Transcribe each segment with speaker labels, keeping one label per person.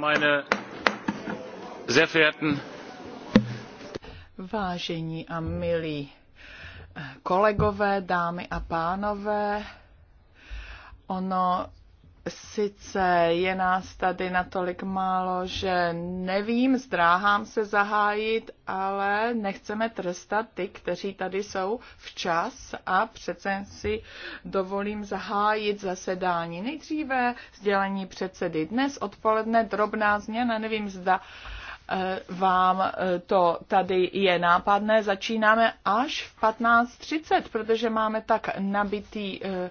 Speaker 1: meine sehr verehrten
Speaker 2: Vážení a milí eh, kolegové, dámy a pánové, ono Sice je nás tady natolik málo, že nevím, zdráhám se zahájit, ale nechceme trestat ty, kteří tady jsou včas a přece si dovolím zahájit zasedání. Nejdříve sdělení předsedy. Dnes odpoledne drobná změna, nevím, zda uh, Eh, vám eh, to tady je nápadné. Začínáme až v 15.30, protože máme tak nabitý eh,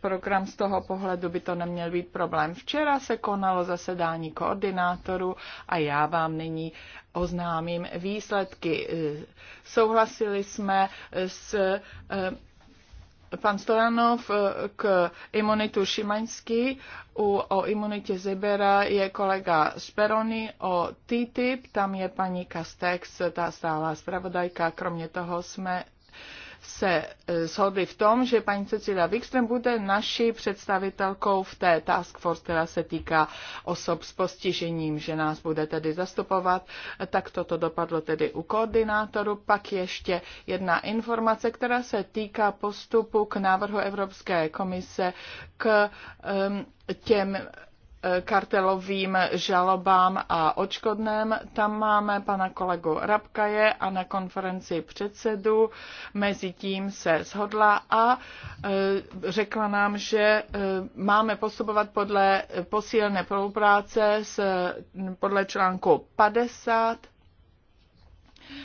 Speaker 2: program z toho pohledu by to neměl být problém. Včera se konalo zasedání koordinátorů a já vám nyní oznámím výsledky. Souhlasili jsme s pan Stojanov eh, k imunitu Šimaňský, u, o imunitě Zibera je kolega Speroni, o TTIP, tam je paní Kastex, ta stála zpravodajka, kromě toho jsme se eh, shodli v tom, že paní Cecilia Wikström bude naší představitelkou v té task force, která se týká osob s postižením, že nás bude tedy zastupovat. Tak toto dopadlo tedy u koordinátoru. Pak ještě jedna informace, která se týká postupu k návrhu Evropské komise k um, těm kartelovým žalobám a očkodném. Tam máme pana kolegu Rabkaje a na konferenci předsedu mezi tím se shodla a e, řekla nám, že e, máme postupovat podle e, posílené spolupráce podle článku 50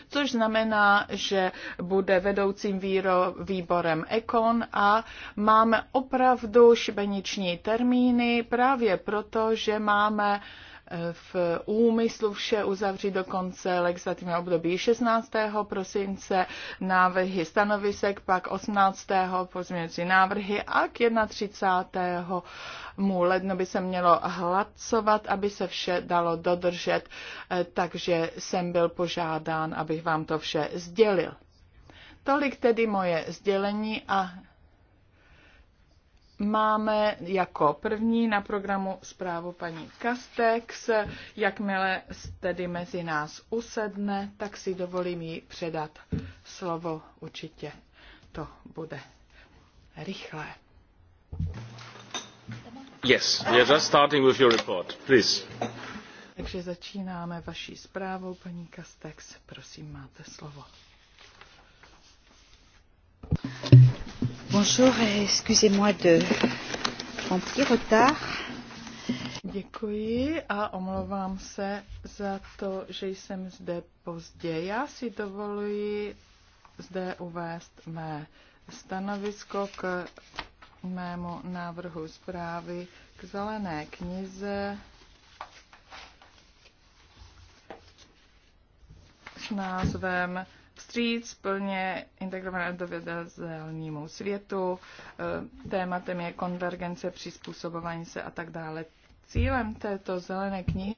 Speaker 2: což znamená, že bude vedoucím výro, výborem Ekon a máme opravdu šibeniční termíny právě proto, že máme uh, v úmyslu vše uzavřít do konce legislativního období 16. prosince, návrhy stanovisek, pak 18. pozměňující návrhy a k 31. lednu by se mělo hlacovat, aby se vše dalo dodržet, eh, takže jsem byl požádán, abych vám to vše sdělil. Tolik tedy moje sdělení a máme jako první na programu zprávu paní Kastex. Jakmile tedy mezi nás usedne, tak si dovolím jí předat slovo. Určitě to bude rychlé.
Speaker 1: Yes, we are just starting with your report.
Speaker 2: Please. Takže začínáme vaší zprávou, paní Kastex. Prosím, máte slovo. Bonjour, excusez-moi de mon petit retard. Děkuji a omlouvám se za to, že jsem zde pozdě. Já si dovoluji zde uvést mé stanovisko k mému návrhu zprávy k zelené knize s názvem vstříc plně integrované dovědelnému světu, e, tématem je konvergence, přizpůsobování se a tak dále. Cílem této zelené knihy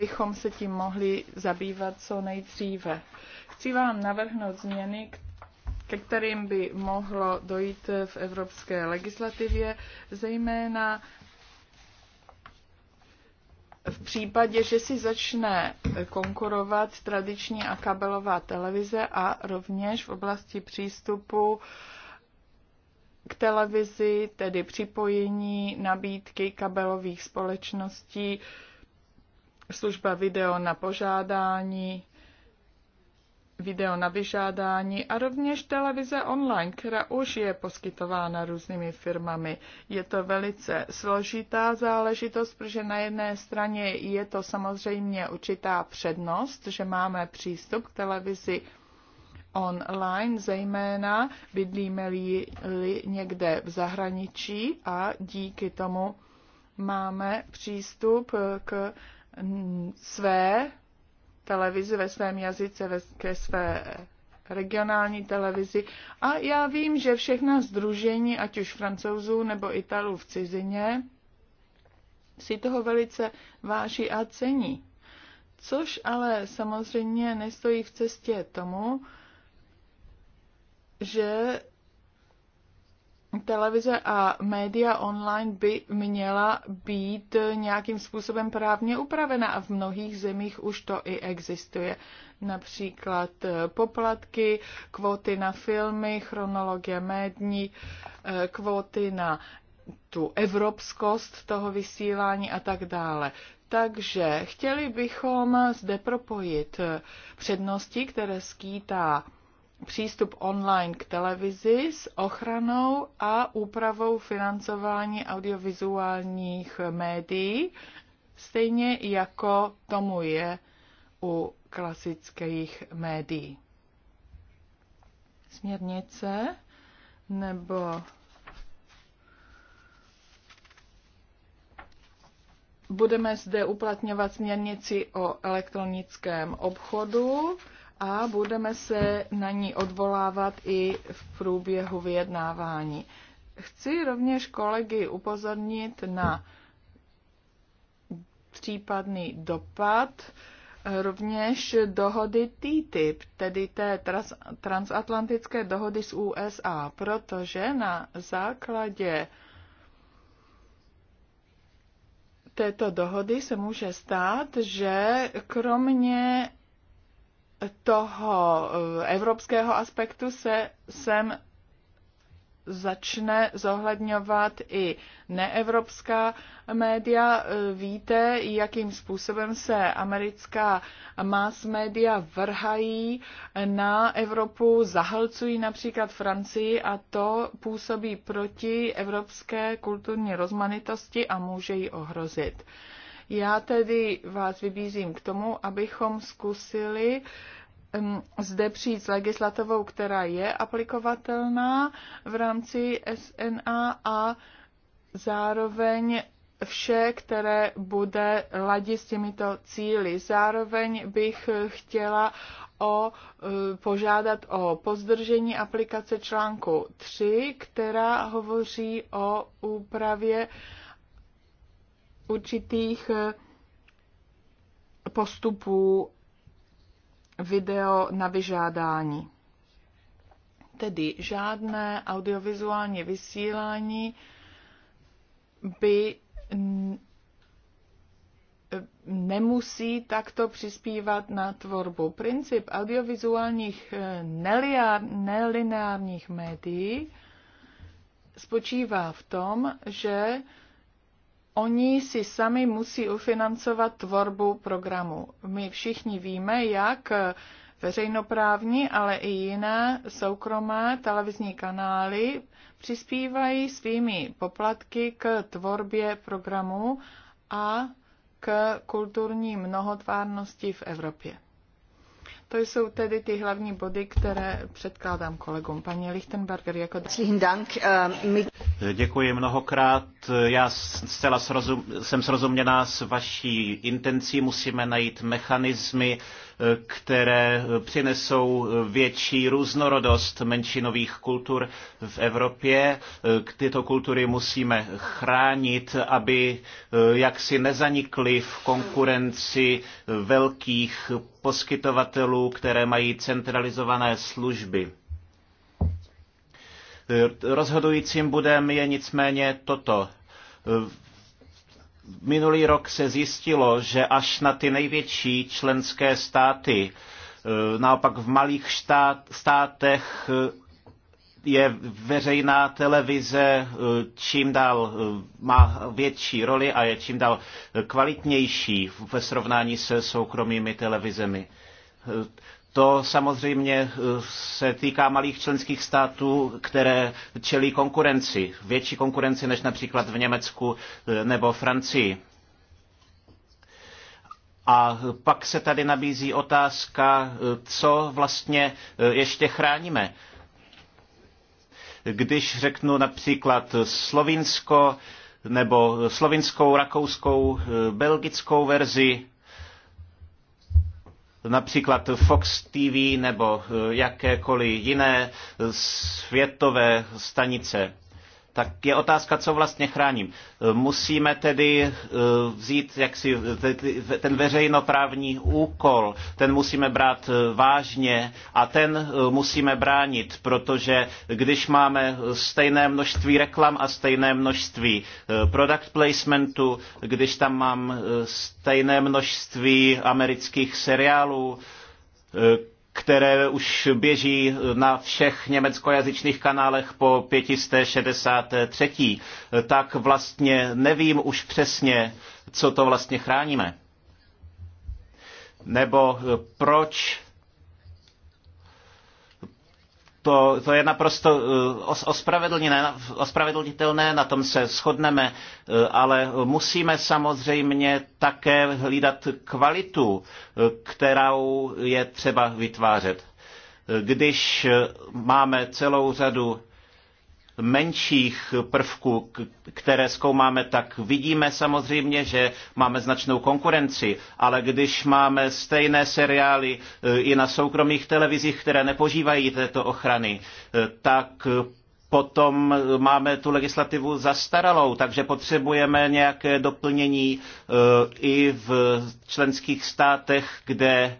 Speaker 2: bychom se tím mohli zabývat co nejdříve. Chci vám navrhnout změny, ke kterým by mohlo dojít v evropské legislativě, zejména v případě, že si začne konkurovat tradiční a kabelová televize a rovněž v oblasti přístupu k televizi, tedy připojení nabídky kabelových společností, služba video na požádání, video na vyžádání a rovněž televize online, která už je poskytována různými firmami. Je to velice složitá záležitost, protože na jedné straně je to samozřejmě určitá přednost, že máme přístup k televizi online, zejména bydlíme-li někde v zahraničí a díky tomu máme přístup k své televizi ve svém jazyce, ve, ke své regionální televizi. A já vím, že všechna združení, ať už francouzů nebo Italů v cizině, si toho velice váží a cení. Což ale samozřejmě nestojí v cestě tomu, že televize a média online by měla být nějakým způsobem právně upravena a v mnohých zemích už to i existuje. Například eh, poplatky, kvóty na filmy, chronologie médní, eh, kvóty na tu evropskost toho vysílání a tak dále. Takže chtěli bychom zde propojit eh, přednosti, které skýtá přístup online k televizi s ochranou a úpravou financování audiovizuálních médií, stejně jako tomu je u klasických médií. Směrnice nebo budeme zde uplatňovat směrnici o elektronickém obchodu a budeme se na ní odvolávat i v průběhu vyjednávání. Chci rovněž kolegy upozornit na případný dopad rovněž dohody TTIP, tedy té trans- transatlantické dohody s USA, protože na základě této dohody se může stát, že kromě toho eh, evropského aspektu se sem začne zohledňovat i neevropská média. Eh, víte, jakým způsobem se americká mass média vrhají na Evropu, zahlcují například Francii a to působí proti evropské kulturní rozmanitosti a může ji ohrozit. Já tedy vás vybízím k tomu, abychom zkusili mm, zde přijít s legislativou, která je aplikovatelná v rámci SNA a zároveň vše, které bude ladit s těmito cíly. Zároveň bych chtěla o, e, požádat o pozdržení aplikace článku 3, která hovoří o úpravě určitých eh, postupů video na vyžádání. Tedy žádné audiovizuální vysílání by nemusí takto přispívat na tvorbu. Princip audiovizuálních eh, nelineárních médií spočívá v tom, že Oni si sami musí ufinancovat tvorbu programu. My všichni víme, jak veřejnoprávní, ale i jiné soukromé televizní kanály přispívají svými poplatky k tvorbě programu a k kulturní mnohotvárnosti v Evropě. To jsou tedy ty hlavní body, které předkládám kolegům. Paní Lichtenberger, jako... Eh,
Speaker 3: Děkuji mnohokrát. Já zcela srozum, jsem srozuměná s vaší intencí. Musíme najít mechanizmy, které přinesou větší různorodost menšinových kultur v Evropě. Tyto kultury musíme chránit, aby jaksi nezanikly v konkurenci velkých poskytovatelů, které mají centralizované služby. Rozhodujícím budem je nicméně toto Minulý rok se zjistilo, že až na ty největší členské státy, e, naopak v malých štát, státech e, je veřejná televize e, čím dál má větší roli a je čím dál kvalitnější ve srovnání se soukromými televizemi. To samozřejmě eh, se týká malých členských států, které čelí konkurenci, větší konkurenci než například v Německu eh, nebo Francii. A pak se tady nabízí otázka, eh, co vlastně ještě chráníme. Když řeknu například Slovinsko nebo slovinskou, rakouskou, belgickou verzi, například Fox TV nebo eh, jakékoliv jiné eh, světové stanice tak je otázka, co vlastně chráním. Musíme tedy eh, vzít jaksi ten veřejnoprávní úkol, ten musíme brát eh, vážně a ten eh, musíme bránit, protože když máme stejné množství reklam a stejné množství product placementu, když tam mám stejné množství amerických seriálů, které už běží na všech německojazyčných kanálech po 563. tak vlastně nevím už přesně, co to vlastně chráníme. Nebo proč to, to je naprosto eh, ospravedlnitelné, na tom se shodneme, eh, ale musíme samozřejmě také hlídat kvalitu, eh, kterou je třeba vytvářet. Když máme celou řadu menších prvků, které zkoumáme, tak vidíme samozřejmě, že máme značnou konkurenci, ale když máme stejné seriály e, i na soukromých televizích, které nepožívají této ochrany, e, tak potom máme tu legislativu zastaralou, takže potřebujeme nějaké doplnění e, i v členských státech, kde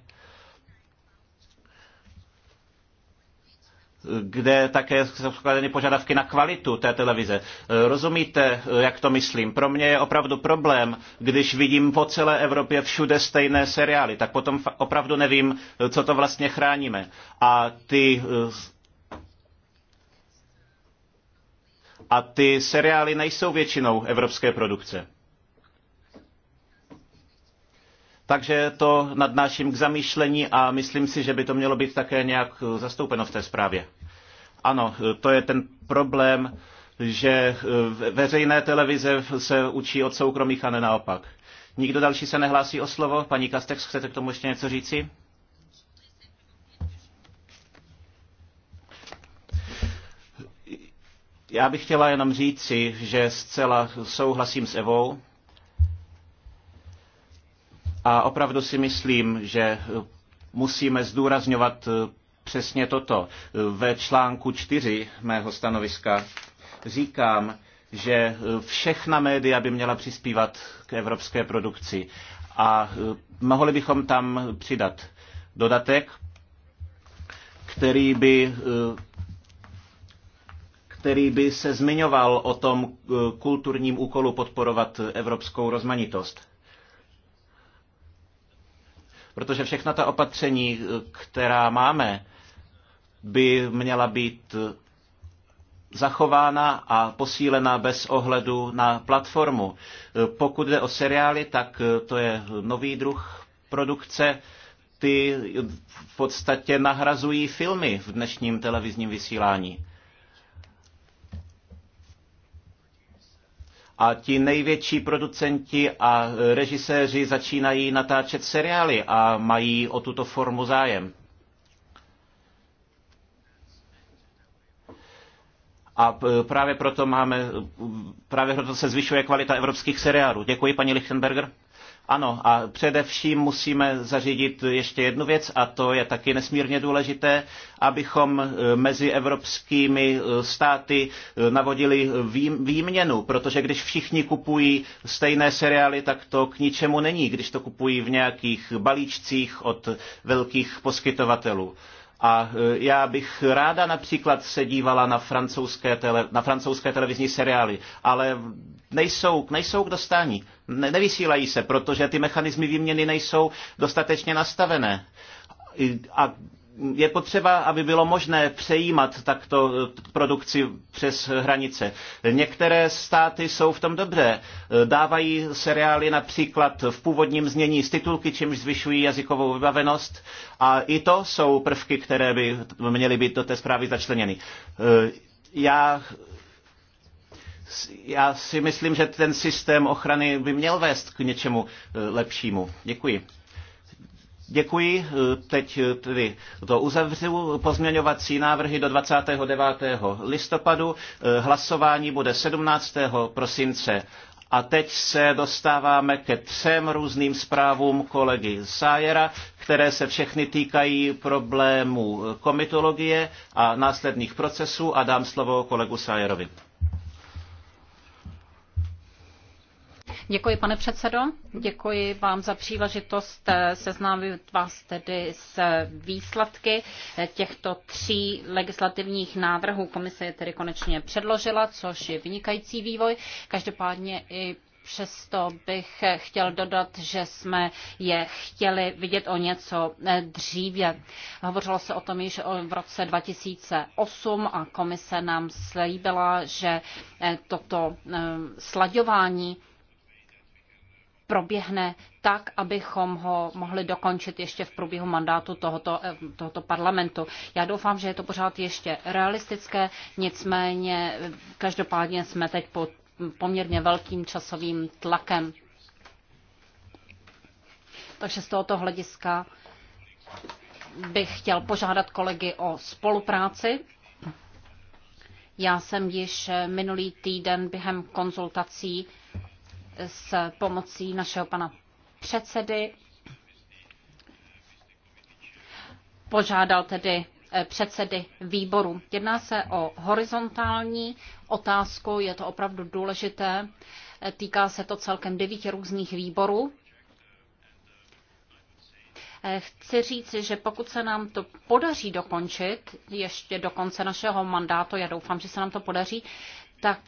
Speaker 3: kde také jsou skladeny požadavky na kvalitu té televize. Rozumíte, jak to myslím? Pro mě je opravdu problém, když vidím po celé Evropě všude stejné seriály, tak potom opravdu nevím, co to vlastně chráníme. A ty a ty seriály nejsou většinou evropské produkce. Takže to nadnáším k zamýšlení a myslím si, že by to mělo být také nějak zastoupeno v té zprávě. Ano, to je ten problém, že veřejné televize se učí od soukromých a ne naopak. Nikdo další se nehlásí o slovo? Paní Kastex, chcete k tomu ještě něco říci? Já bych chtěla jenom říci, že zcela souhlasím s Evou a opravdu si myslím, že musíme zdůrazňovat přesně toto. Ve článku 4 mého stanoviska říkám, že všechna média by měla přispívat k evropské produkci. A e, mohli bychom tam přidat dodatek, který by e, který by se zmiňoval o tom e, kulturním úkolu podporovat evropskou rozmanitost. Protože všechna ta opatření, která máme, by měla být zachována a posílena bez ohledu na platformu. Pokud jde o seriály, tak to je nový druh produkce. Ty v podstatě nahrazují filmy v dnešním televizním vysílání. A ti největší producenti a režiséři začínají natáčet seriály a mají o tuto formu zájem. A e, právě proto máme, právě proto se zvyšuje kvalita evropských seriálů. Děkuji, paní Lichtenberger. Ano, a především musíme zařídit ještě jednu věc, a to je taky nesmírně důležité, abychom e, mezi evropskými e, státy navodili výměnu, protože když všichni kupují stejné seriály, tak to k ničemu není, když to kupují v nějakých balíčcích od velkých poskytovatelů. A e, já bych ráda například se dívala na francouzské, tele, na francouzské televizní seriály, ale nejsou, nejsou k dostání. Ne, nevysílají se, protože ty mechanismy výměny nejsou dostatečně nastavené. A je potřeba, aby bylo možné přejímat takto eh, produkci přes hranice. Některé státy jsou v tom dobré. Eh, dávají seriály například v původním znění s titulky, čímž zvyšují jazykovou vybavenost a i to jsou prvky, které by měly být do té zprávy začleněny. Eh, já já si myslím, že ten systém ochrany by měl vést k něčemu lepšímu. Děkuji. Děkuji. E, teď e, tedy to uzavřu. Pozměňovací návrhy do 29. listopadu. E, hlasování bude 17. prosince. A teď se dostáváme ke třem různým zprávům kolegy Sájera, které se všechny týkají problémů komitologie a následných procesů a dám slovo kolegu Sájerovi.
Speaker 4: Děkuji, pane předsedo. Děkuji vám za příležitost eh, seznámit vás tedy s eh, výsledky eh, těchto tří legislativních návrhů. Komise je tedy konečně předložila, což je vynikající vývoj. Každopádně i přesto bych chtěl dodat, že jsme je chtěli vidět o něco dříve. Hovořilo se o tom již v roce 2008 a komise nám slíbila, že toto slaďování proběhne tak, abychom ho mohli dokončit ještě v průběhu mandátu tohoto, eh, tohoto parlamentu. Já doufám, že je to pořád ještě realistické, nicméně eh, každopádně jsme teď pod poměrně velkým časovým tlakem. Takže z tohoto hlediska bych chtěl požádat kolegy o spolupráci. Já jsem již minulý týden během konzultací s pomocí našeho pana předsedy. Požádal tedy eh, předsedy výboru. Jedná se o horizontální otázku, je to opravdu důležité. Eh, týká se to celkem devíti různých výborů. Eh, chci říci, že pokud se nám to podaří dokončit ještě do konce našeho mandátu, já doufám, že se nám to podaří, tak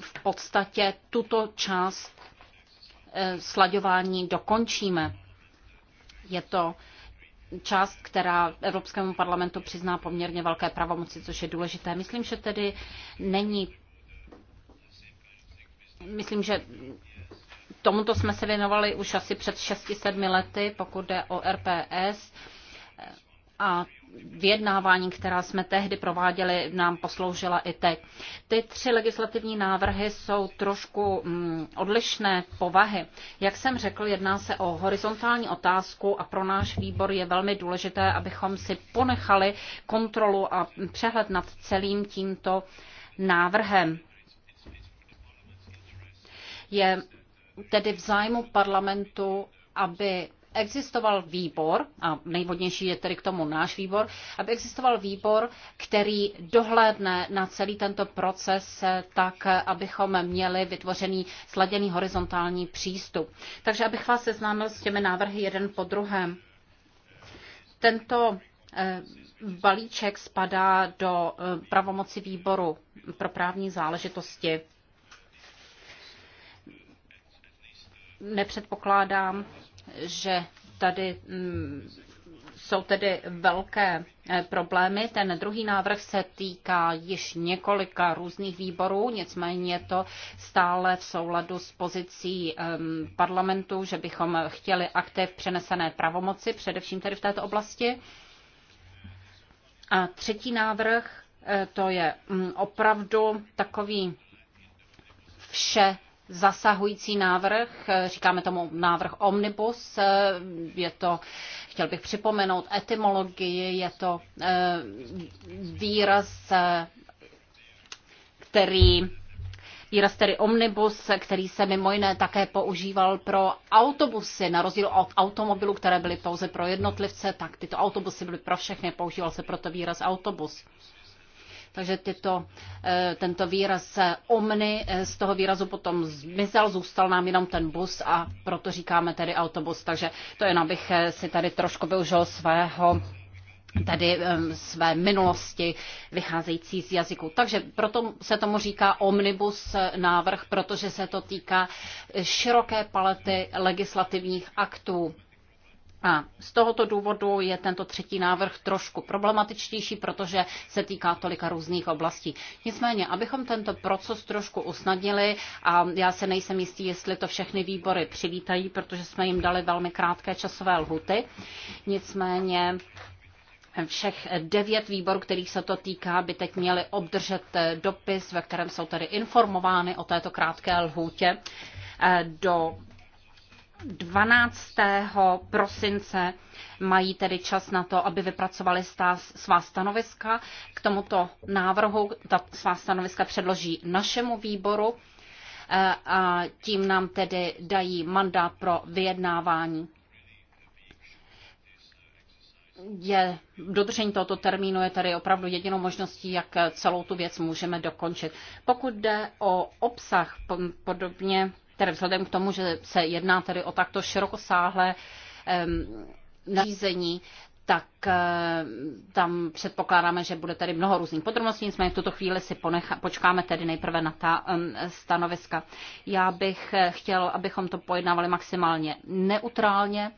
Speaker 4: v podstatě tuto část eh, slaďování dokončíme. Je to část, která Evropskému parlamentu přizná poměrně velké pravomoci, což je důležité. Myslím, že tedy není. Myslím, že tomuto jsme se věnovali už asi před 6-7 lety, pokud jde o RPS. A vyjednávání, která jsme tehdy prováděli, nám posloužila i teď. Ty tři legislativní návrhy jsou trošku mm, odlišné povahy. Jak jsem řekl, jedná se o horizontální otázku a pro náš výbor je velmi důležité, abychom si ponechali kontrolu a přehled nad celým tímto návrhem. Je tedy v zájmu parlamentu, aby existoval výbor, a nejvodnější je tedy k tomu náš výbor, aby existoval výbor, který dohlédne na celý tento proces eh, tak, abychom měli vytvořený sladěný horizontální přístup. Takže abych vás seznámil s těmi návrhy jeden po druhém. Tento eh, balíček spadá do eh, pravomoci výboru pro právní záležitosti nepředpokládám, že tady mm, jsou tedy velké eh, problémy. Ten druhý návrh se týká již několika různých výborů, nicméně je to stále v souladu s pozicí ehm, parlamentu, že bychom chtěli aktiv přenesené pravomoci, především tedy v této oblasti. A třetí návrh, eh, to je mm, opravdu takový vše zasahující návrh, říkáme tomu návrh omnibus, je to, chtěl bych připomenout, etymologii, je to eh, eh, výraz, který výraz tedy omnibus, který se mimo jiné také používal pro autobusy, na rozdíl od automobilů, které byly pouze pro jednotlivce, tak tyto autobusy byly pro všechny, používal se proto výraz autobus. Takže tyto, eh, tento výraz omny, eh, z toho výrazu potom zmizel, zůstal nám jenom ten bus a proto říkáme tedy autobus. Takže to jen abych eh, si tady trošku využil svého tady své minulosti vycházející z jazyku. Takže proto se tomu říká omnibus návrh, protože se to týká široké palety legislativních aktů a z tohoto důvodu je tento třetí návrh trošku problematičtější, protože se týká tolika různých oblastí. Nicméně, abychom tento proces trošku usnadnili, a já se nejsem jistý, jestli to všechny výbory přivítají, protože jsme jim dali velmi krátké časové lhuty. Nicméně všech devět výborů, kterých se to týká, by teď měli obdržet dopis, ve kterém jsou tedy informovány o této krátké lhůtě eh, do 12. prosince mají tedy čas na to, aby vypracovali stás, svá stanoviska. K tomuto návrhu ta svá stanoviska předloží našemu výboru eh, a tím nám tedy dají mandát pro vyjednávání. Je, dodržení tohoto termínu je tady opravdu jedinou možností, jak celou tu věc můžeme dokončit. Pokud jde o obsah, podobně které vzhledem k tomu, že se jedná tedy o takto širokosáhlé nařízení, tak eh, tam předpokládáme, že bude tady mnoho různých podrobností, nicméně v tuto chvíli si ponecha, počkáme tedy nejprve na ta stanoviska. Já bych eh, chtěl, abychom to pojednávali maximálně neutrálně.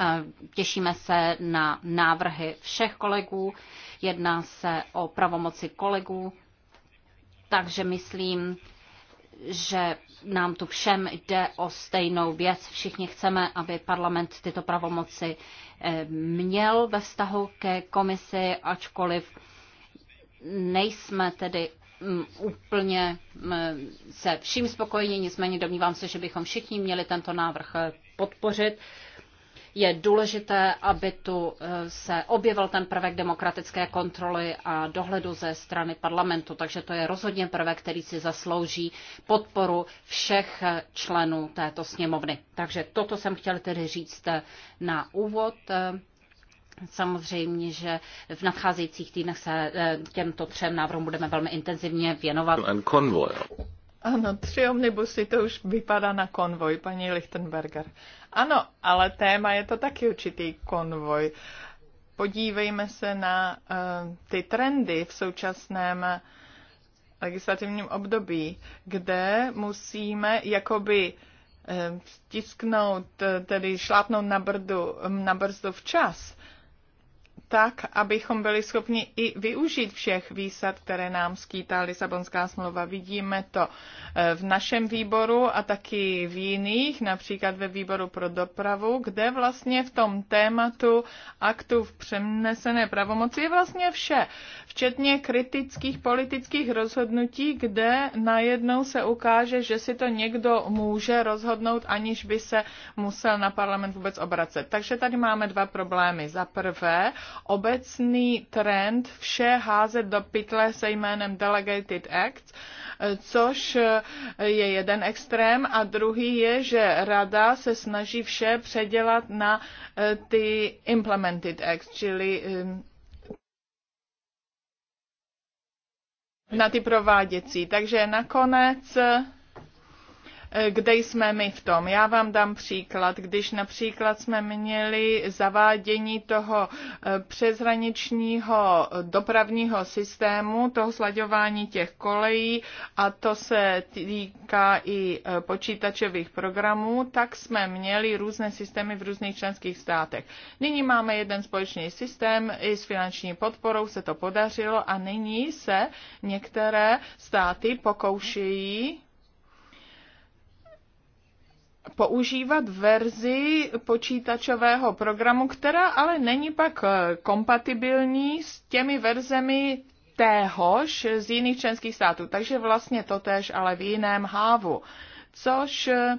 Speaker 4: Eh, těšíme se na návrhy všech kolegů. Jedná se o pravomoci kolegů, takže myslím, že nám tu všem jde o stejnou věc. Všichni chceme, aby parlament tyto pravomoci eh, měl ve vztahu ke komisi, ačkoliv nejsme tedy mm, úplně mm, se vším spokojeni, nicméně domnívám se, že bychom všichni měli tento návrh eh, podpořit je důležité, aby tu eh, se objevil ten prvek demokratické kontroly a dohledu ze strany parlamentu. Takže to je rozhodně prvek, který si zaslouží podporu všech eh, členů této sněmovny. Takže toto jsem chtěl tedy říct eh, na úvod. Samozřejmě, že v nadcházejících týdnech se těmto třem návrhům budeme velmi intenzivně věnovat.
Speaker 1: Ano,
Speaker 2: tři omnibusy, to už vypadá na konvoj, paní Lichtenberger. Ano, ale téma je to taky určitý konvoj. Podívejme se na uh, ty trendy v současném legislativním období, kde musíme jakoby eh, stisknout, eh, tedy šlápnout na, brdu, na brzdu včas tak, abychom byli schopni i využít všech výsad, které nám skýtá Lisabonská smlouva. Vidíme to eh, v našem výboru a taky v jiných, například ve výboru pro dopravu, kde vlastně v tom tématu aktu v přenesené pravomoci je vlastně vše, včetně kritických politických rozhodnutí, kde najednou se ukáže, že si to někdo může rozhodnout, aniž by se musel na parlament vůbec obracet. Takže tady máme dva problémy. Za prvé, obecný trend vše házet do pytle se jménem Delegated Acts, což je jeden extrém a druhý je, že rada se snaží vše předělat na eh, ty Implemented Acts, čili eh, na ty prováděcí. Takže nakonec Eh, kde jsme my v tom. Já vám dám příklad. Když například jsme měli zavádění toho eh, přeshraničního dopravního systému, toho slaďování těch kolejí, a to se týká i eh, počítačových programů, tak jsme měli různé systémy v různých členských státech. Nyní máme jeden společný systém, i s finanční podporou se to podařilo a nyní se některé státy pokoušejí používat verzi počítačového programu, která ale není pak eh, kompatibilní s těmi verzemi téhož z jiných členských států. Takže vlastně totéž, ale v jiném hávu. Což eh,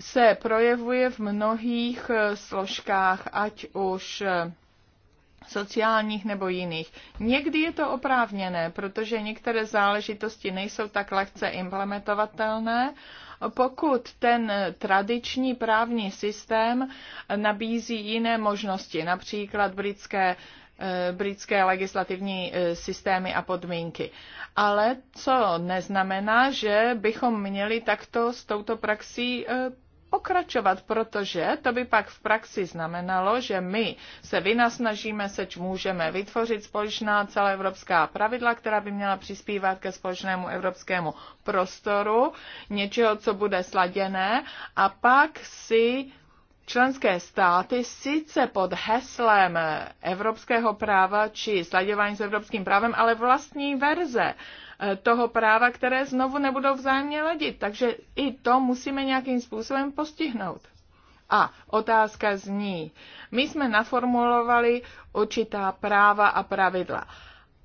Speaker 2: se projevuje v mnohých eh, složkách, ať už sociálních nebo jiných. Někdy je to oprávněné, protože některé záležitosti nejsou tak lehce implementovatelné pokud ten tradiční právní systém nabízí jiné možnosti, například britské eh, britské legislativní eh, systémy a podmínky. Ale co neznamená, že bychom měli takto s touto praxí eh, pokračovat, protože to by pak v praxi znamenalo, že my se vynasnažíme, seč můžeme vytvořit společná celoevropská pravidla, která by měla přispívat ke společnému evropskému prostoru, něčeho, co bude sladěné a pak si Členské státy sice pod heslem evropského práva či sladěvání s evropským právem, ale vlastní verze eh, toho práva, které znovu nebudou vzájemně ladit. Takže i to musíme nějakým způsobem postihnout. A otázka zní, my jsme naformulovali určitá práva a pravidla.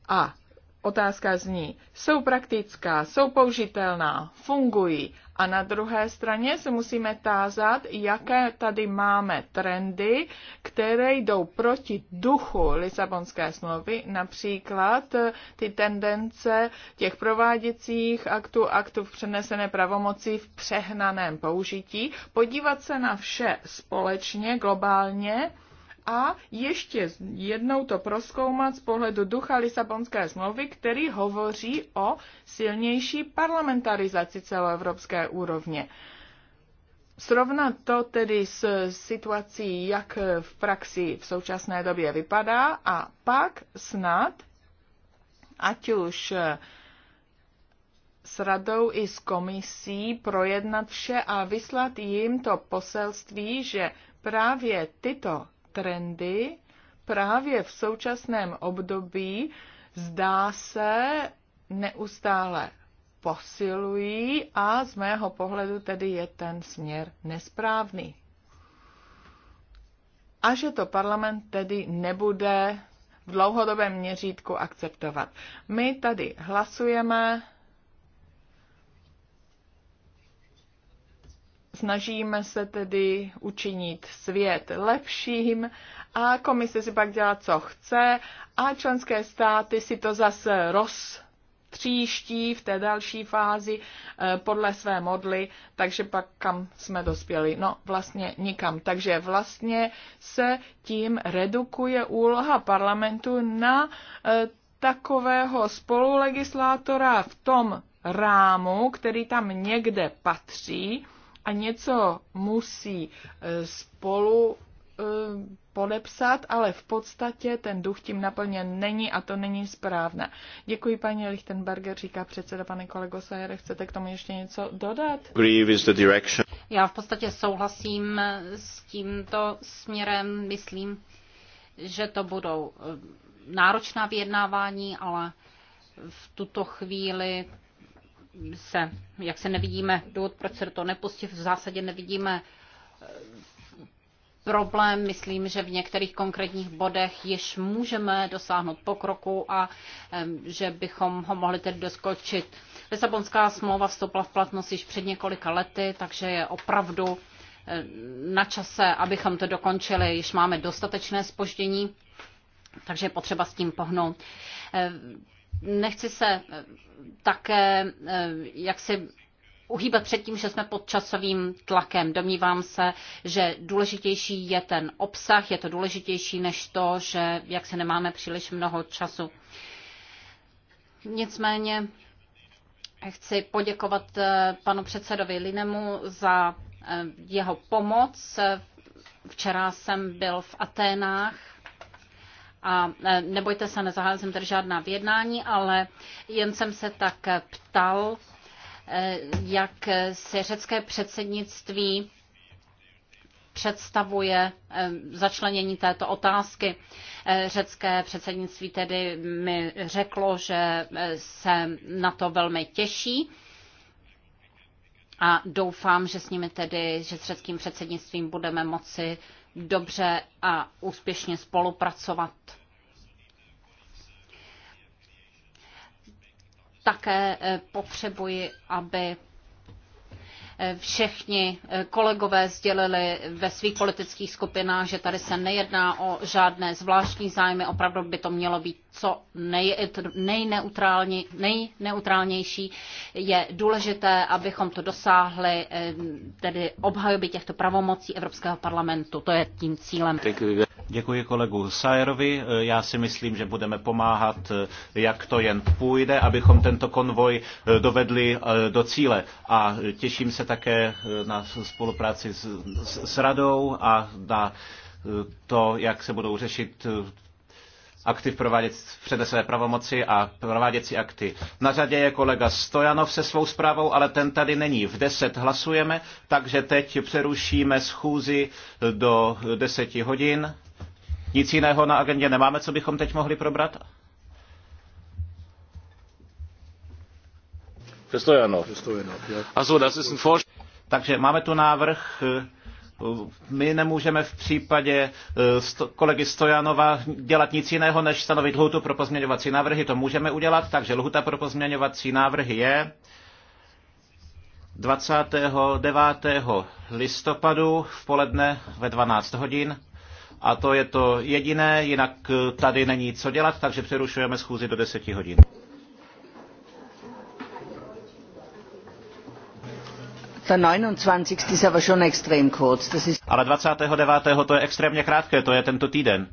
Speaker 2: A otázka zní, jsou praktická, jsou použitelná, fungují. A na druhé straně se musíme tázat, jaké tady máme trendy, které jdou proti duchu Lisabonské smlouvy, například eh, ty tendence těch prováděcích aktů, aktů v přenesené pravomoci v přehnaném použití, podívat se na vše společně, globálně, a ještě jednou to proskoumat z pohledu ducha Lisabonské smlouvy, který hovoří o silnější parlamentarizaci celoevropské úrovně. Srovnat to tedy s situací, jak v praxi v současné době vypadá a pak snad, ať už eh, s radou i s komisí projednat vše a vyslat jim to poselství, že právě tyto trendy právě v současném období zdá se neustále posilují a z mého pohledu tedy je ten směr nesprávný. A že to parlament tedy nebude v dlouhodobém měřítku akceptovat. My tady hlasujeme Snažíme se tedy učinit svět lepším a komise si pak dělá, co chce a členské státy si to zase roz tříští v té další fázi eh, podle své modly, takže pak kam jsme dospěli? No vlastně nikam. Takže vlastně se tím redukuje úloha parlamentu na eh, takového spolulegislátora v tom rámu, který tam někde patří, a něco musí e, spolu e, podepsat, ale v podstatě ten duch tím naplněn není a to není správné. Děkuji paní Lichtenberger, říká předseda pane kolego Sajere, chcete k tomu ještě něco dodat? Já v podstatě souhlasím s tímto
Speaker 4: směrem, myslím, že to budou e, náročná vyjednávání, ale v tuto chvíli se, jak se nevidíme důvod, proč se do toho nepustit, v zásadě nevidíme eh, problém. Myslím, že v některých konkrétních bodech již můžeme dosáhnout pokroku a že bychom ho mohli tedy doskočit. Lisabonská smlouva vstoupila v platnost již před několika lety, takže je opravdu eh, na čase, abychom to dokončili. Již máme dostatečné spoždění, takže je potřeba s tím pohnout. Eh, nechci se eh, také eh, jak si uhýbat před tím, že jsme pod časovým tlakem. Domnívám se, že důležitější je ten obsah, je to důležitější než to, že jak se nemáme příliš mnoho času. Nicméně chci poděkovat eh, panu předsedovi Linemu za jeho pomoc. Včera jsem byl v Aténách a e, nebojte se, nezahájil jsem tady žádná vyjednání, ale jen jsem se tak ptal, e, jak se řecké předsednictví představuje e, začlenění této otázky. Řecké předsednictví tedy mi řeklo, že se na to velmi těší a doufám, že s nimi tedy, že s řeckým předsednictvím budeme moci dobře a úspěšně spolupracovat. Také eh, potřebuji, aby eh, všichni eh, kolegové sdělili ve svých politických skupinách, že tady se nejedná o žádné zvláštní zájmy, opravdu by to mělo být co nej, nejneutrální, nejneutrálnější. Je důležité, abychom to dosáhli eh, tedy obhajoby těchto pravomocí Evropského parlamentu. To je
Speaker 3: tím cílem. Děkuji kolegu Sajerovi. Eh, já si myslím, že budeme pomáhat, eh, jak to jen půjde, abychom tento konvoj dovedli do cíle. A těším se také na spolupráci s, s, s radou a na to, jak se budou řešit akty provádět přede své pravomoci a prováděcí akty. Na řadě je kolega Stojanov se svou zprávou, ale ten tady není. V 10 hlasujeme, takže teď přerušíme schůzi do 10 hodin. Nic jiného na agendě nemáme, co bychom teď mohli probrat?
Speaker 1: Stojanov. Stojanov, ja.
Speaker 3: Also, das ist ein Takže máme tu návrh eh, my nemůžeme v případě eh, kolegy Stojanova dělat nic jiného, než stanovit lhutu pro pozměňovací návrhy. To můžeme udělat, takže lhuta pro pozměňovací návrhy je 29. listopadu v poledne ve 12 hodin. A to je to jediné, jinak eh, tady není co dělat, takže přerušujeme schůzi do 10 hodin.
Speaker 1: Ale 29. ist 29.
Speaker 3: to je extrémně krátké, to je tento týden.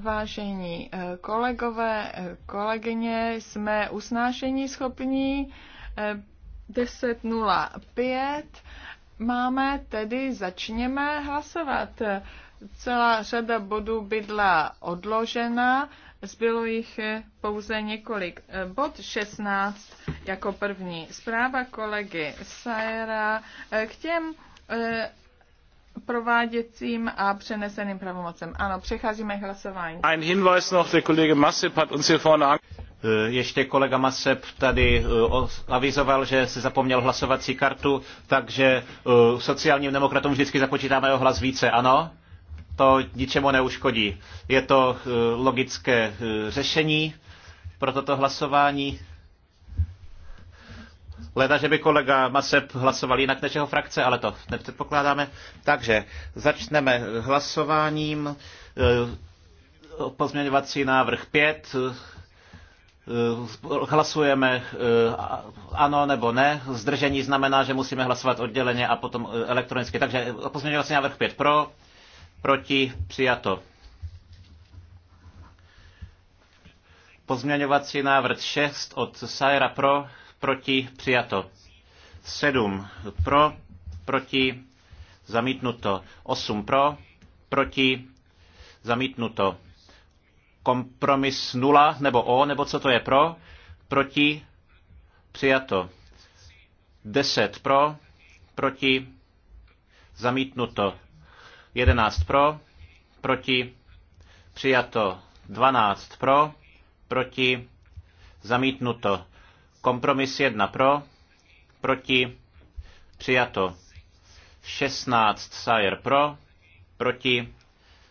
Speaker 2: Vážení eh, kolegové, eh, kolegyně, jsme usnášení schopní eh, pět. Máme tedy, začněme hlasovat. Celá řada bodů bydla odložena, zbylo jich pouze několik. Bod šestnáct jako první. Zpráva kolegy saera k těm prováděcím a přeneseným pravomocem. Ano, přecházíme k hlasování.
Speaker 1: Ein Hinweis noch, der Kollege Masip hat uns hier vorne eh, ještě kolega Masep
Speaker 3: tady eh, avizoval, že si zapomněl hlasovací kartu, takže eh, sociálním demokratům vždycky započítáme o hlas více, ano? To ničemu neuškodí. Je to logické řešení pro toto hlasování. Leda, že by kolega Masep hlasoval jinak než jeho frakce, ale to nepředpokládáme. Takže začneme hlasováním. E, pozměňovací návrh 5. E, hlasujeme e, ano nebo ne. Zdržení znamená, že musíme hlasovat odděleně a potom elektronicky. Takže pozměňovací návrh 5 pro, proti, přijato. Pozměňovací návrh 6 od Sajra pro, proti, přijato. 7 pro, proti, zamítnuto. 8 pro, proti, zamítnuto. Kompromis 0 nebo O, nebo co to je pro, proti, přijato. 10 pro, proti, zamítnuto. 11 pro, proti, přijato. 12 pro, proti, zamítnuto. Kompromis 1 pro, proti, přijato. 16 sire pro, proti,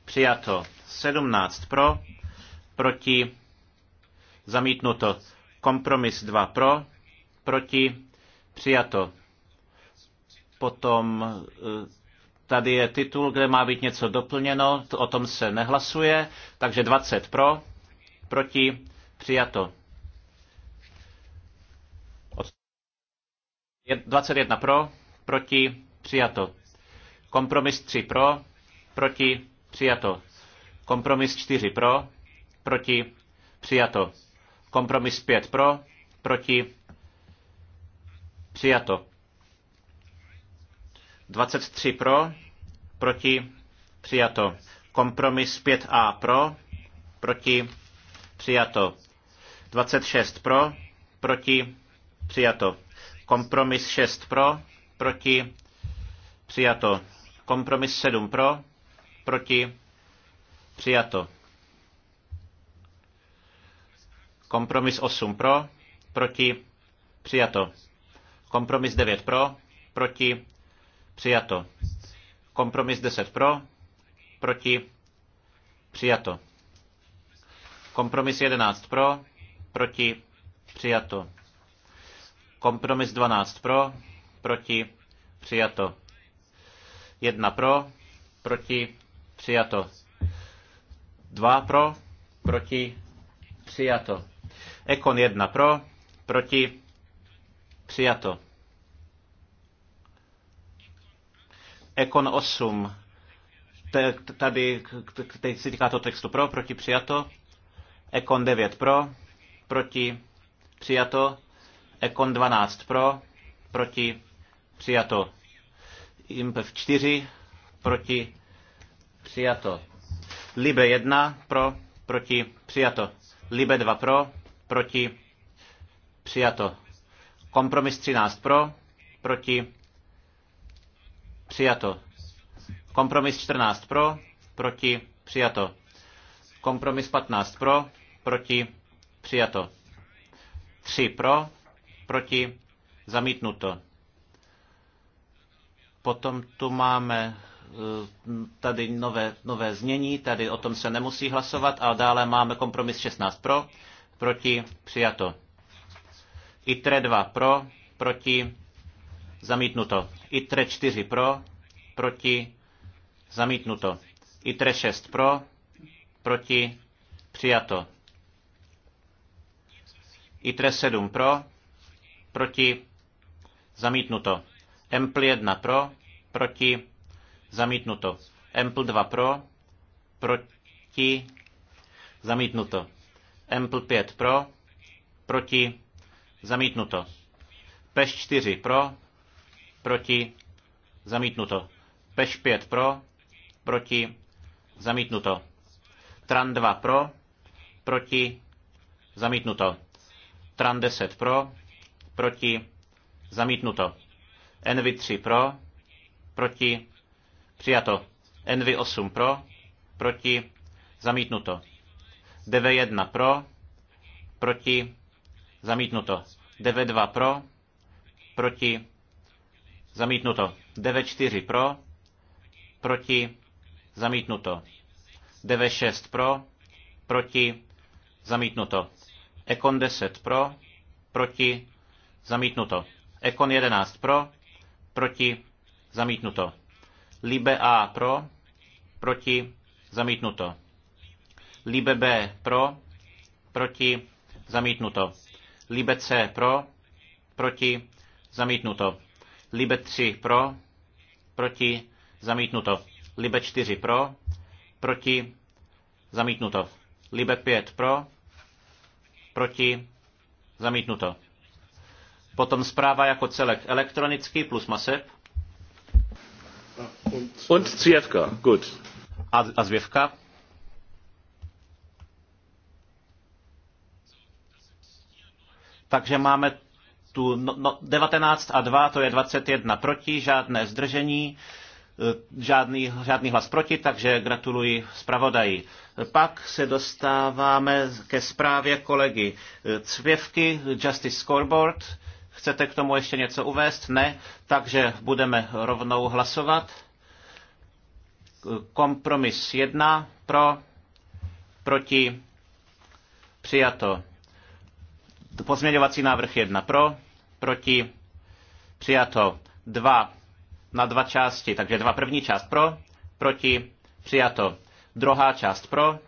Speaker 3: přijato. 17 pro, proti, zamítnuto. Kompromis 2 pro, proti, přijato. Potom eh, tady je titul, kde má být něco doplněno, o tom se nehlasuje, takže 20 pro, proti, přijato. 21 pro, proti, přijato. Kompromis 3 pro, proti, přijato. Kompromis 4 pro, proti, přijato. Kompromis 5 pro, proti, přijato. 23 pro, proti, přijato. Kompromis 5A pro, proti, přijato. 26 pro, proti, přijato. Kompromis 6 pro, proti, přijato. Kompromis 7 pro, proti, přijato. Kompromis 8 pro, proti, přijato. Kompromis 9 pro, proti, přijato. Kompromis 10 pro, proti, přijato. Kompromis 11 pro, proti, přijato. Kompromis 12 pro, proti, přijato. 1 pro, proti, přijato. 2 pro, proti, přijato. Ekon 1 pro, proti, přijato. Ekon 8, tady, teď se týká to textu pro, proti, přijato. Ekon 9 pro, proti, přijato. Ekon 12 pro, proti, přijato. IMP 4, proti, přijato. Libe 1 pro, proti, přijato. Libe 2 pro, proti, přijato. Kompromis 13 pro, proti, přijato. Kompromis 14 pro, proti, přijato. Kompromis 15 pro, proti, přijato. 3 pro, proti, zamítnuto. Potom tu máme eh, tady nové, nové znění, tady o tom se nemusí hlasovat a dále máme kompromis 16 pro, proti, přijato. ITRE 2 pro, proti, zamítnuto. ITRE 4 pro, proti, zamítnuto. ITRE 6 pro, proti, přijato. ITRE 7 pro, proti, zamítnuto. Empl 1 pro, proti, zamítnuto. Empl 2 pro, proti, zamítnuto. Empl 5 pro, proti, zamítnuto. Peš 4 pro, proti, zamítnuto. Peš 5 pro, proti, zamítnuto. Tran 2 pro, proti, zamítnuto. Tran 10 pro, proti, zamítnuto. Envy 3 pro, proti, přijato. Envy 8 pro, proti, zamítnuto. DV1 pro, proti, zamítnuto. DV2 pro, proti, zamítnuto. DV4 pro, proti, zamítnuto. DV6 pro, proti, zamítnuto. Ekon 10 pro, proti, Zamítnuto. Ekon 11 pro, proti, zamítnuto. Libe A pro, proti, zamítnuto. Libe B pro, proti, zamítnuto. Libe C pro, proti, zamítnuto. Libe 3 pro, proti, zamítnuto. Libe 4 pro, proti, zamítnuto. Libe 5 pro, proti, zamítnuto. Potom zpráva jako celek elektronicky plus maseb. Und Zvěvka, gut. A, a Zvěvka? Takže máme tu no, no, 19 a 2, to je 21 proti, žádné zdržení, eh, žádný, žádný hlas proti, takže gratuluji zpravodaji. Pak se dostáváme ke zprávě kolegy eh, Cvěvky, Justice Scoreboard Chcete k tomu ještě něco uvést? Ne, takže budeme rovnou hlasovat. Kompromis 1 pro, proti, přijato. Pozměňovací návrh 1 pro, proti, přijato. 2 na dva části, takže dva první část pro, proti, přijato. Druhá část pro,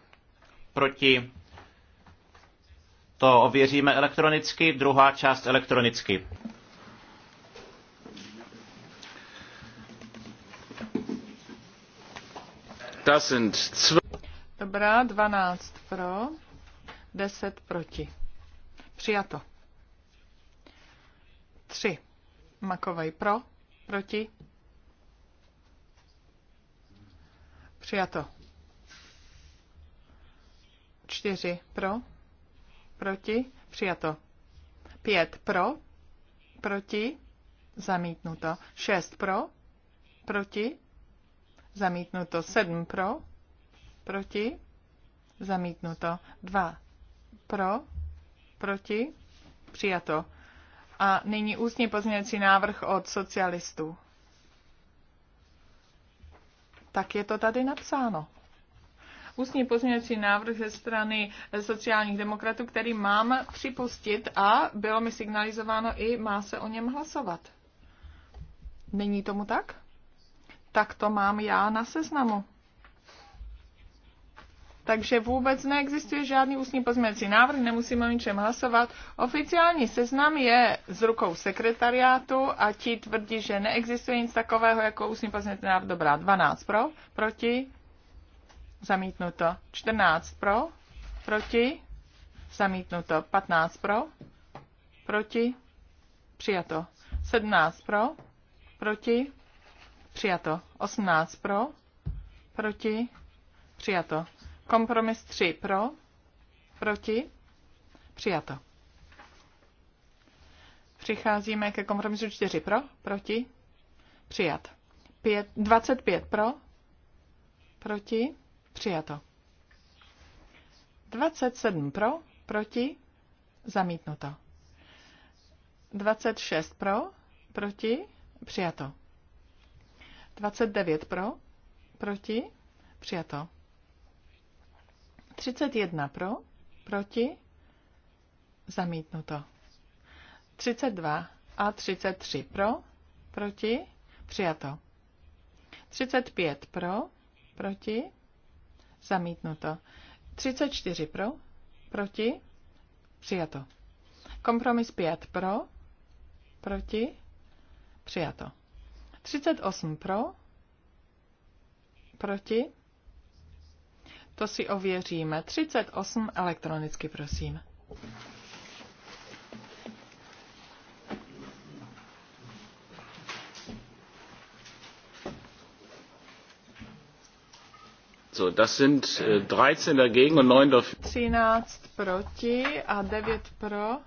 Speaker 3: proti, to ověříme elektronicky, druhá část elektronicky.
Speaker 2: Dobrá, 12 pro, 10 proti. Přijato. 3. Makovej pro, proti. Přijato. 4 pro, proti, přijato. Pět pro, proti, zamítnuto. Šest pro, proti, zamítnuto. Sedm pro, proti, zamítnuto. Dva pro, proti, přijato. A nyní ústní pozměňovací návrh od socialistů. Tak je to tady napsáno ústní pozměňovací návrh ze strany sociálních demokratů, který mám připustit a bylo mi signalizováno i má se o něm hlasovat. Není tomu tak? Tak to mám já na seznamu. Takže vůbec neexistuje žádný ústní pozměňovací návrh, nemusíme o ničem hlasovat. Oficiální seznam je z rukou sekretariátu a ti tvrdí, že neexistuje nic takového jako ústní pozměňovací návrh. Dobrá, 12 pro, proti, Zamítnuto. 14 pro. Proti. Zamítnuto. 15 pro. Proti. Přijato. 17 pro. Proti. Přijato. 18 pro. Proti. Přijato. Kompromis 3 pro. Proti. Přijato. Přicházíme ke kompromisu 4 pro. Proti. Přijat. 5, 25 pro. Proti. Přijato. 27 pro, proti, zamítnuto. 26 pro, proti, přijato. 29 pro, proti, přijato. 31 pro, proti, zamítnuto. 32 a 33 pro, proti, přijato. 35 pro, proti, Zamítnuto. 34 pro, proti, přijato. Kompromis 5 pro, proti, přijato. 38 pro, proti, to si ověříme. 38 elektronicky, prosím.
Speaker 1: Also, 13 13
Speaker 2: proti a 9 pro.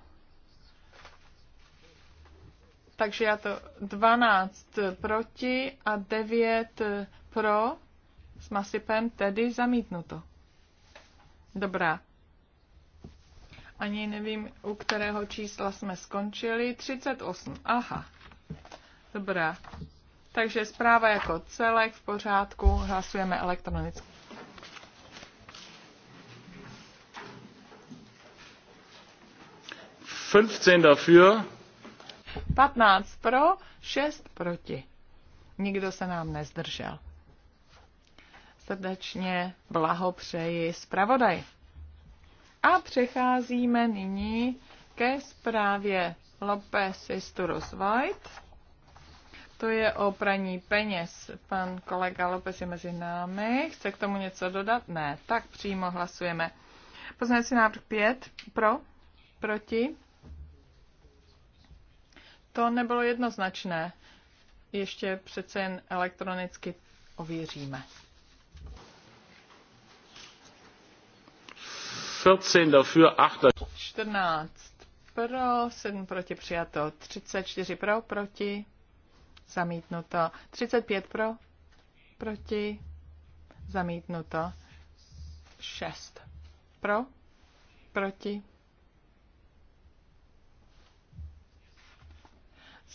Speaker 2: Takže já to 12 proti a 9 pro s Masipem, tedy zamítnuto. Dobrá. Ani nevím, u kterého čísla jsme skončili. 38. Aha. Dobrá. Takže zpráva jako celek v pořádku, hlasujeme elektronicky.
Speaker 1: 15 dafür.
Speaker 2: 15 pro, 6 proti. Nikdo se nám nezdržel. Srdečně blahopřeji zpravodaj. A přecházíme nyní ke zprávě Lopez Isturus White. To je o praní peněz. Pan kolega Lopez je mezi námi. Chce k tomu něco dodat? Ne. Tak přímo hlasujeme. si návrh 5. Pro? Proti? To nebylo jednoznačné. Ještě přece jen elektronicky ověříme.
Speaker 1: 14 8
Speaker 2: 14 pro, 7 proti přijato, 34 pro, proti, zamítnuto, 35 pro, proti, zamítnuto, 6 pro, proti,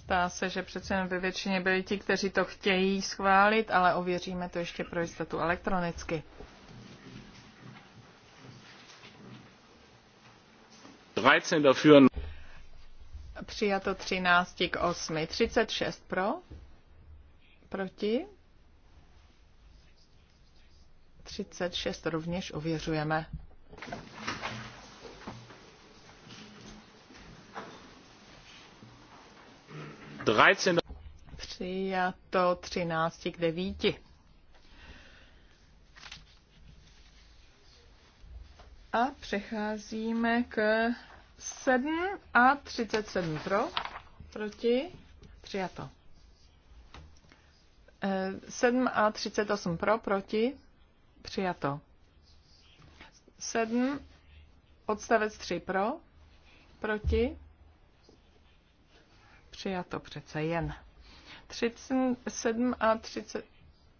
Speaker 2: Zdá se, že přece jen ve většině byli ti, kteří to chtějí schválit, ale ověříme to ještě pro jistotu elektronicky. Přijato 13 k 8. 36 pro. Proti. 36 rovněž ověřujeme. 13. Přijato 13 k 9. A přecházíme k 7 a 37 pro, proti, přijato. 7 eh, a 38 pro, proti, přijato. 7, odstavec 3 pro, proti, Přijato přece jen. 37 a 30,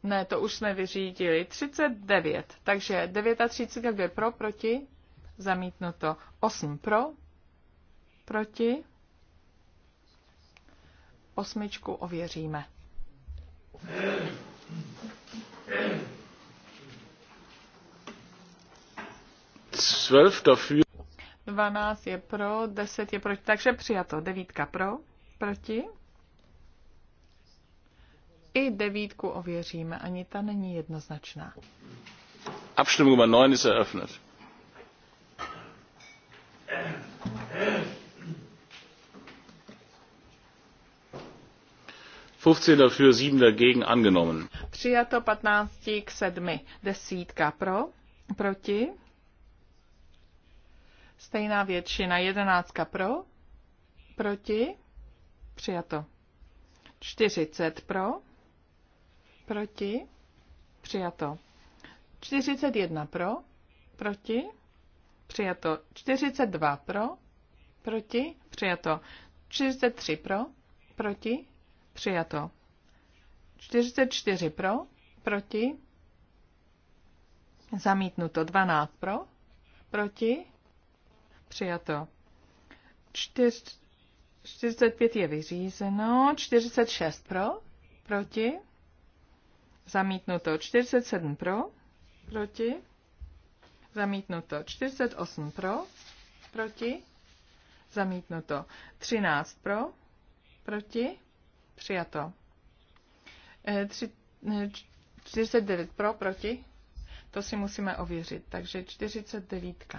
Speaker 2: ne, to už jsme vyřídili. 39, takže 39, kdo je pro, proti? Zamítnuto. 8 pro, proti? Osmičku ověříme. Dvanáct 12 je pro, 10 je proti, takže přijato. Devítka pro, Proti? I devítku ověříme, ani ta není jednoznačná.
Speaker 1: Abstimmung über 9 ist eröffnet. dafür, 7 dagegen angenommen.
Speaker 2: Přijato 15 k 7. Desítka pro, proti. Stejná většina, jedenáctka pro, proti. Přijato. 40 pro. Proti. Přijato. 41 pro. Proti. Přijato. 42 pro. Proti. Přijato. 43 pro. Proti. Přijato. 44 pro. Proti. Zamítnuto. 12 pro. Proti. Přijato. 4, 45 je vyřízeno. 46 pro, proti. Zamítnuto. 47 pro, proti. Zamítnuto. 48 pro, proti. Zamítnuto. 13 pro, proti. Přijato. 49 e, e, pro, proti. To si musíme ověřit. Takže 49.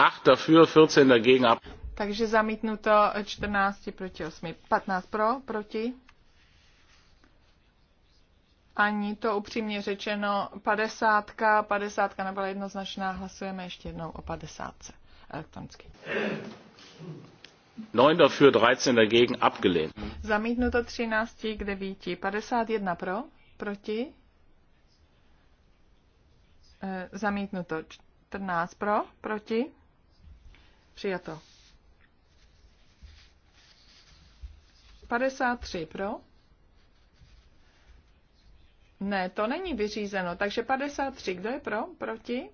Speaker 1: 8 dafür, 14 dagegen ab.
Speaker 2: Takže zamítnuto 14 proti 8. 15 pro, proti. Ani to upřímně řečeno, 50, 50 nebyla jednoznačná, hlasujeme ještě jednou o 50 elektronicky.
Speaker 1: 9 dafür, 13 dagegen abgelehnt.
Speaker 2: Zamítnuto 13 k 9. 51 pro, proti. Eh, zamítnuto 14 pro, proti. Přijato. 53 pro? Ne, to není vyřízeno. Takže 53, kdo je pro? Proti?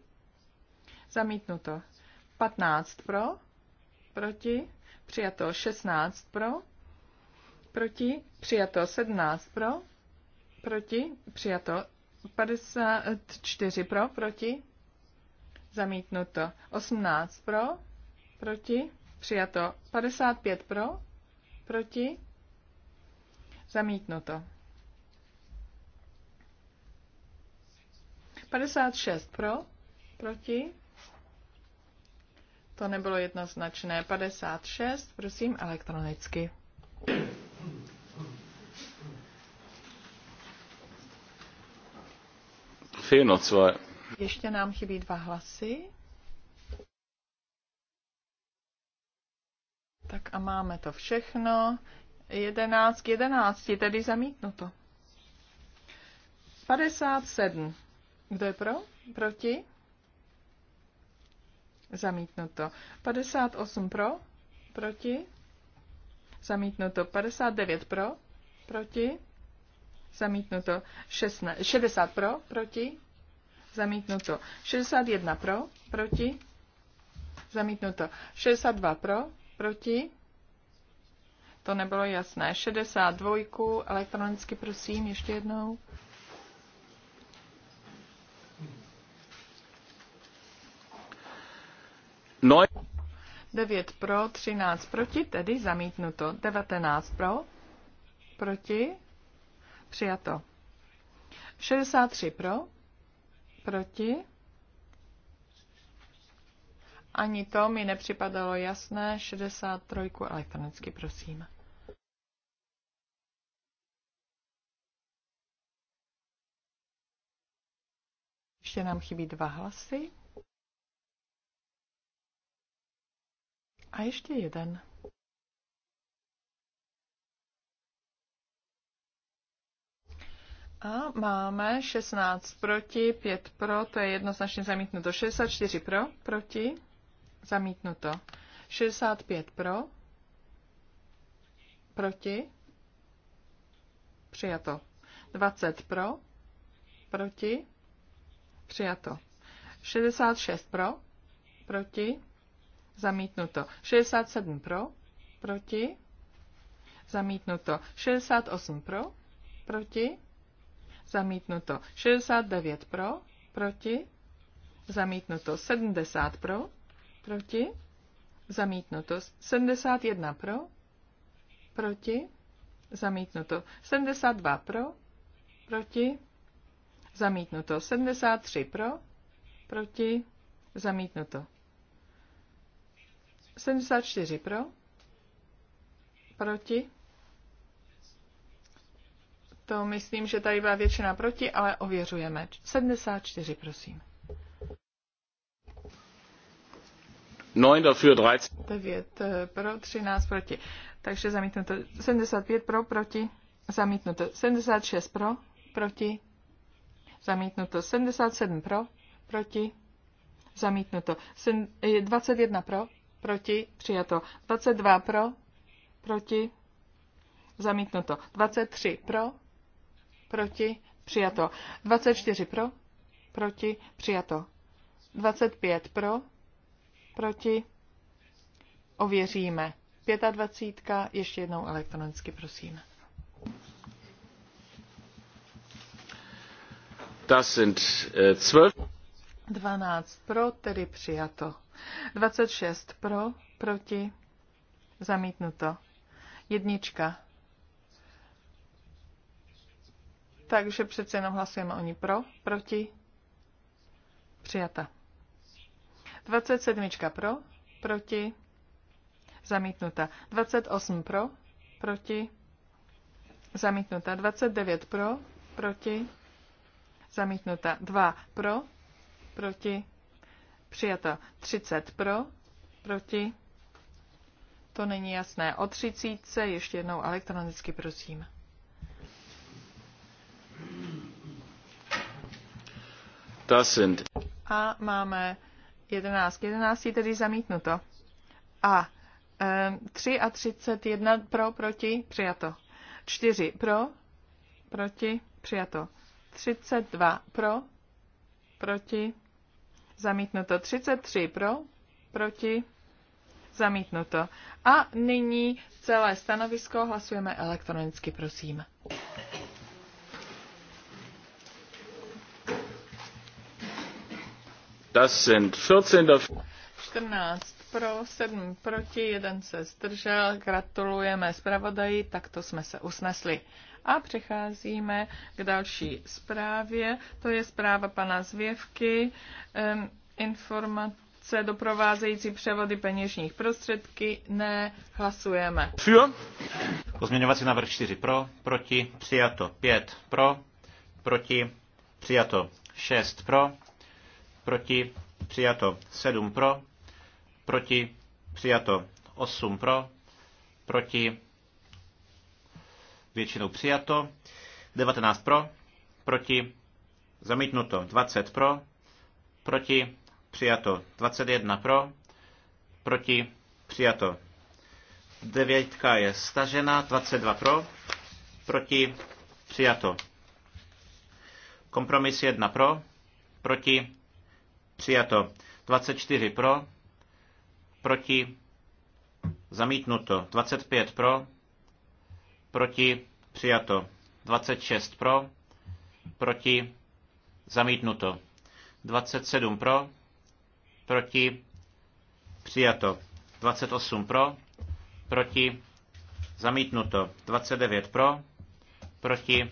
Speaker 2: Zamítnuto. 15 pro? Proti? Přijato. 16 pro? Proti? Přijato. 17 pro? Proti? Přijato. 54 pro? Proti? Zamítnuto. 18 pro? proti, přijato. 55 pro, proti, zamítnuto. 56 pro, proti, to nebylo jednoznačné. 56, prosím, elektronicky. Ještě nám chybí dva hlasy. Tak a máme to všechno. 11 k 11, tedy zamítnuto. 57. Kdo je pro? Proti? Zamítnuto. 58 pro? Proti? Zamítnuto. 59 pro? Proti? Zamítnuto. 16, 60 pro? Proti? Zamítnuto. 61 pro? Proti? Zamítnuto. 62 pro? Proti? To nebylo jasné. 62. Elektronicky prosím, ještě jednou. No. 9 pro, 13 proti, tedy zamítnuto. 19 pro, proti, přijato. 63 pro, proti, ani to mi nepřipadalo jasné. 63 elektronicky, prosím. Ještě nám chybí dva hlasy. A ještě jeden. A máme 16 proti, 5 pro, to je jednoznačně zamítnuto. 64 pro, proti, Zamítnuto. 65 pro. Proti. Přijato. 20 pro. Proti. Přijato. 66 pro. Proti. Zamítnuto. 67 pro. Proti. Zamítnuto. 68 pro. Proti. Zamítnuto. 69 pro. Proti. Zamítnuto. 70 pro. Proti? Zamítnuto. 71 pro? Proti? Zamítnuto. 72 pro? Proti? Zamítnuto. 73 pro? Proti? Zamítnuto. 74 pro? Proti? To myslím, že tady byla většina proti, ale ověřujeme. 74, prosím.
Speaker 1: 9 dafür, 13.
Speaker 2: 9 eh, pro, 13 proti. Takže zamítnuto. 75 pro, proti. Zamítnuto. 76 pro, proti. Zamítnuto. 77 pro, proti. Zamítnuto. 21 eh, pro, proti. Přijato. 22 pro, proti. Zamítnuto. 23 pro, proti. Přijato. 24 pro, proti. Přijato. 25 pro, Proti? Ověříme. 25. Ještě jednou elektronicky, prosím.
Speaker 1: Das sind äh, 12.
Speaker 2: 12 pro, tedy přijato. 26 pro, proti, zamítnuto. Jednička. Takže přece jenom hlasujeme o ní pro, proti, přijata. 27 pro, proti, zamítnuta. 28 pro, proti, zamítnuta. 29 pro, proti, zamítnuta. 2 pro, proti, přijata. 30 pro, proti, to není jasné. O 30 ještě jednou elektronicky, prosím. Das sind. A máme 11. 11 je tedy zamítnuto. A e, 3 a 31 pro, proti, přijato. 4 pro, proti, přijato. 32 pro, proti, zamítnuto. 33 pro, proti, zamítnuto. A nyní celé stanovisko hlasujeme elektronicky, prosím.
Speaker 1: Das sind 14 dafür.
Speaker 2: 14 pro, 7 proti, 1 se zdržel. Gratulujeme zpravodaji, takto jsme se usnesli. A přecházíme k další zprávě. To je zpráva pana Zvěvky. Um, informace doprovázející převody peněžních prostředky. Ne, hlasujeme. Für.
Speaker 3: Pozměňovací návrh 4 pro, proti, přijato 5 pro, proti, přijato 6 pro, proti, přijato 7 pro, proti, přijato 8 pro, proti, většinou přijato, 19 pro, proti, zamítnuto 20 pro, proti, přijato 21 pro, proti, přijato. 9 je stažena, 22 pro, proti, přijato. Kompromis 1 pro, proti, Přijato. 24 pro. Proti. Zamítnuto. 25 pro. Proti. Přijato. 26 pro. Proti. Zamítnuto. 27 pro. Proti. Přijato. 28 pro. Proti. Zamítnuto. 29 pro. Proti.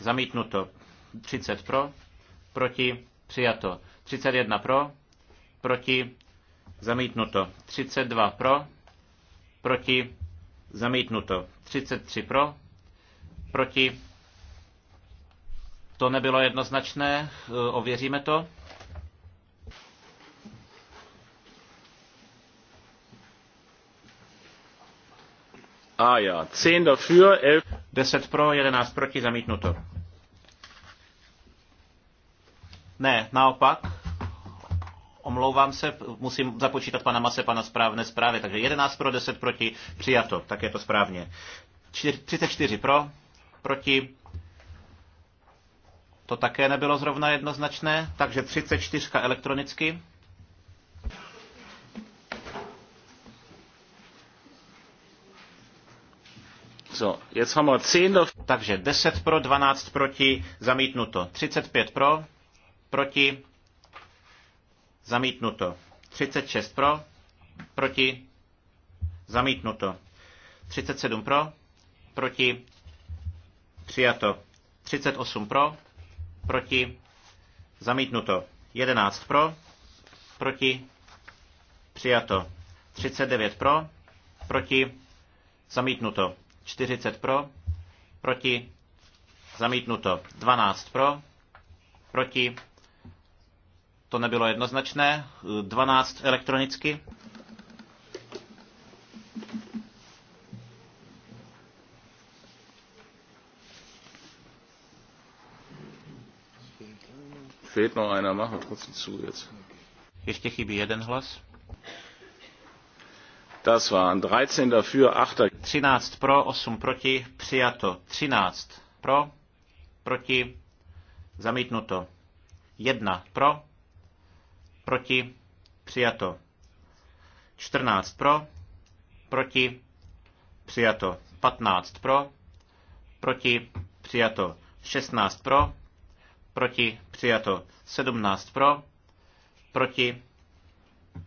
Speaker 3: Zamítnuto. 30 pro. Proti. Přijato. 31 pro, proti, zamítnuto. 32 pro, proti, zamítnuto. 33 pro, proti, to nebylo jednoznačné, eh, ověříme to. A ah ja 10 dafür, 11. 10 pro, 11 proti, zamítnuto. Ne, naopak, omlouvám se, musím započítat pana Masepa na správné zprávy, takže 11 pro, 10 proti, přijato, tak je to správně. 34 pro, proti, to také nebylo zrovna jednoznačné, takže 34 elektronicky. So, jetzt haben wir 10 Takže 10 pro, 12 proti, zamítnuto. 35 pro, proti, zamítnuto. 36 pro, proti, zamítnuto. 37 pro, proti, přijato. 38 pro, proti, zamítnuto. 11 pro, proti, přijato. 39 pro, proti, zamítnuto. 40 pro, proti, zamítnuto. 12 pro, proti, to nebylo jednoznačné. 12 elektronicky.
Speaker 1: Ještě chybí jeden hlas. Das waren 13 dafür, 8 13 pro,
Speaker 3: 8 proti, přijato. 13 pro, proti, zamítnuto. 1 pro, proti, přijato. 14 pro, proti, přijato. 15 pro, proti, přijato. 16 pro, proti, přijato. 17 pro, proti,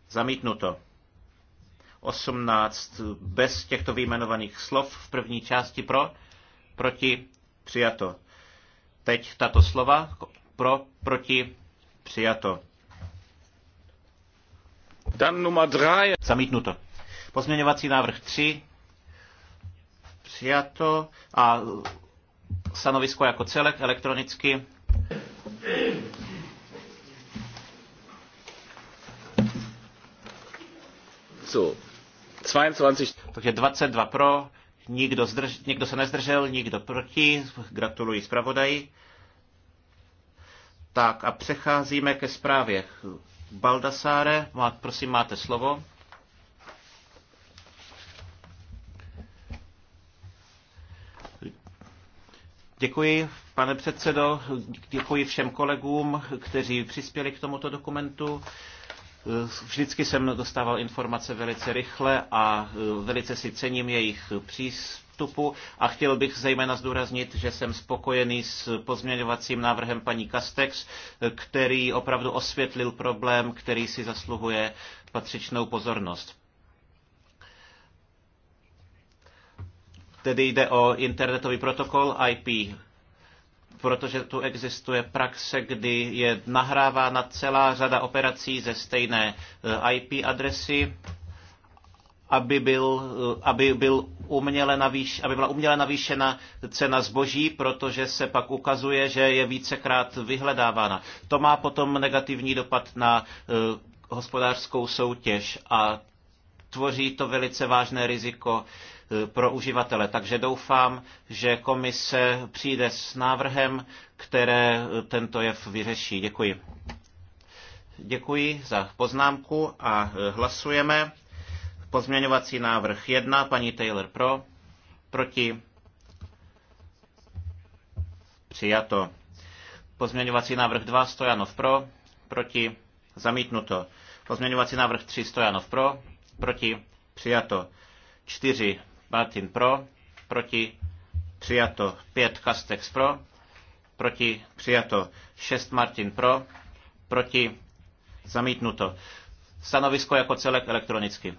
Speaker 3: zamítnuto. 18 bez těchto vyjmenovaných slov v první části pro, proti, přijato. Teď tato slova pro, proti, přijato. Dan Zamítnuto. Pozměňovací návrh 3. Přijato. A stanovisko jako celek elektronicky. So. 22. Takže 22 pro, nikdo, zdrž, nikdo se nezdržel, nikdo proti. Gratuluji zpravodaji. Tak a přecházíme ke zprávě Baldasáre, má, prosím, máte slovo. Děkuji, pane předsedo, děkuji všem kolegům, kteří přispěli k tomuto dokumentu. Vždycky jsem dostával informace velice rychle a velice si cením jejich příspěvků postupu a chtěl bych zejména zdůraznit, že jsem spokojený s pozměňovacím návrhem paní Kastex, který opravdu osvětlil problém, který si zasluhuje patřičnou pozornost. Tedy jde o internetový protokol IP protože tu existuje praxe, kdy je nahrávána celá řada operací ze stejné eh, IP adresy aby, byl, aby, byl uměle navýš, aby byla uměle navýšena cena zboží, protože se pak ukazuje, že je vícekrát vyhledávána. To má potom negativní dopad na eh, hospodářskou soutěž a tvoří to velice vážné riziko eh, pro uživatele. Takže doufám, že komise přijde s návrhem, které eh, tento jev vyřeší. Děkuji. Děkuji za poznámku a hlasujeme. Pozměňovací návrh 1, paní Taylor pro, proti, přijato. Pozměňovací návrh 2, Stojanov pro, proti, zamítnuto. Pozměňovací návrh 3, Stojanov pro, proti, přijato. 4, Martin pro, proti, přijato. 5, Kastex pro, proti, přijato. 6, Martin pro, proti, zamítnuto. Stanovisko jako
Speaker 1: celek elektronicky.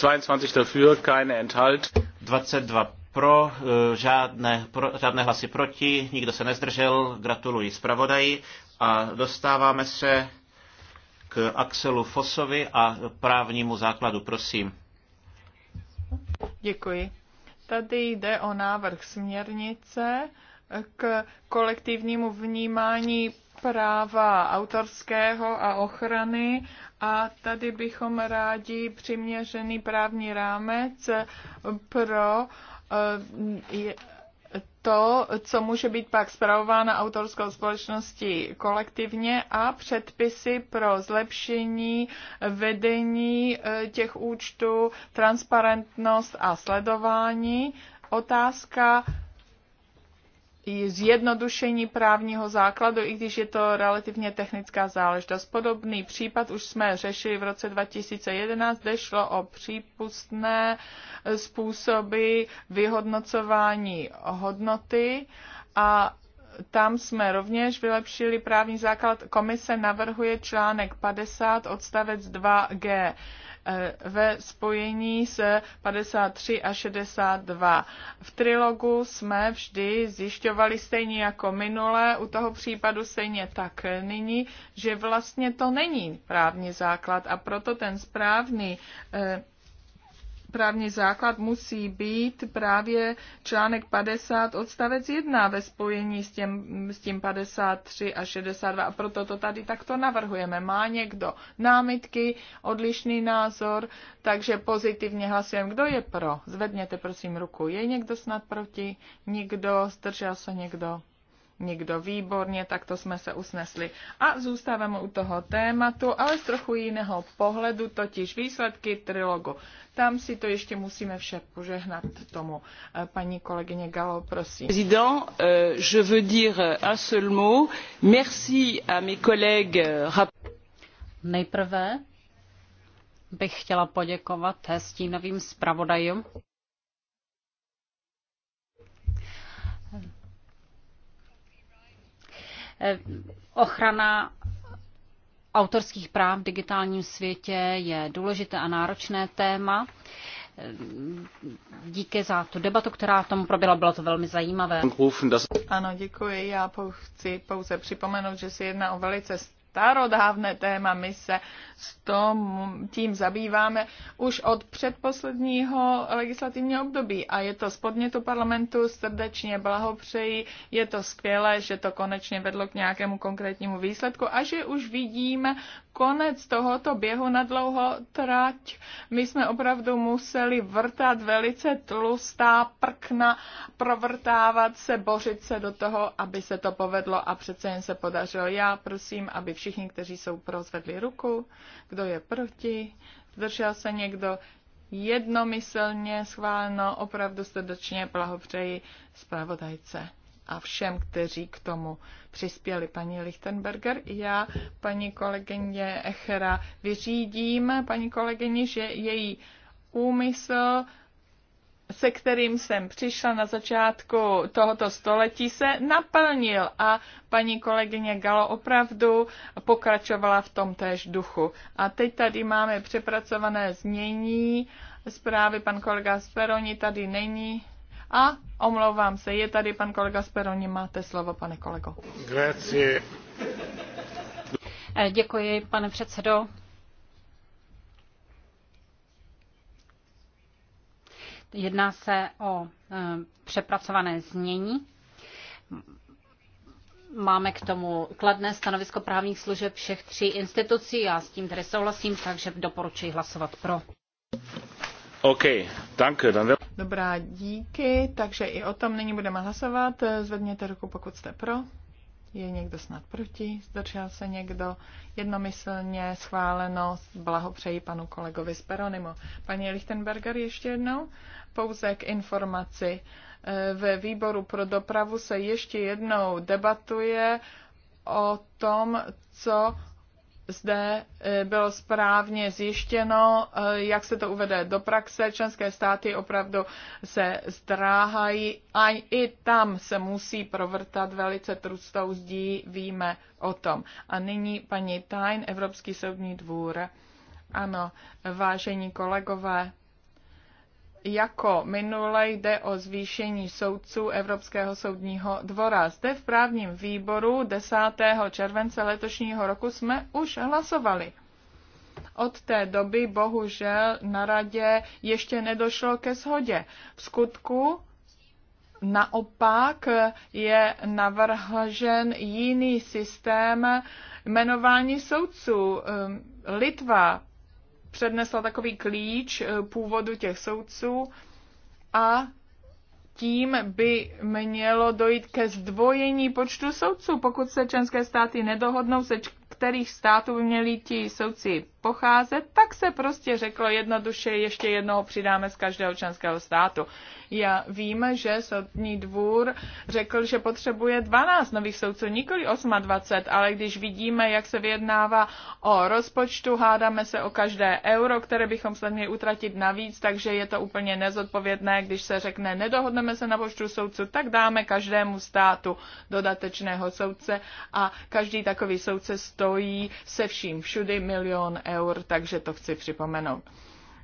Speaker 1: 22 dafür, keine Enthalt. 22 pro,
Speaker 3: e, žádné, pro, žádné hlasy proti, nikdo se nezdržel, gratuluji zpravodaji a dostáváme se k Axelu Fosovi a právnímu základu, prosím.
Speaker 2: Děkuji. Tady jde o návrh směrnice k kolektivnímu vnímání práva autorského a ochrany a tady bychom rádi přiměřený právní rámec pro eh, to, co může být pak zpravováno autorskou společností kolektivně a předpisy pro zlepšení vedení eh, těch účtů, transparentnost a sledování. Otázka zjednodušení právního základu, i když je to relativně technická záležitost. Podobný případ už jsme řešili v roce 2011, kde šlo o přípustné způsoby vyhodnocování hodnoty a tam jsme rovněž vylepšili právní základ. Komise navrhuje článek 50 odstavec 2g. Eh, ve spojení s 53 a 62. V trilogu jsme vždy zjišťovali stejně jako minule, u toho případu stejně tak nyní, že vlastně to není právní základ a proto ten správný eh, právní základ musí být právě článek 50 odstavec 1 ve spojení s, těm, s tím 53 a 62 a proto to tady takto navrhujeme. Má někdo námitky, odlišný názor, takže pozitivně hlasujeme. Kdo je pro? Zvedněte prosím ruku. Je někdo snad proti? Nikdo? Zdržel se někdo? Nikdo výborně, tak to jsme se usnesli. A zůstáváme u toho tématu, ale z trochu jiného pohledu, totiž výsledky trilogu. Tam si to ještě musíme vše požehnat tomu. Eh, paní kolegyně Galo, prosím. Président, eh, je veux dire un seul mot. Merci
Speaker 4: à mes collègues. Eh, Nejprve bych chtěla poděkovat stínovým zpravodajům Eh, ochrana autorských práv v digitálním světě je důležité a náročné téma. Eh, díky za tu debatu, která tomu proběhla,
Speaker 2: bylo to velmi zajímavé. Ano, děkuji. Já chci pouze připomenout, že se jedná o velice starodávné téma. My se s tom, tím zabýváme už od předposledního legislativního období a je to z podnětu parlamentu, srdečně blahopřeji, je to skvělé, že to konečně vedlo k nějakému konkrétnímu výsledku a že už vidíme konec tohoto běhu na dlouho trať. My jsme opravdu museli vrtat velice tlustá prkna, provrtávat se, bořit se do toho, aby se to povedlo a přece jen se podařilo. Já prosím, aby všichni, kteří jsou pro, zvedli ruku, kdo je proti, zdržel se někdo, jednomyslně schváleno, opravdu srdečně blahopřeji zpravodajce a všem, kteří k tomu přispěli. Paní Lichtenberger, já paní kolegyně Echera vyřídím, paní kolegyni, že její úmysl se kterým jsem přišla na začátku tohoto století, se naplnil a paní kolegyně Galo opravdu pokračovala v tom též duchu. A teď tady máme přepracované znění zprávy, pan kolega Speroni tady není, a omlouvám se, je tady pan kolega Speroni, máte slovo, pane kolego.
Speaker 1: Grazie.
Speaker 2: Eh, děkuji, pane předsedo.
Speaker 4: Jedná se o eh, přepracované znění. Máme k tomu kladné stanovisko právních služeb všech tří institucí. Já s tím tedy souhlasím, takže doporučuji hlasovat
Speaker 2: pro.
Speaker 1: OK, danke. Dann...
Speaker 2: Dobrá, díky. Takže i o tom nyní budeme hlasovat. Zvedněte ruku, pokud jste pro. Je někdo snad proti? Zdržel se někdo? Jednomyslně schváleno. Blahopřeji panu kolegovi z Peronimo. Paní Lichtenberger ještě jednou. Pouze k informaci. Ve výboru pro dopravu se ještě jednou debatuje o tom, co zde e, bylo správně zjištěno, e, jak se to uvede do praxe. Členské státy opravdu se zdráhají a i tam se musí provrtat velice trustou zdí, víme o tom. A nyní paní Tajn, Evropský soudní dvůr. Ano, vážení kolegové, jako minule jde o zvýšení soudců Evropského soudního dvora. Zde v právním výboru 10. července letošního roku jsme už hlasovali. Od té doby bohužel na radě ještě nedošlo ke shodě. V skutku naopak je navržen jiný systém jmenování soudců. Ehm, Litva přednesla takový klíč eh, původu těch soudců a tím by mělo dojít ke zdvojení počtu soudců. Pokud se členské státy nedohodnou, se kterých států by měli ti soudci pocházet, tak se prostě řeklo jednoduše, ještě jednoho přidáme z každého členského státu. Já vím, že soudní dvůr řekl, že potřebuje 12 nových soudců, nikoli 28, ale když vidíme, jak se vyjednává o rozpočtu, hádáme se o každé euro, které bychom se měli utratit navíc, takže je to úplně nezodpovědné, když se řekne, nedohodneme se na počtu soudců, tak dáme každému státu dodatečného soudce a každý takový soudce stojí se vším všudy milion eur, takže to chci připomenout.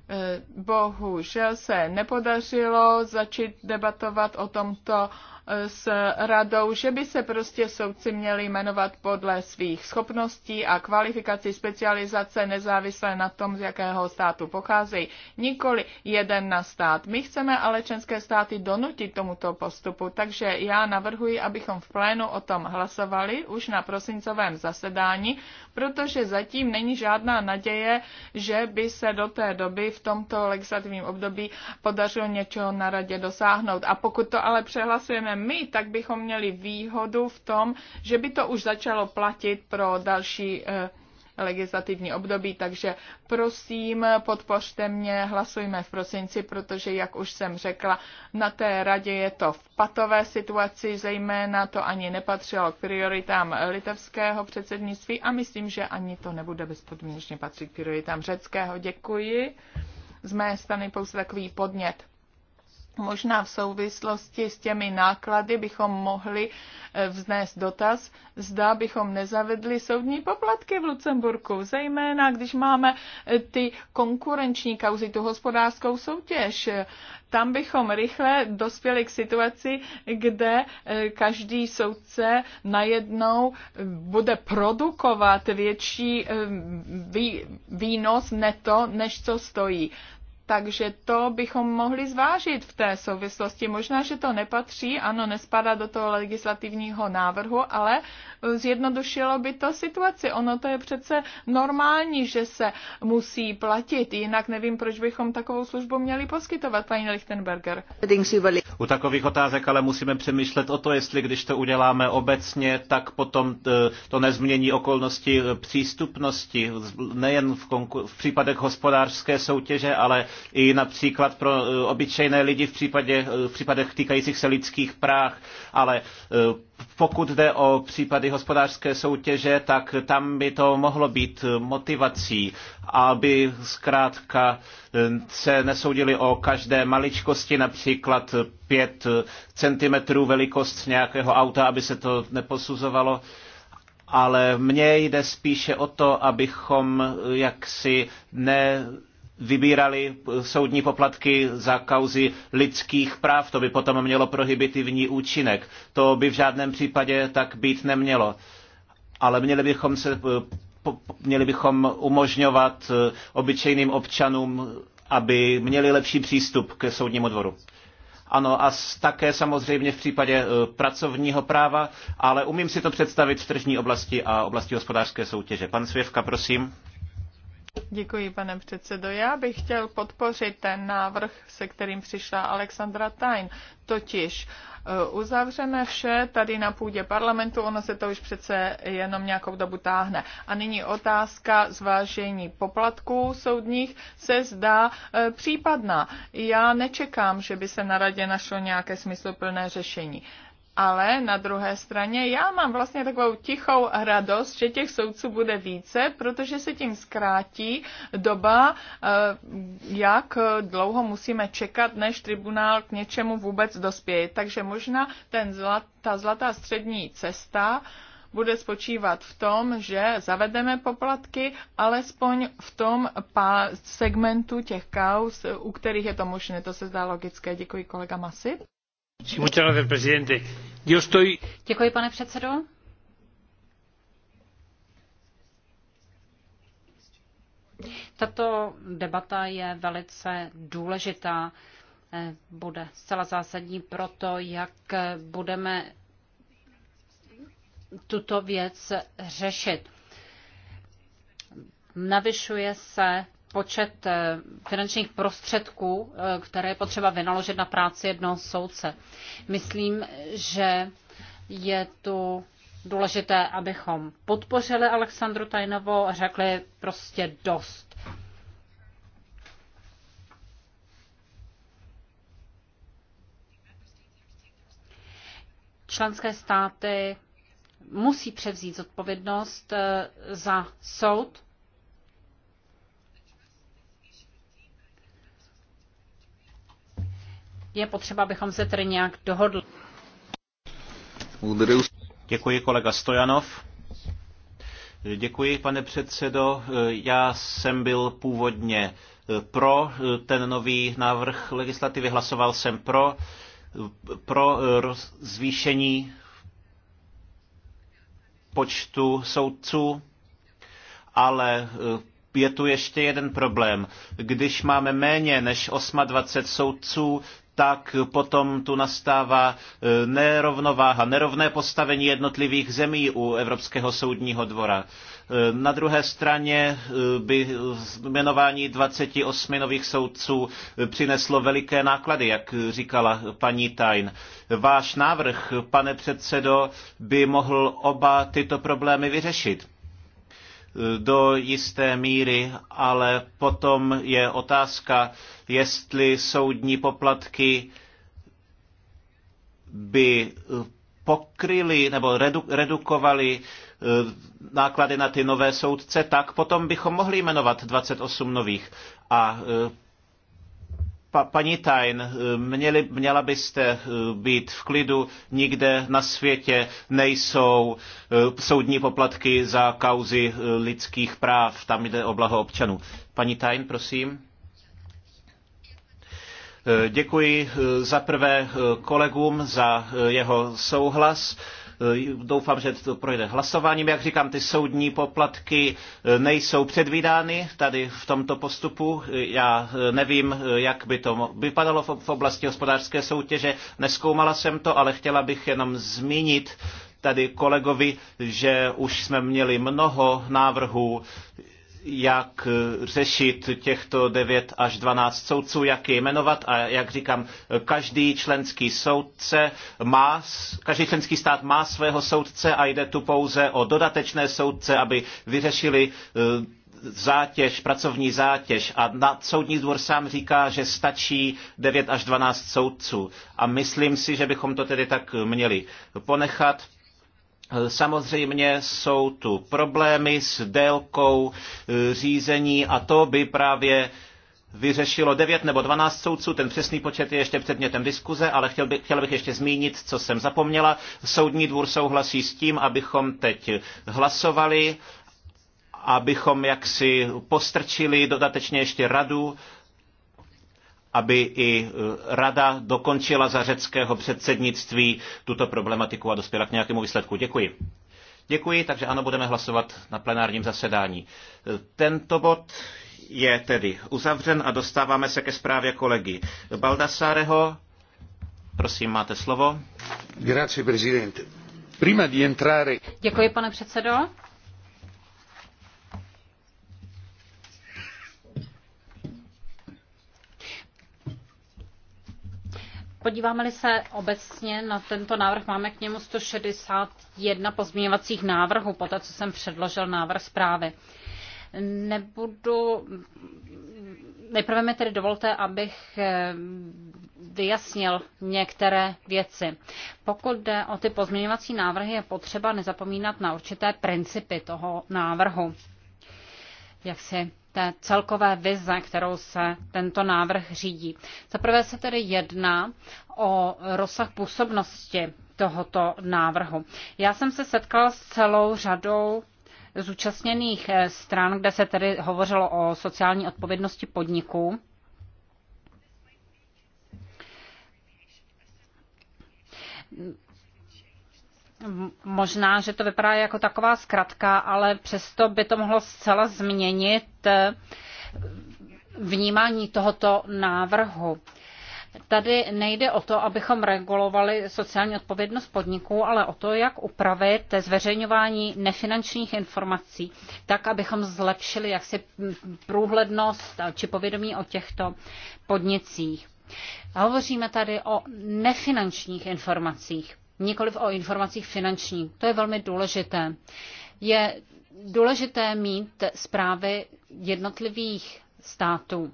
Speaker 2: Eh, bohužel se nepodařilo začít debatovat o tomto s radou, že by se prostě soudci měli jmenovat podle svých schopností a kvalifikací specializace nezávisle na tom, z jakého státu pocházejí. Nikoli jeden na stát. My chceme ale členské státy donutit tomuto postupu, takže já navrhuji, abychom v plénu o tom hlasovali už na prosincovém zasedání, protože zatím není žádná naděje, že by se do té doby v tomto legislativním období podařilo něčeho na radě dosáhnout. A pokud to ale přehlasujeme my, tak bychom měli výhodu v tom, že by to už začalo platit pro další eh, legislativní období, takže prosím, podpořte mě, hlasujme v prosinci, protože, jak už jsem řekla, na té radě je to v patové situaci, zejména to ani nepatřilo k prioritám litevského předsednictví a myslím, že ani to nebude bezpodmínečně patřit k prioritám řeckého. Děkuji. Z mé strany pouze takový podnět. Možná v souvislosti s těmi náklady bychom mohli eh, vznést dotaz, zda bychom nezavedli soudní poplatky v Lucemburku, zejména když máme eh, ty konkurenční kauzy, tu hospodářskou soutěž. Tam bychom rychle dospěli k situaci, kde eh, každý soudce najednou bude produkovat větší výnos neto, než co stojí. Takže to bychom mohli zvážit v té souvislosti. Možná, že to nepatří, ano, nespadá do toho legislativního návrhu, ale eh, zjednodušilo by to situaci. Ono to je přece normální, že se musí platit, jinak nevím, proč bychom takovou službu měli poskytovat, paní Lichtenberger.
Speaker 3: U takových otázek ale musíme přemýšlet o to, jestli když to uděláme obecně, tak potom eh, to nezmění okolnosti eh, přístupnosti, nejen v, v případech hospodářské soutěže, ale i například pro e, obyčejné lidi v, případě, e, v případech týkajících se lidských práv, ale e, pokud jde o případy hospodářské soutěže, tak tam by to mohlo být motivací, aby zkrátka se nesoudili o každé maličkosti, například 5 centimetrů velikost nějakého auta, aby se to neposuzovalo ale mně jde spíše o to, abychom jaksi ne vybírali soudní poplatky za kauzy lidských práv. To by potom mělo prohibitivní účinek. To by v žádném případě tak být nemělo. Ale měli bychom, se, eh, měli bychom umožňovat eh, obyčejným občanům, aby měli lepší přístup k soudnímu dvoru. Ano, a také samozřejmě v případě eh, pracovního práva, ale umím si to představit v tržní oblasti a oblasti hospodářské soutěže. Pan Svěvka, prosím.
Speaker 2: Děkuji, pane předsedo. Já bych chtěl podpořit ten návrh, se kterým přišla Alexandra Tain. Totiž eh, uzavřeme vše tady na půdě parlamentu, ono se to už přece jenom nějakou dobu táhne. A nyní otázka zvážení poplatků soudních se zdá eh, případná. Já nečekám, že by se na radě našlo nějaké smysluplné řešení ale na druhé straně já mám vlastně takovou tichou radost, že těch soudců bude více, protože se tím zkrátí doba, eh, jak dlouho musíme čekat, než tribunál k něčemu vůbec dospěje. Takže možná ten zlat, ta zlatá střední cesta bude spočívat v tom, že zavedeme poplatky, alespoň v tom segmentu těch kaus, u kterých je to možné. To se zdá logické. Děkuji kolega Masip
Speaker 1: pane
Speaker 4: Tato debata je velice důležitá. Eh, bude zcela zásadní pro to, jak budeme tuto věc řešit. Navyšuje se počet eh, finančních prostředků, eh, které je potřeba vynaložit na práci jednoho soudce. Myslím, že je tu důležité, abychom podpořili Alexandru Tajnovou a řekli prostě dost. Členské státy musí převzít zodpovědnost eh, za soud Je potřeba, abychom se tedy nějak dohodli.
Speaker 3: Děkuji kolega Stojanov. Děkuji, pane předsedo. Já jsem byl původně eh, pro eh, ten nový návrh legislativy, hlasoval jsem pro, eh, pro zvýšení počtu soudců, ale je tu ještě jeden problém. Když máme méně než 28 soudců, tak potom tu nastává e, nerovnováha, nerovné postavení jednotlivých zemí u Evropského soudního dvora. E, na druhé straně e, by jmenování 28 nových soudců přineslo veliké náklady, jak říkala paní Tajn. Váš návrh, pane předsedo, by mohl oba tyto problémy vyřešit do jisté míry, ale potom je otázka, jestli soudní poplatky by pokryly nebo redu, redukovaly eh, náklady na ty nové soudce, tak potom bychom mohli jmenovat 28 nových. A eh, paní Tajn, měli, měla byste eh, být v klidu, nikde na světě nejsou eh, soudní poplatky za kauzy eh, lidských práv, tam jde o blaho občanů. Paní Tajn, prosím. Děkuji za prvé kolegům za jeho souhlas. Eh, doufám, že to projde hlasováním. Jak říkám, ty soudní poplatky eh, nejsou předvídány tady v tomto postupu. Eh, já nevím, jak by to vypadalo v oblasti hospodářské soutěže. Neskoumala jsem to, ale chtěla bych jenom zmínit tady kolegovi, že už jsme měli mnoho návrhů jak řešit těchto 9 až 12 soudců, jak je jmenovat a jak říkám, každý členský soudce má, každý členský stát má svého soudce a jde tu pouze o dodatečné soudce, aby vyřešili eh, zátěž, pracovní zátěž a na soudní dvůr sám říká, že stačí 9 až 12 soudců. A myslím si, že bychom to tedy tak měli ponechat Samozřejmě jsou tu problémy s délkou e, řízení a to by právě vyřešilo 9 nebo 12 soudců, ten přesný počet je ještě předmětem diskuze, ale chtěl, by, chtěl bych ještě zmínit, co jsem zapomněla. Soudní dvůr souhlasí s tím, abychom teď hlasovali, abychom jaksi postrčili dodatečně ještě radu aby i e, rada dokončila za řeckého předsednictví tuto problematiku a dospěla k nějakému výsledku. Děkuji. Děkuji, takže ano, budeme hlasovat na plenárním zasedání. E, tento bod je tedy uzavřen a dostáváme se ke zprávě kolegy Baldassareho, Prosím, máte slovo.
Speaker 1: Grazie, Prima di entrare...
Speaker 4: Děkuji, pane předsedo. Podíváme-li se obecně na tento návrh, máme k němu 161 pozměňovacích návrhů, to, co jsem předložil návrh zprávy. Nebudu... Nejprve mi tedy dovolte, abych eh, vyjasnil některé věci. Pokud jde o ty pozměňovací návrhy, je potřeba nezapomínat na určité principy toho návrhu. Jak si té celkové vize, kterou se tento návrh řídí. Za prvé se tedy jedná o rozsah působnosti tohoto návrhu. Já jsem se setkal s celou řadou zúčastněných eh, stran, kde se tedy hovořilo o sociální odpovědnosti podniků. Možná, že to vypadá jako taková zkratka, ale přesto by to mohlo zcela změnit eh, vnímání tohoto návrhu. Tady nejde o to, abychom regulovali sociální odpovědnost podniků, ale o to, jak upravit zveřejňování nefinančních informací, tak, abychom zlepšili jaksi průhlednost či povědomí o těchto podnicích. Hovoříme tady o nefinančních informacích nikoliv o informacích finančních. To je velmi důležité. Je důležité mít zprávy jednotlivých států.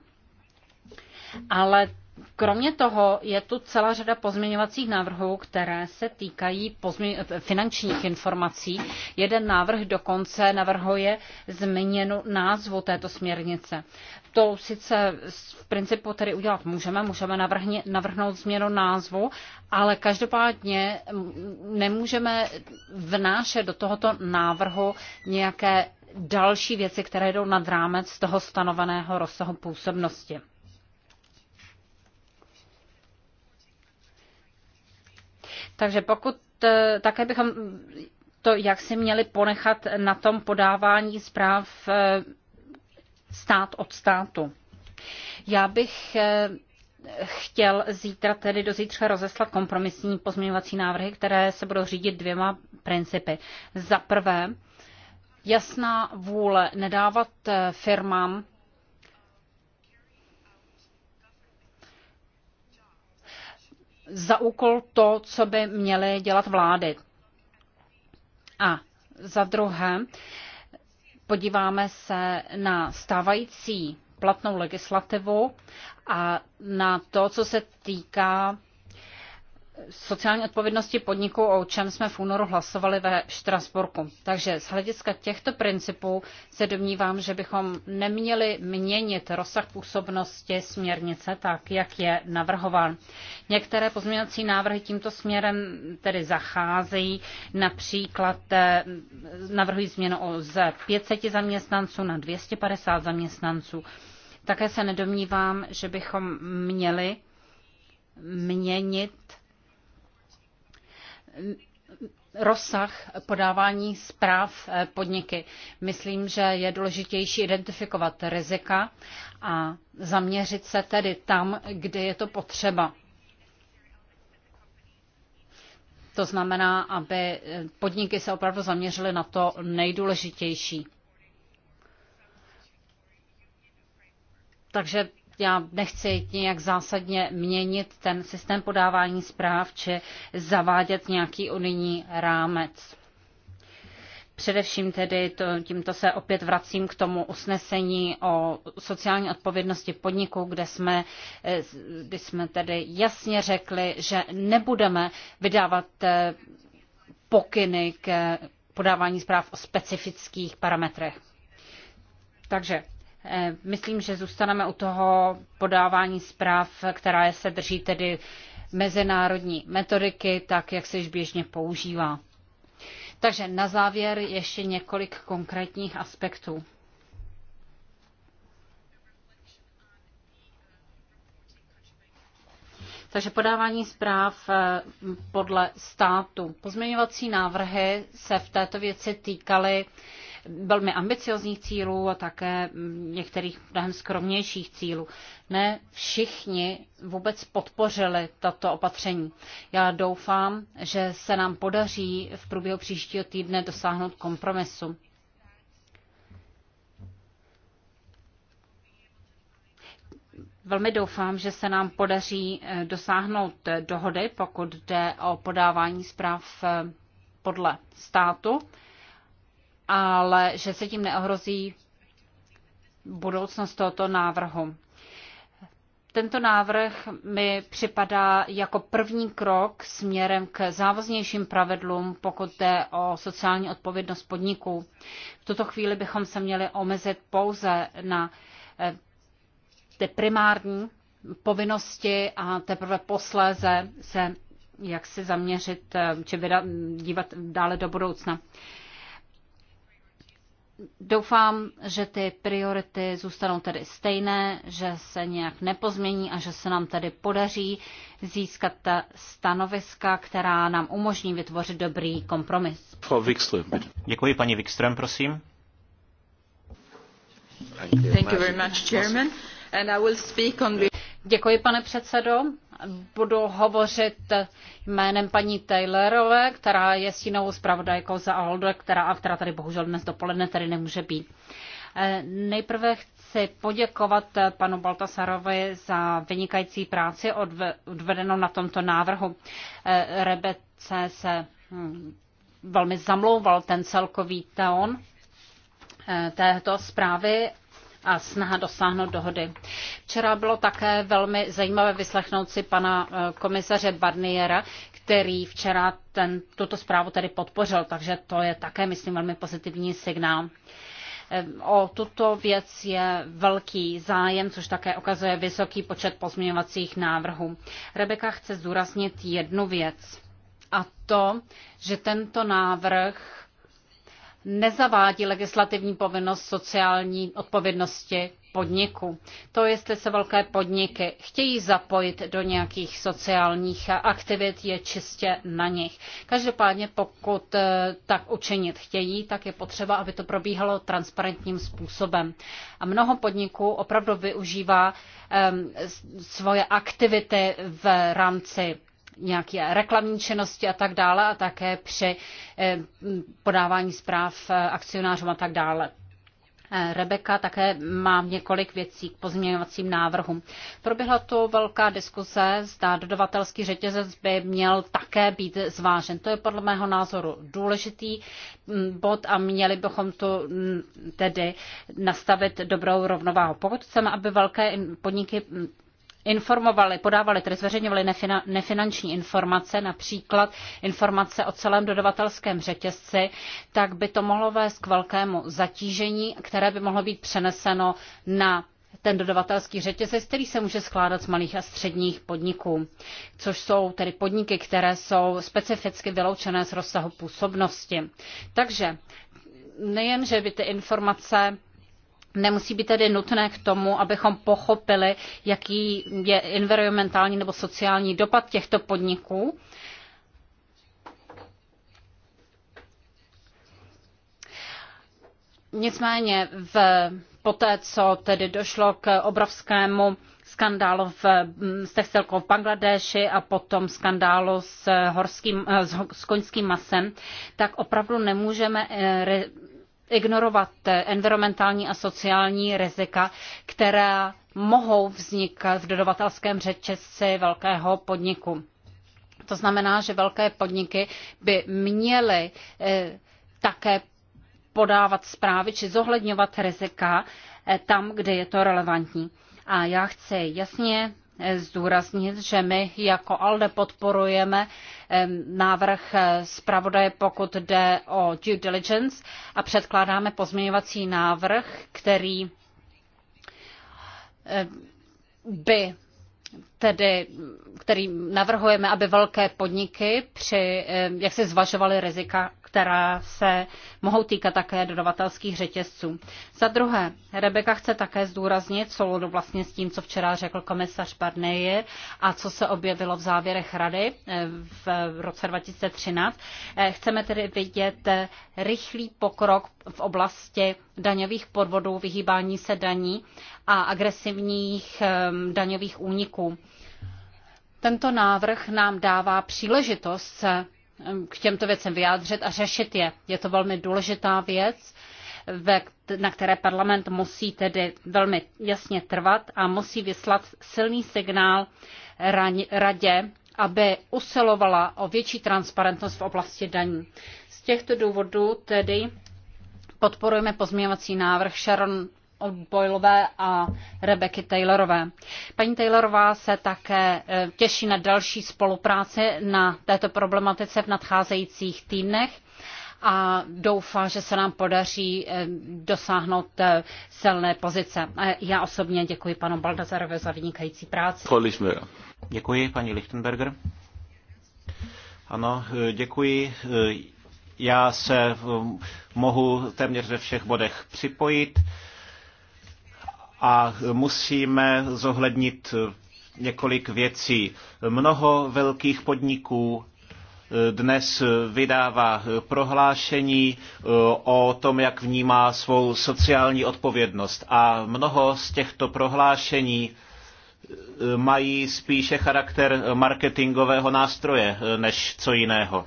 Speaker 4: Ale kromě toho je tu celá řada pozměňovacích návrhů, které se týkají finančních informací. Jeden návrh dokonce navrhuje změnu názvu této směrnice to sice v principu tedy udělat můžeme, můžeme navrhni, navrhnout změnu názvu, ale každopádně nemůžeme vnášet do tohoto návrhu nějaké další věci, které jdou nad rámec toho stanoveného rozsahu působnosti. Takže pokud eh, také bychom to, jak si měli ponechat na tom podávání zpráv eh, stát od státu. Já bych eh, chtěl zítra tedy do zítřka rozeslat kompromisní pozměňovací návrhy, které se budou řídit dvěma principy. Za prvé, jasná vůle nedávat eh, firmám za úkol to, co by měly dělat vlády. A za druhé, Podíváme se na stávající platnou legislativu a na to, co se týká sociální odpovědnosti podniků, o čem jsme v únoru hlasovali ve Štrasburku. Takže z hlediska těchto principů se domnívám, že bychom neměli měnit rozsah působnosti směrnice tak, jak je navrhován. Některé pozměňovací návrhy tímto směrem tedy zacházejí, například eh, navrhují změnu z 500 zaměstnanců na 250 zaměstnanců. Také se nedomnívám, že bychom měli měnit rozsah podávání zpráv eh, podniky. Myslím, že je důležitější identifikovat rizika a zaměřit se tedy tam, kde je to potřeba. To znamená, aby eh, podniky se opravdu zaměřily na to nejdůležitější. Takže já nechci nějak zásadně měnit ten systém podávání zpráv či zavádět nějaký unijní rámec. Především tedy to, tímto se opět vracím k tomu usnesení o sociální odpovědnosti podniku, kde jsme, eh, kdy jsme tedy jasně řekli, že nebudeme vydávat eh, pokyny k podávání zpráv o specifických parametrech. Takže Eh, myslím, že zůstaneme u toho podávání zpráv, která se drží tedy mezinárodní metodiky, tak jak se již běžně používá. Takže na závěr ještě několik konkrétních aspektů. Takže podávání zpráv eh, podle státu. Pozměňovací návrhy se v této věci týkaly velmi ambiciozních cílů a také některých mnohem skromnějších cílů. Ne všichni vůbec podpořili tato opatření. Já doufám, že se nám podaří v průběhu příštího týdne dosáhnout kompromisu. Velmi doufám, že se nám podaří eh, dosáhnout eh, dohody, pokud jde o podávání zpráv eh, podle státu ale že se tím neohrozí budoucnost tohoto návrhu. Tento návrh mi připadá jako první krok směrem k závoznějším pravidlům, pokud jde o sociální odpovědnost podniků. V tuto chvíli bychom se měli omezit pouze na eh, ty primární povinnosti a teprve posléze se jak si zaměřit eh, či vydat, dívat dále do budoucna. Doufám, že ty priority zůstanou tedy stejné, že se nějak nepozmění a že se nám tedy podaří získat ta stanoviska, která nám umožní vytvořit dobrý kompromis.
Speaker 3: Děkuji paní Wikström, prosím.
Speaker 4: Děkuji, pane předsedo budu hovořit jménem paní Taylorové, která je stínovou zpravodajkou za Aldo, která, a která tady bohužel dnes dopoledne tady nemůže být. Eh, nejprve chci poděkovat panu Baltasarovi za vynikající práci odvedenou na tomto návrhu. Eh, Rebece se hm, velmi zamlouval ten celkový tón eh, této zprávy a snaha dosáhnout dohody. Včera bylo také velmi zajímavé vyslechnout si pana eh, komisaře Barniera, který včera ten, tuto zprávu tedy podpořil, takže to je také, myslím, velmi pozitivní signál. Eh, o tuto věc je velký zájem, což také okazuje vysoký počet pozměňovacích návrhů. Rebeka chce zdůraznit jednu věc, a to, že tento návrh nezavádí legislativní povinnost sociální odpovědnosti podniku. To, jestli se velké podniky chtějí zapojit do nějakých sociálních aktivit, je čistě na nich. Každopádně, pokud eh, tak učinit chtějí, tak je potřeba, aby to probíhalo transparentním způsobem. A mnoho podniků opravdu využívá um, svoje aktivity v rámci nějaké reklamní činnosti a tak dále a také při eh, podávání zpráv eh, akcionářům a tak dále. Eh, Rebeka také má několik věcí k pozměňovacím návrhům. Proběhla to velká diskuse, zda dodavatelský řetězec by měl také být zvážen. To je podle mého názoru důležitý mm, bod a měli bychom tu mm, tedy nastavit dobrou rovnováhu. Pokud chceme, aby velké podniky mm, informovali, podávali, tedy zveřejňovali nefina, nefinanční informace, například informace o celém dodavatelském řetězci, tak by to mohlo vést k velkému zatížení, které by mohlo být přeneseno na ten dodavatelský řetězec, který se může skládat z malých a středních podniků, což jsou tedy podniky, které jsou specificky vyloučené z rozsahu působnosti. Takže nejen, že by ty informace Nemusí být tedy nutné k tomu, abychom pochopili, jaký je environmentální nebo sociální dopad těchto podniků. Nicméně v, poté, co tedy došlo k obrovskému skandálu v, s textilkou v Bangladeši a potom skandálu s, horským, s, s koňským masem, tak opravdu nemůžeme eh, ignorovat environmentální a sociální rizika, která mohou vznikat v dodavatelském řetězci velkého podniku. To znamená, že velké podniky by měly eh, také podávat zprávy či zohledňovat rizika eh, tam, kde je to relevantní. A já chci jasně zdůraznit, že my jako ALDE podporujeme návrh eh, zpravodaje, pokud jde o due diligence a předkládáme pozměňovací návrh, který by tedy, který navrhujeme, aby velké podniky při, eh, jak se zvažovaly rizika, která se mohou týkat také dodavatelských řetězců. Za druhé, Rebeka chce také zdůraznit souladu vlastně s tím, co včera řekl komisař Barnier a co se objevilo v závěrech rady eh, v roce 2013. Eh, chceme tedy vidět rychlý pokrok v oblasti daňových podvodů, vyhýbání se daní a agresivních daňových úniků. Tento návrh nám dává příležitost se k těmto věcem vyjádřit a řešit je. Je to velmi důležitá věc, na které parlament musí tedy velmi jasně trvat a musí vyslat silný signál radě, aby usilovala o větší transparentnost v oblasti daní. Z těchto důvodů tedy podporujeme pozměňovací návrh Sharon Boylové a Rebeky Taylorové. Paní Taylorová se také e, těší na další spolupráci na této problematice v nadcházejících týdnech a doufá, že se nám podaří e, dosáhnout e, silné pozice. Já osobně děkuji panu Baldazarovi za vynikající práci.
Speaker 3: Děkuji, paní Lichtenberger. Ano, děkuji. Já se mohu téměř ve všech bodech připojit a musíme zohlednit několik věcí. Mnoho velkých podniků eh, dnes vydává eh, prohlášení eh, o tom, jak vnímá svou sociální odpovědnost. A mnoho z těchto prohlášení mají spíše charakter marketingového nástroje než co jiného.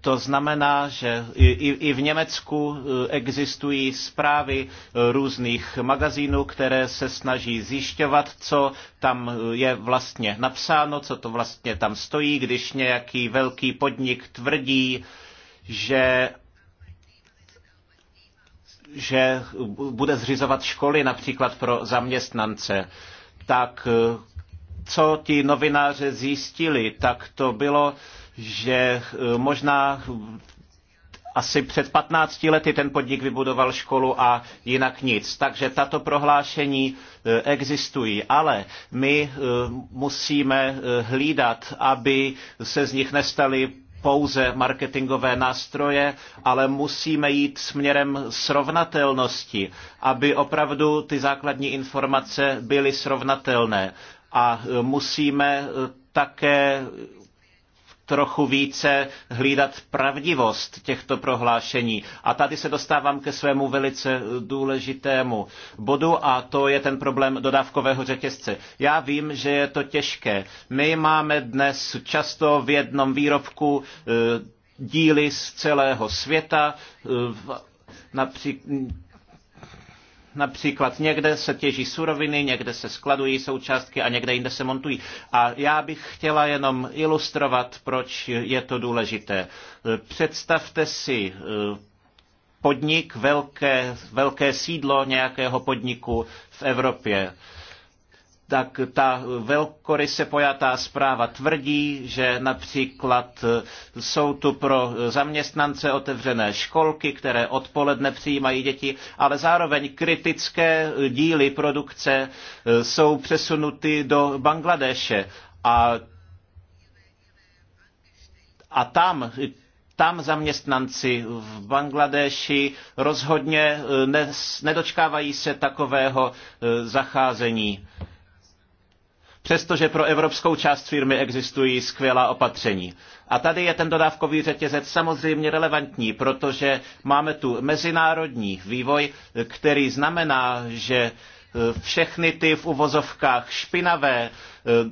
Speaker 3: To znamená, že i, v Německu e, existují zprávy e, různých magazínů, které se snaží zjišťovat, co tam e, je vlastně napsáno, co to vlastně tam stojí, když nějaký velký podnik tvrdí, že že bude zřizovat školy například pro zaměstnance, tak co ti novináři zjistili, tak to bylo, že eh, možná asi před 15 lety ten podnik vybudoval školu a jinak nic. Takže tato prohlášení eh, existují, ale my eh, musíme hlídat, aby se z nich nestaly pouze marketingové nástroje, ale musíme jít směrem srovnatelnosti, aby opravdu ty základní informace byly srovnatelné. A musíme také trochu více hlídat pravdivost těchto prohlášení. A tady se dostávám ke svému velice důležitému bodu a to je ten problém dodávkového řetězce. Já vím, že je to těžké. My máme dnes často v jednom výrobku e, díly z celého světa, e, například Například někde se těží suroviny, někde se skladují součástky a někde jinde se montují. A já bych chtěla jenom ilustrovat, proč je to důležité. Představte si eh, podnik, velké, velké sídlo nějakého podniku v Evropě tak ta velkoryse pojatá zpráva tvrdí, že například jsou tu pro zaměstnance otevřené školky, které odpoledne přijímají děti, ale zároveň kritické díly produkce e, jsou přesunuty do Bangladeše a a tam tam zaměstnanci v Bangladeši rozhodně e, nedočkávají se takového e, zacházení přestože pro evropskou část firmy existují skvělá opatření. A tady je ten dodávkový řetězec samozřejmě relevantní, protože máme tu mezinárodní vývoj, který znamená, že e, všechny ty v uvozovkách špinavé, e,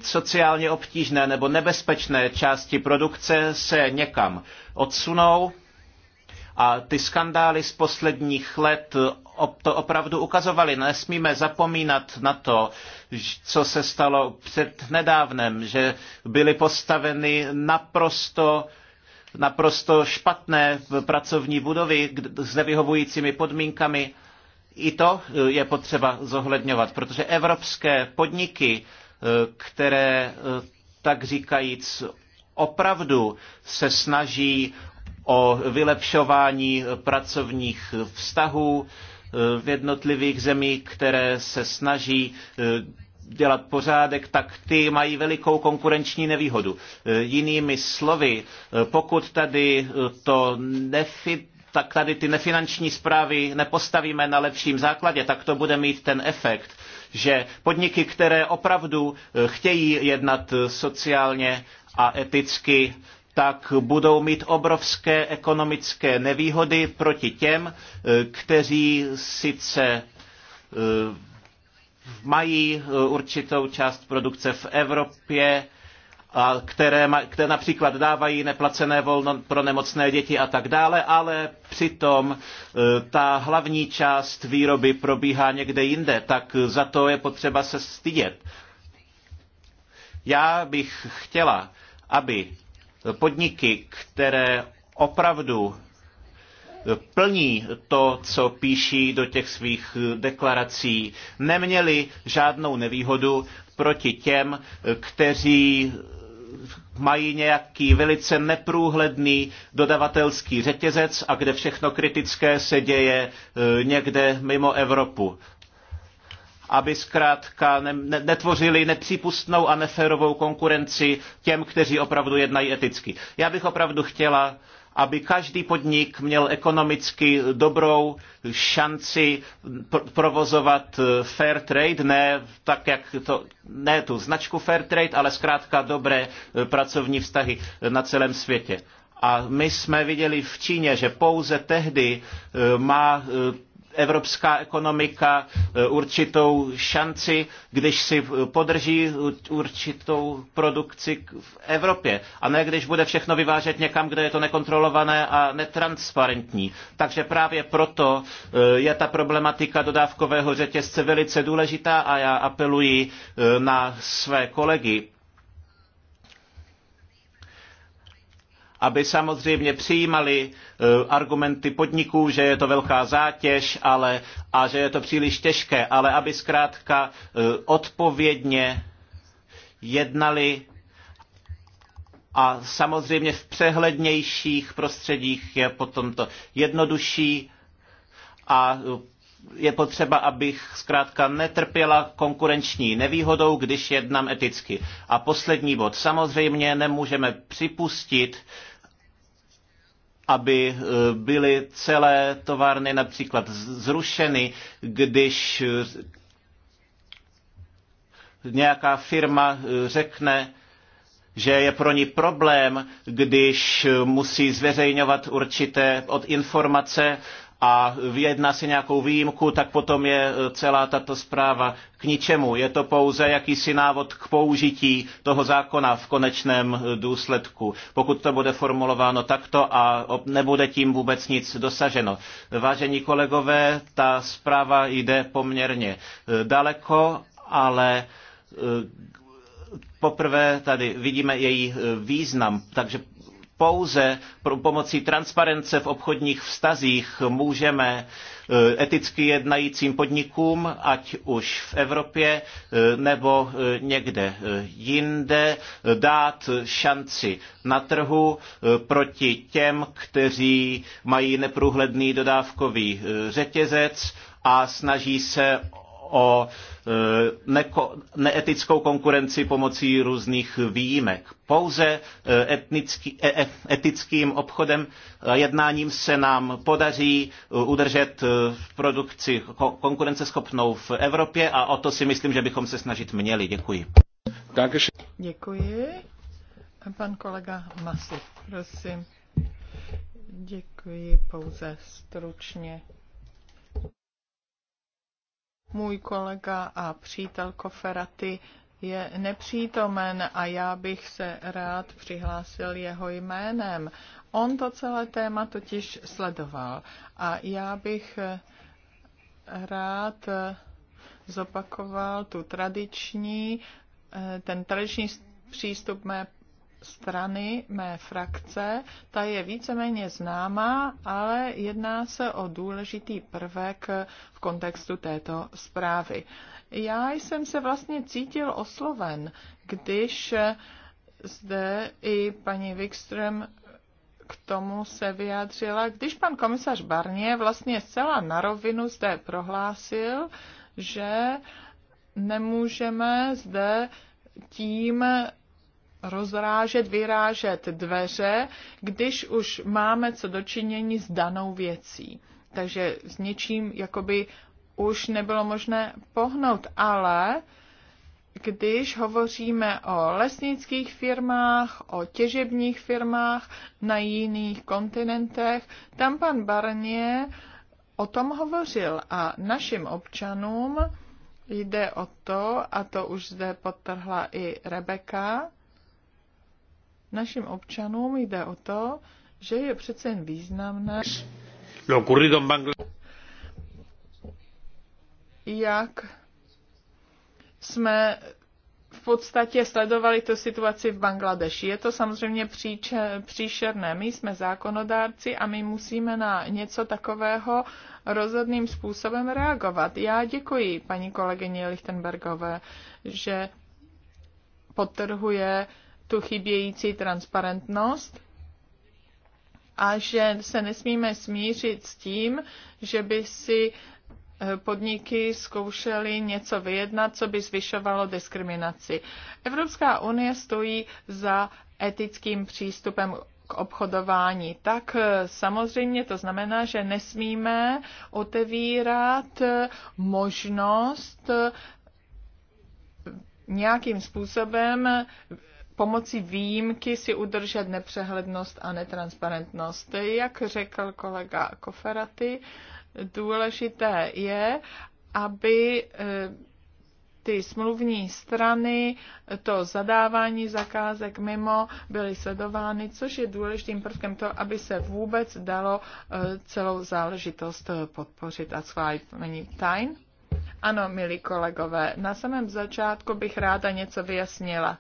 Speaker 3: sociálně obtížné nebo nebezpečné části produkce se někam odsunou a ty skandály z posledních let to opravdu ukazovaly. Nesmíme zapomínat na to, co se stalo před nedávnem, že byly postaveny naprosto naprosto špatné pracovní budovy s nevyhovujícími podmínkami. I to eh, je potřeba zohledňovat, protože evropské podniky, eh, které eh, tak říkajíc opravdu se snaží o vylepšování pracovních vztahů eh, v jednotlivých zemích, které se snaží eh, dělat pořádek, tak ty mají velikou konkurenční nevýhodu. Eh, jinými slovy, pokud tady to nefi, tak tady ty nefinanční zprávy nepostavíme na lepším základě, tak to bude mít ten efekt, že podniky, které opravdu chtějí jednat sociálně a eticky, tak budou mít obrovské ekonomické nevýhody proti těm, eh, kteří sice eh, mají eh, určitou část produkce v Evropě, a které, které například dávají neplacené volno pro nemocné děti a tak dále, ale přitom ta hlavní část výroby probíhá někde jinde, tak za to je potřeba se stydět. Já bych chtěla, aby podniky, které opravdu plní to, co píší do těch svých deklarací, neměli žádnou nevýhodu proti těm, kteří mají nějaký velice neprůhledný dodavatelský řetězec a kde všechno kritické se děje e, někde mimo Evropu aby zkrátka netvořili nepřípustnou a neférovou konkurenci těm, kteří opravdu jednají eticky. Já bych opravdu chtěla, aby každý podnik měl ekonomicky dobrou šanci provozovat eh, fair trade, ne, tak jak to, ne tu značku fair trade, ale zkrátka dobré eh, pracovní vztahy eh, na celém světě. A my jsme viděli v Číně, že pouze tehdy má evropská ekonomika e, určitou šanci, když si podrží určitou produkci v Evropě. A ne když bude všechno vyvážet někam, kde je to nekontrolované a netransparentní. Takže právě proto e, je ta problematika dodávkového řetězce velice důležitá a já apeluji e, na své kolegy, aby samozřejmě přijímali Eh, argumenty podniků, že je to velká zátěž ale, a že je to příliš těžké, ale aby zkrátka eh, odpovědně jednali a samozřejmě v přehlednějších prostředích je potom to jednodušší a eh, je potřeba, abych zkrátka netrpěla konkurenční nevýhodou, když jednám eticky. A poslední bod. Samozřejmě nemůžeme připustit, aby eh, byly celé továrny například zrušeny, když eh, nějaká firma eh, řekne, že je pro ní problém, když musí zveřejňovat určité od informace a vyjedná si nějakou výjimku, tak potom je eh, celá tato zpráva k ničemu. Je to pouze jakýsi návod k použití toho zákona v konečném eh, důsledku, pokud to bude formulováno takto a nebude tím vůbec nic dosaženo. Vážení kolegové, ta zpráva jde poměrně eh, daleko, ale poprvé tady vidíme její význam, takže pouze pomocí transparence v obchodních vztazích můžeme e, eticky jednajícím podnikům, ať už v Evropě e, nebo e, někde jinde, dát šanci na trhu proti těm, kteří mají neprůhledný dodávkový řetězec a snaží se o Eh, neetickou konkurenci pomocí různých výjimek. Pouze eh, etnický, e, e, etickým obchodem jednáním se nám podaří eh, udržet produkci konkurenceschopnou v Evropě a o to si myslím, že bychom se snažit měli. Děkuji.
Speaker 2: Děkuji. Pan kolega Masy, prosím. Děkuji pouze stručně můj kolega a přítel Koferaty je nepřítomen a já bych se rád přihlásil jeho jménem. On to celé téma totiž sledoval a já bych eh, rád eh, zopakoval tu tradiční, eh, ten tradiční přístup mé strany mé frakce, ta je víceméně známá, ale jedná se o důležitý prvek v kontextu této zprávy. Já jsem se vlastně cítil osloven, když zde i paní Wikström k tomu se vyjádřila, když pan komisař Barnier vlastně zcela na rovinu zde prohlásil, že nemůžeme zde tím rozrážet, vyrážet dveře, když už máme co dočinění s danou věcí. Takže s něčím jakoby už nebylo možné pohnout, ale když hovoříme o lesnických firmách, o těžebních firmách na jiných kontinentech, tam pan Barnier o tom hovořil a našim občanům jde o to, a to už zde potrhla i Rebeka, Našim občanům jde o to, že je přece jen významné, jak jsme v podstatě sledovali tu situaci v Bangladeši. Je to samozřejmě příče, příšerné. My jsme zákonodárci a my musíme na něco takového rozhodným způsobem reagovat. Já děkuji paní kolegyně Lichtenbergové, že potrhuje uh, tu chybějící transparentnost a že se nesmíme smířit s tím, že by si eh, podniky zkoušely něco vyjednat, co by zvyšovalo diskriminaci. Evropská unie stojí za etickým přístupem k obchodování. Tak eh, samozřejmě to znamená, že nesmíme otevírat eh, možnost nějakým způsobem pomocí výjimky si udržet nepřehlednost a netransparentnost. Jak řekl kolega Koferaty, důležité je, aby eh, ty smluvní strany, to zadávání zakázek mimo byly sledovány, což je důležitým prvkem to, aby se vůbec dalo eh, celou záležitost eh, podpořit a schválit. Není tajn? Ano, milí kolegové, na samém začátku bych ráda něco vyjasnila.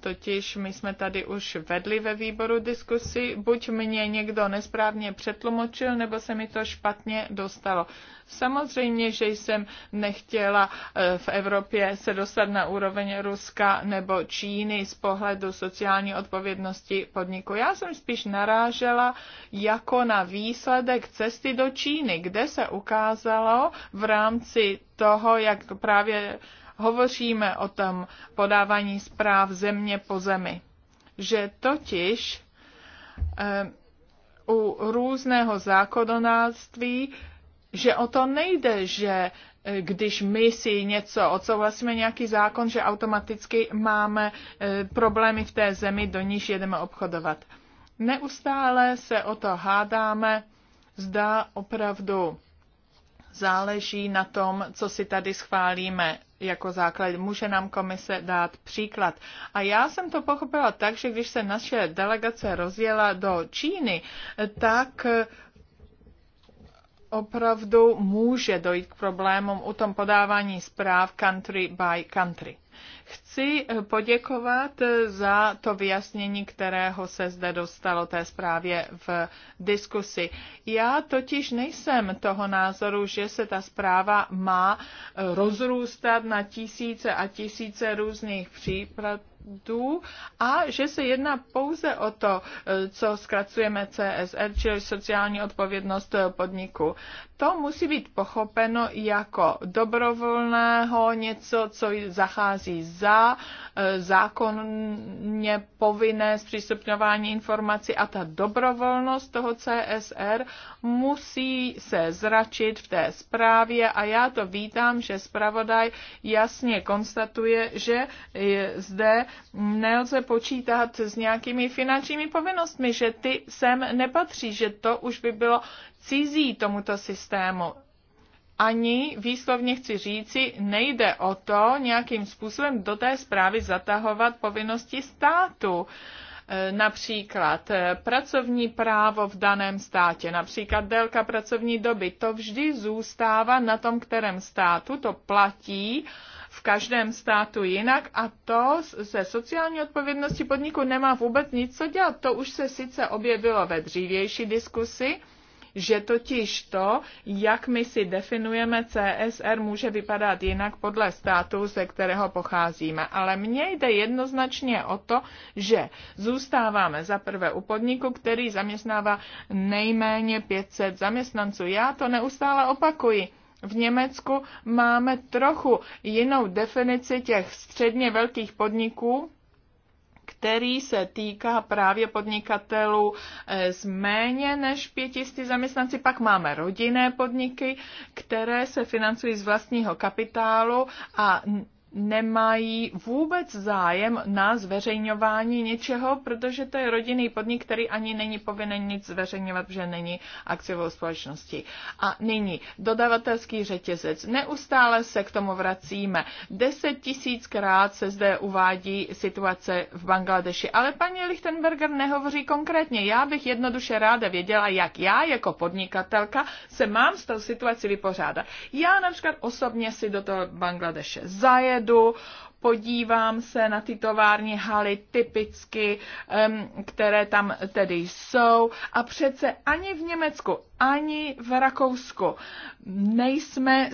Speaker 2: Totiž my jsme tady už vedli ve výboru diskusi, buď mě někdo nesprávně přetlumočil, nebo se mi to špatně dostalo. Samozřejmě, že jsem nechtěla eh, v Evropě se dostat na úroveň Ruska nebo Číny z pohledu sociální odpovědnosti podniku. Já jsem spíš narážela jako na výsledek cesty do Číny, kde se ukázalo v rámci toho, jak právě hovoříme o tom podávání zpráv země po zemi. Že totiž eh, u různého zákonodárství, že o to nejde, že eh, když my si něco odsouhlasíme, nějaký zákon, že automaticky máme eh, problémy v té zemi, do níž jedeme obchodovat. Neustále se o to hádáme, zda opravdu záleží na tom, co si tady schválíme jako základ. Může nám komise dát příklad. A já jsem to pochopila tak, že když se naše delegace rozjela do Číny, tak eh, opravdu může dojít k problémům u tom podávání zpráv country by country. Chci chci eh, poděkovat eh, za to vyjasnění, kterého se zde dostalo té zprávě v diskusi. Já totiž nejsem toho názoru, že se ta zpráva má eh, rozrůstat na tisíce a tisíce různých případů, a že se jedná pouze o to, co zkracujeme CSR, čili sociální odpovědnost podniku. To musí být pochopeno jako dobrovolného, něco, co zachází za E, zákonně povinné zpřístupňování informací a ta dobrovolnost toho CSR musí se zračit v té zprávě a já to vítám, že zpravodaj jasně konstatuje, že zde nelze počítat s nějakými finančními povinnostmi, že ty sem nepatří, že to už by bylo cizí tomuto systému ani výslovně chci říci, nejde o to nějakým způsobem do té zprávy zatahovat povinnosti státu. E, například e, pracovní právo v daném státě, například délka pracovní doby, to vždy zůstává na tom, kterém státu to platí v každém státu jinak a to se sociální odpovědnosti podniku nemá vůbec nic co dělat. To už se sice objevilo ve dřívější diskusi, že totiž to, jak my si definujeme CSR, může vypadat jinak podle státu, ze kterého pocházíme. Ale mně jde jednoznačně o to, že zůstáváme za prvé u podniku, který zaměstnává nejméně 500 zaměstnanců. Já to neustále opakuji. V Německu máme trochu jinou definici těch středně velkých podniků, který se týká právě podnikatelů z eh, méně než 500 zaměstnanci. Pak máme rodinné podniky, které se financují z vlastního kapitálu a nemají vůbec zájem na zveřejňování něčeho, protože to je rodinný podnik, který ani není povinen nic zveřejňovat, že není akciovou společností. A nyní dodavatelský řetězec. Neustále se k tomu vracíme. Deset tisíckrát se zde uvádí situace v Bangladeši, ale paní Lichtenberger nehovoří konkrétně. Já bych jednoduše ráda věděla, jak já jako podnikatelka se mám s tou situací vypořádat. Já například osobně si do toho Bangladeše zajedu, dopředu, podívám se na ty tovární haly typicky, které tam tedy jsou. A přece ani v Německu, ani v Rakousku nejsme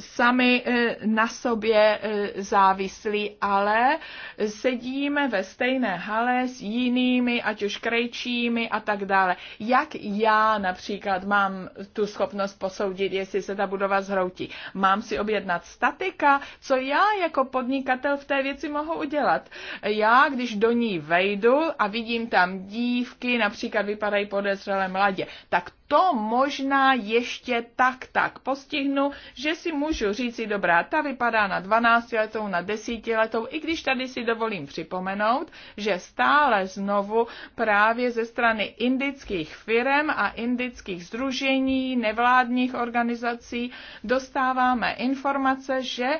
Speaker 2: sami e, na sobě e, závislí, ale sedíme ve stejné hale s jinými, ať už krejčími a tak dále. Jak já například mám tu schopnost posoudit, jestli se ta budova zhroutí? Mám si objednat statika? Co já jako podnikatel v té věci mohu udělat? Já, když do ní vejdu a vidím tam dívky, například vypadají podezřele mladě, tak to možná ještě tak tak postihnu, že si můžu říct si dobrá, ta vypadá na 12 letou, na 10 letou, i když tady si dovolím připomenout, že stále znovu právě ze strany indických firm a indických združení, nevládních organizací dostáváme informace, že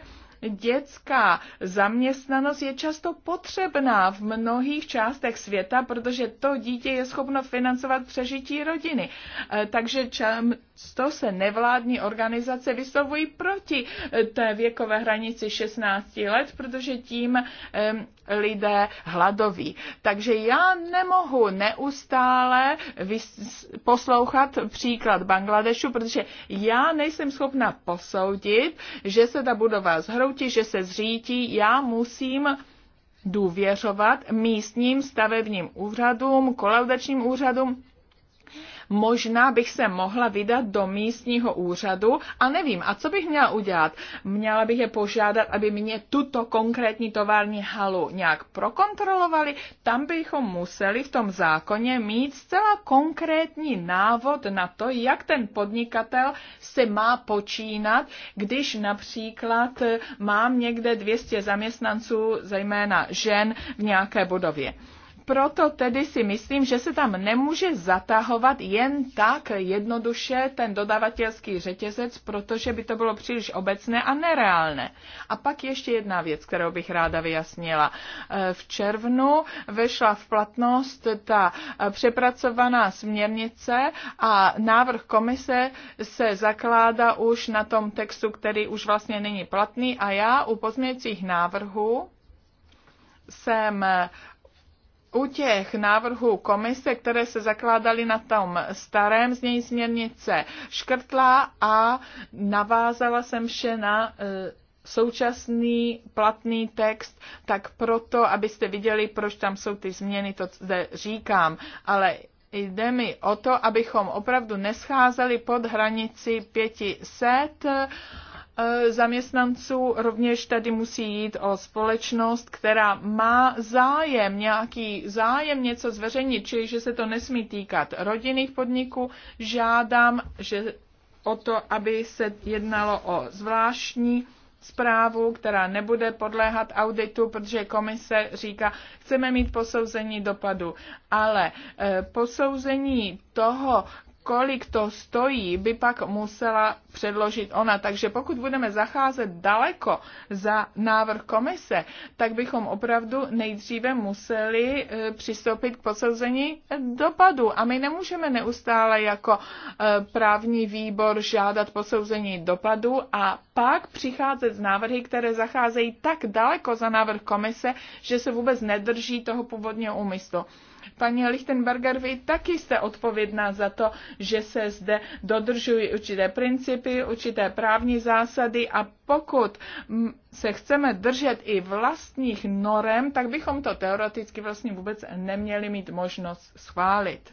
Speaker 2: dětská zaměstnanost je často potřebná v mnohých částech světa, protože to dítě je schopno financovat přežití rodiny. Eh, takže často se nevládní organizace vyslovují proti eh, té věkové hranici 16 let, protože tím eh, lidé hladoví. Takže já nemohu neustále poslouchat příklad Bangladešu, protože já nejsem schopna posoudit, že se ta budova zhroutí, že se zřítí. Já musím důvěřovat místním stavebním úřadům, kolaudačním úřadům, možná bych se mohla vydat do místního úřadu a nevím, a co bych měla udělat? Měla bych je požádat, aby mě tuto konkrétní tovární halu nějak prokontrolovali, tam bychom museli v tom zákoně mít zcela konkrétní návod na to, jak ten podnikatel se má počínat, když například eh, mám někde 200 zaměstnanců, zejména žen, v nějaké budově proto tedy si myslím, že se tam nemůže zatahovat jen tak jednoduše ten dodavatelský řetězec, protože by to bylo příliš obecné a nereálné. A pak ještě jedna věc, kterou bych ráda vyjasnila. E, v červnu vešla v platnost ta přepracovaná směrnice a návrh komise se zakládá už na tom textu, který už vlastně není platný a já u pozměcích návrhů jsem u těch návrhů komise, které se zakládaly na tom starém znění směrnice, škrtla a navázala jsem vše na e, současný platný text, tak proto, abyste viděli, proč tam jsou ty změny, to zde říkám. Ale jde mi o to, abychom opravdu nescházeli pod hranici 500 Eh, zaměstnanců rovněž tady musí jít o společnost, která má zájem, nějaký zájem něco zveřejnit, čili že se to nesmí týkat rodinných podniků. Žádám že o to, aby se jednalo o zvláštní zprávu, která nebude podléhat auditu, protože komise říká, chceme mít posouzení dopadu, ale eh, posouzení toho, kolik to stojí, by pak musela předložit ona. Takže pokud budeme zacházet daleko za návrh komise, tak bychom opravdu nejdříve museli e, přistoupit k posouzení dopadu. A my nemůžeme neustále jako e, právní výbor žádat posouzení dopadu a pak přicházet z návrhy, které zacházejí tak daleko za návrh komise, že se vůbec nedrží toho původního úmyslu. Paní Lichtenberger, vy taky jste odpovědná za to, že se zde dodržují určité principy, určité právní zásady a pokud se chceme držet i vlastních norem, tak bychom to teoreticky vlastně vůbec neměli mít možnost schválit.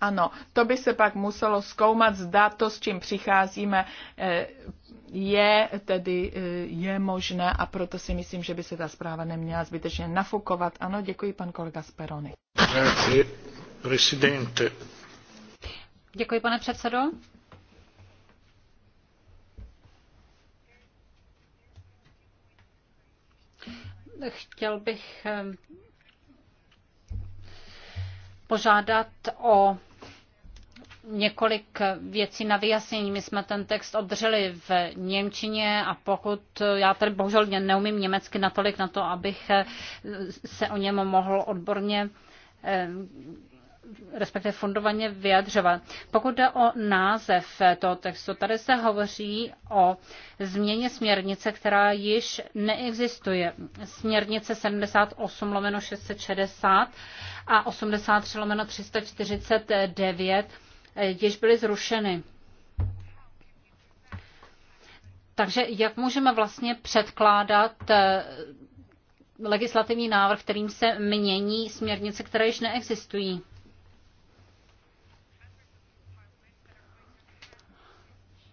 Speaker 2: Ano, to by se pak muselo zkoumat, zda to, s čím přicházíme, eh, je tedy e, je možné a proto si myslím, že by se ta zpráva neměla zbytečně nafukovat. Ano, děkuji pan kolega Speroni. Děkuji, pane předsedo.
Speaker 4: Chtěl bych e, požádat o několik věcí na vyjasnění. My jsme ten text obdrželi v Němčině a pokud, já tady bohužel neumím německy natolik na to, abych eh, se o něm mohl odborně eh, respektive fundovaně vyjadřovat. Pokud jde o název toho textu, tady se hovoří o změně směrnice, která již neexistuje. Směrnice 78 lomeno 660 a 83 lomeno 349 Eh, již byly zrušeny. Takže jak můžeme vlastně předkládat eh, legislativní návrh, kterým se mění směrnice, které již neexistují?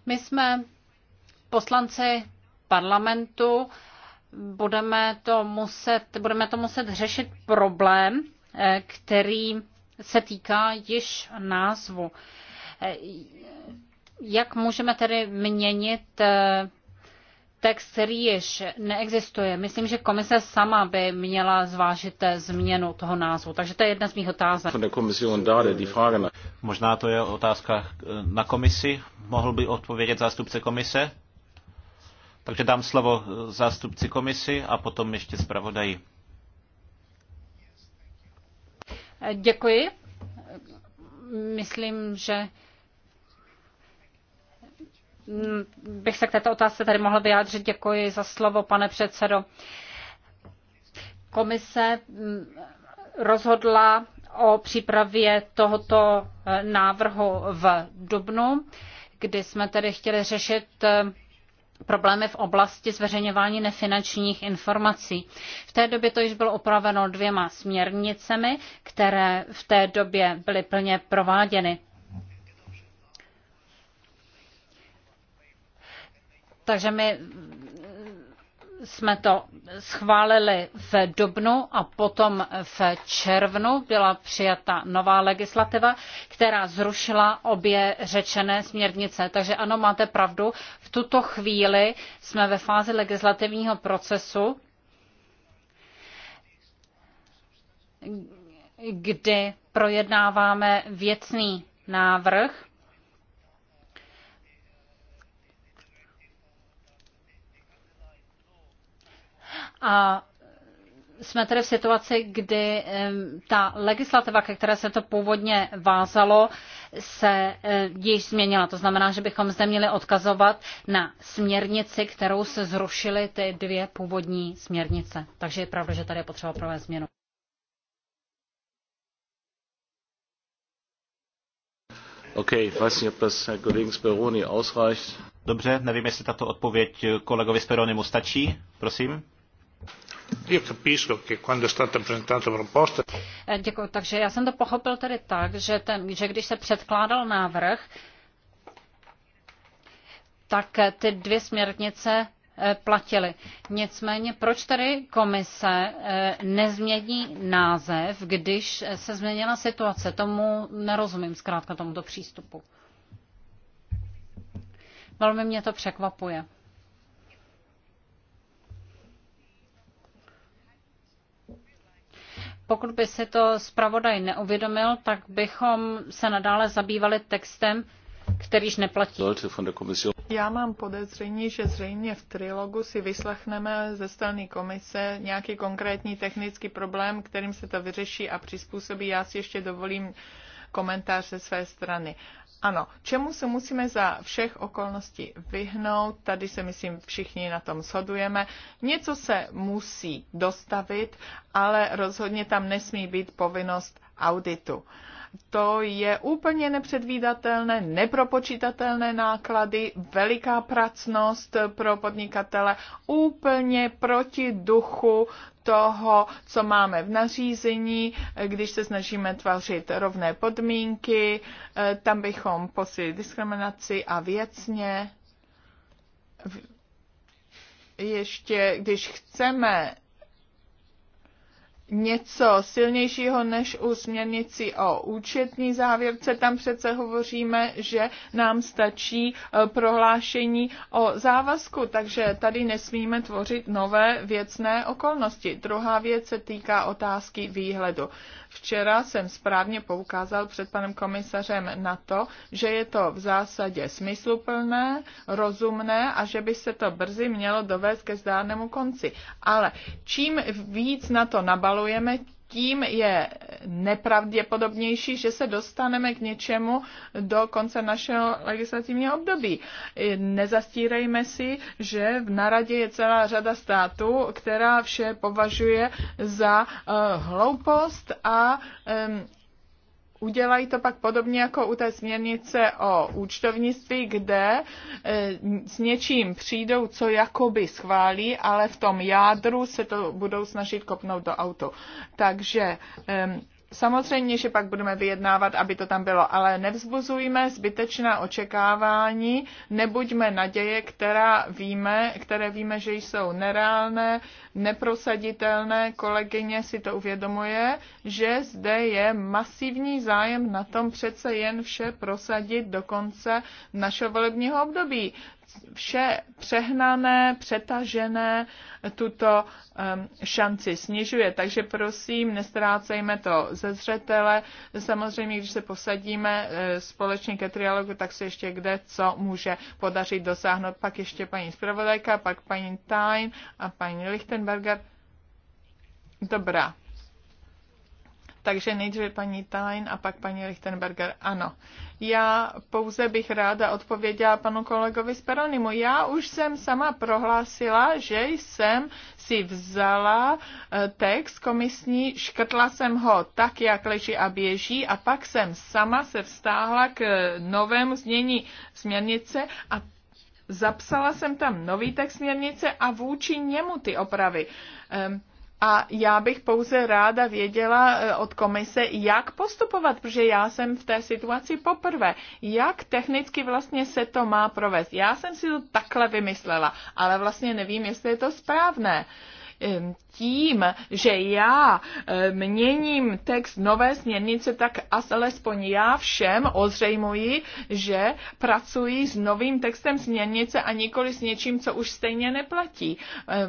Speaker 4: My jsme poslanci parlamentu, budeme to muset, budeme to muset řešit problém, eh, který se týká již názvu. Jak můžeme tedy měnit eh, text, který již neexistuje? Myslím, že komise sama by měla zvážit eh, změnu toho názvu. Takže to je jedna z mých otázek.
Speaker 3: Možná to je otázka eh, na komisi. Mohl by odpovědět zástupce komise? Takže dám slovo zástupci komisi a potom ještě zpravodaji.
Speaker 4: Děkuji. Myslím, že bych se k této otázce tady mohla vyjádřit. Děkuji za slovo, pane předsedo. Komise mm, rozhodla o přípravě tohoto eh, návrhu v Dubnu, kdy jsme tedy chtěli řešit eh, problémy v oblasti zveřejňování nefinančních informací. V té době to již bylo opraveno dvěma směrnicemi, které v té době byly plně prováděny. Takže my jsme to schválili v dubnu a potom v červnu byla přijata nová legislativa, která zrušila obě řečené směrnice. Takže ano, máte pravdu, v tuto chvíli jsme ve fázi legislativního procesu, kdy projednáváme věcný návrh A jsme tedy v situaci, kdy ta legislativa, ke které se to původně vázalo, se e, již změnila. To znamená, že bychom zde měli odkazovat na směrnici, kterou se zrušily ty dvě původní směrnice. Takže je pravda, že tady je potřeba provést změnu.
Speaker 1: Speroni
Speaker 3: Dobře, nevím, jestli tato odpověď kolegovi mu stačí. Prosím.
Speaker 4: Eh, děkuji. Takže já jsem to pochopil tedy tak, že, ten, že když se předkládal návrh, tak eh, ty dvě směrnice eh, platily. Nicméně proč tedy komise nezmění název, když se změnila situace? Tomu nerozumím zkrátka tomuto přístupu. Velmi mě to překvapuje. pokud by si to zpravodaj neuvědomil,
Speaker 2: tak bychom se nadále zabývali textem, kterýž neplatí. Já mám podezření, že zřejmě v trilogu si vyslechneme ze strany komise nějaký konkrétní technický problém, kterým se to vyřeší a přizpůsobí. Já si ještě dovolím komentář ze své strany. Ano, čemu se musíme za všech okolností vyhnout, tady se myslím všichni na tom shodujeme. Něco se musí dostavit, ale rozhodně tam nesmí být povinnost auditu. Uh, to je úplně nepředvídatelné, nepropočítatelné náklady, veliká pracnost pro podnikatele, úplně proti duchu toho, co máme v nařízení, když se snažíme tvořit rovné podmínky, eh, tam bychom posílili diskriminaci a věcně ještě, když chceme něco silnějšího než u směrnici o účetní závěrce. Tam přece hovoříme, že nám stačí e, prohlášení o závazku, takže tady nesmíme tvořit nové věcné okolnosti. Druhá věc se týká otázky výhledu. Včera jsem správně poukázal před panem komisařem na to, že je to v zásadě smysluplné, rozumné a že by se to brzy mělo dovést ke zdárnému konci. Ale čím víc na to nabalo, schvalujeme, tím je nepravděpodobnější, že se dostaneme k něčemu do konce našeho legislativního období. Nezastírejme si, že v naradě je celá řada států, která vše považuje za eh, hloupost a udělají to pak podobně jako u té směrnice o účtovnictví, kde e, s něčím přijdou, co jakoby schválí, ale v tom jádru se to budou snažit kopnout do auto. Takže Samozřejmě, že pak budeme vyjednávat, aby to tam bylo, ale nevzbuzujme zbytečná očekávání, nebuďme naděje, která víme, které víme, že jsou nereálné, neprosaditelné. Kolegyně si to uvědomuje, že zde je masivní zájem na tom přece jen vše prosadit do konce našeho volebního období vše přehnané, přetažené tuto šanci snižuje. Takže prosím, nestrácejme to ze zřetele. Samozřejmě, když se posadíme e, společně ke trialogu, tak se ještě kde co může podařit dosáhnout. Pak ještě paní zpravodajka, pak paní Tain a paní Lichtenberger. Dobrá. Takže nejdříve paní Tain a pak paní Lichtenberger. Ano. Já pouze bych ráda odpověděla panu kolegovi Speronimu. Já už jsem sama prohlásila, že jsem si vzala eh, text komisní, škrtla jsem ho tak, jak leží a běží a pak jsem sama se vstáhla k eh, novému znění směrnice a zapsala jsem tam nový text směrnice a vůči němu ty opravy. Um, a já bych pouze ráda věděla eh, od komise, jak postupovat, protože já jsem v té situaci poprvé. Jak technicky vlastně se to má provést? Já jsem si to takhle vymyslela, ale vlastně nevím, jestli je to správné. Uh, tím, že já měním text nové směrnice, tak alespoň já všem ozřejmuji, že pracuji s novým textem směrnice a nikoli s něčím, co už stejně neplatí.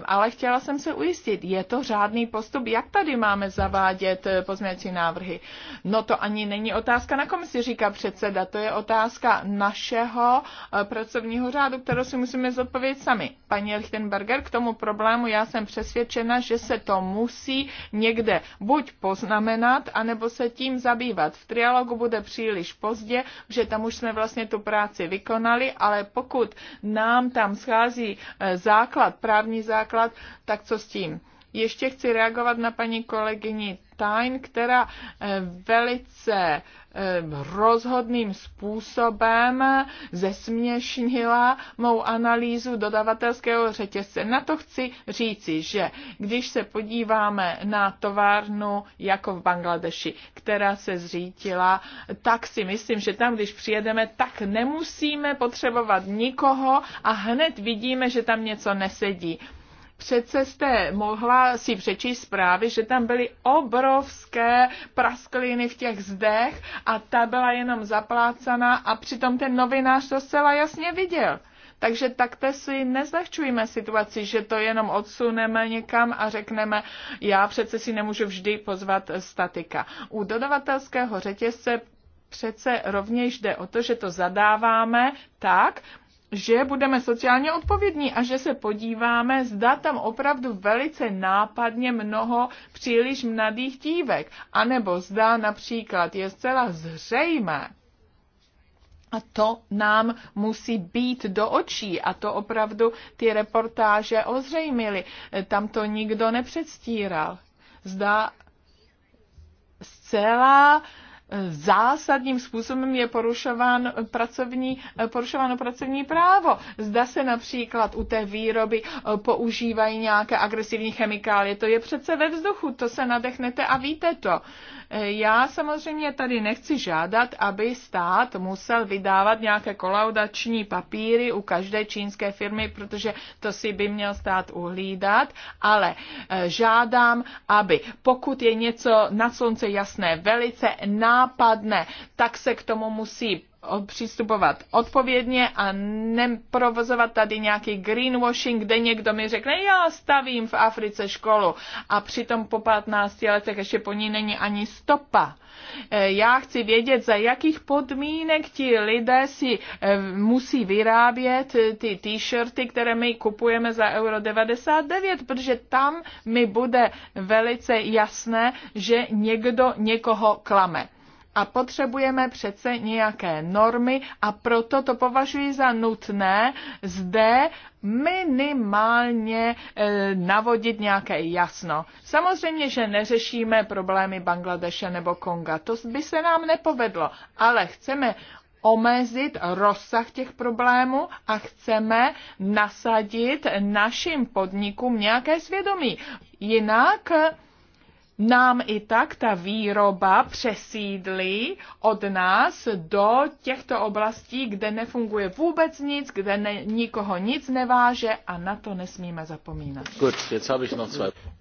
Speaker 2: Ale chtěla jsem se ujistit, je to řádný postup, jak tady máme zavádět eh, pozměňovací návrhy. No to ani není otázka na komisi, říká předseda, to je otázka našeho eh, pracovního řádu, kterou si musíme zodpovědět sami. Paní Lichtenberger, k tomu problému já jsem přesvědčena, přesvědčena, že se to musí někde buď poznamenat, anebo se tím zabývat. V trialogu bude příliš pozdě, že tam už jsme vlastně tu práci vykonali, ale pokud nám tam schází eh, základ, právní základ, tak co s tím? Ještě chci reagovat na paní kolegyni Tain, která eh, velice Eh, rozhodným způsobem zesměšnila mou analýzu dodavatelského řetězce. Na to chci říci, že když se podíváme na továrnu jako v Bangladeši, která se zřítila, tak si myslím, že tam, když přijedeme, tak nemusíme potřebovat nikoho a hned vidíme, že tam něco nesedí přece jste mohla si přečíst zprávy, že tam byly obrovské praskliny v těch zdech a ta byla jenom zaplácaná a přitom ten novinář to zcela jasně viděl. Takže takto si nezlehčujeme situaci, že to jenom odsuneme někam a řekneme, já přece si nemůžu vždy pozvat statika. U dodavatelského řetězce přece rovněž jde o to, že to zadáváme tak, že budeme sociálně odpovědní a že se podíváme, zda tam opravdu velice nápadně mnoho příliš mladých dívek, anebo zda například je zcela zřejmé, a to nám musí být do očí a to opravdu ty reportáže ozřejmily. Tam to nikdo nepředstíral. Zda zcela uh, zásadním způsobem je porušován pracovní, porušováno pracovní právo. Zda se například u té výroby eh, používají nějaké agresivní chemikálie, to je přece ve vzduchu, to se nadechnete a víte to. Já samozřejmě tady nechci žádat, aby stát musel vydávat nějaké kolaudační papíry u každé čínské firmy, protože to si by měl stát uhlídat, ale e, žádám, aby pokud je něco na slunce jasné, velice nápadné, tak se k tomu musí přistupovat odpovědně a neprovozovat tady nějaký greenwashing, kde někdo mi řekne, já stavím v Africe školu a přitom po 15 letech ještě po ní není ani stopa. E, já chci vědět, za jakých podmínek ti lidé si e, musí vyrábět e, ty t-shirty, které my kupujeme za euro 99, protože tam mi bude velice jasné, že někdo někoho klame a potřebujeme přece nějaké normy a proto to považuji za nutné zde minimálně eh, navodit nějaké jasno. Samozřejmě, že neřešíme problémy Bangladeše nebo Konga, to by se nám nepovedlo, ale chceme omezit rozsah těch problémů a chceme nasadit našim podnikům nějaké svědomí. Jinak nám i tak ta výroba přesídlí od nás do těchto oblastí, kde nefunguje vůbec nic, kde ne, nikoho nic neváže a na to nesmíme zapomínat.
Speaker 1: Good,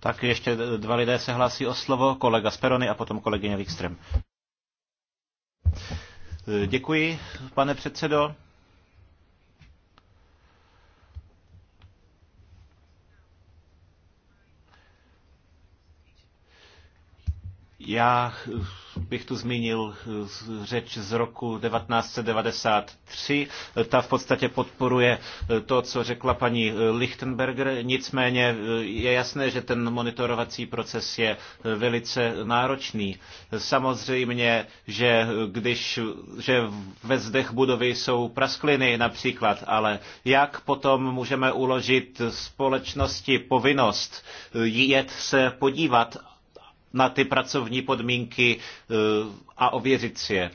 Speaker 3: Tak ještě dva lidé se hlásí o slovo, kolega Sperony a potom kolegyně Wikström. Děkuji, pane předsedo. Já bych tu zmínil eh, řeč z roku 1993. Eh, ta v podstatě podporuje eh, to, co řekla paní Lichtenberger. Nicméně je jasné, že ten monitorovací proces je velice náročný. Samozřejmě, že když že ve zdech budovy jsou praskliny například, ale jak potom můžeme uložit společnosti povinnost jet se podívat na ty pracovní podmínky eh, a ověřit si je.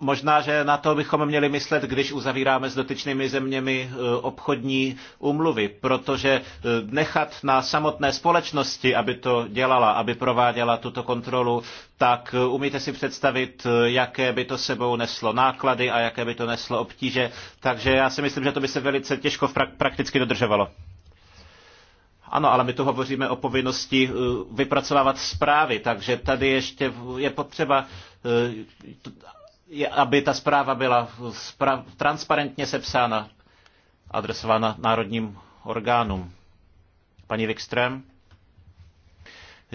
Speaker 3: Možná, že na to bychom měli myslet, když uzavíráme s dotyčnými zeměmi eh, obchodní umluvy, protože eh, nechat na samotné společnosti, aby to dělala, aby prováděla tuto kontrolu, tak umíte si představit, jaké by to sebou neslo náklady a jaké by to neslo obtíže. Takže já si myslím, že to by se velice těžko prakticky dodržovalo. Ano, ale my tu hovoříme o povinnosti eh, vypracovávat zprávy, takže tady ještě je potřeba eh, aby ta zpráva byla transparentně sepsána, adresována národním orgánům. Paní Wikström?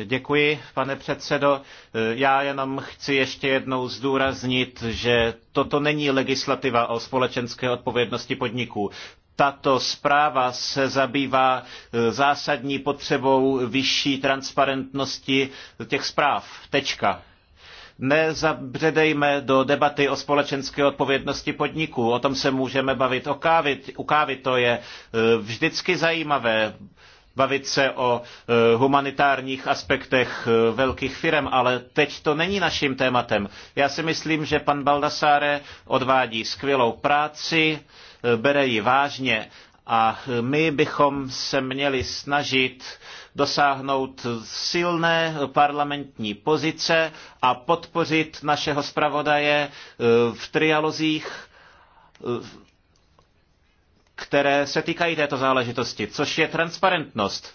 Speaker 3: Děkuji, pane předsedo. Eh, já jenom chci ještě jednou zdůraznit, že toto není legislativa o společenské odpovědnosti podniků tato zpráva se zabývá e, zásadní potřebou vyšší transparentnosti těch zpráv. Tečka nezabředejme do debaty o společenské odpovědnosti podniků. O tom se můžeme bavit o kávy. U kávy to je e, vždycky zajímavé bavit se o e, humanitárních aspektech velkých firm, ale teď to není naším tématem. Já si myslím, že pan Baldassare odvádí skvělou práci Eh, bere ji vážně a eh, my bychom se měli snažit dosáhnout silné parlamentní pozice a podpořit našeho zpravodaje eh, v trialozích, které se týkají této záležitosti, což je transparentnost.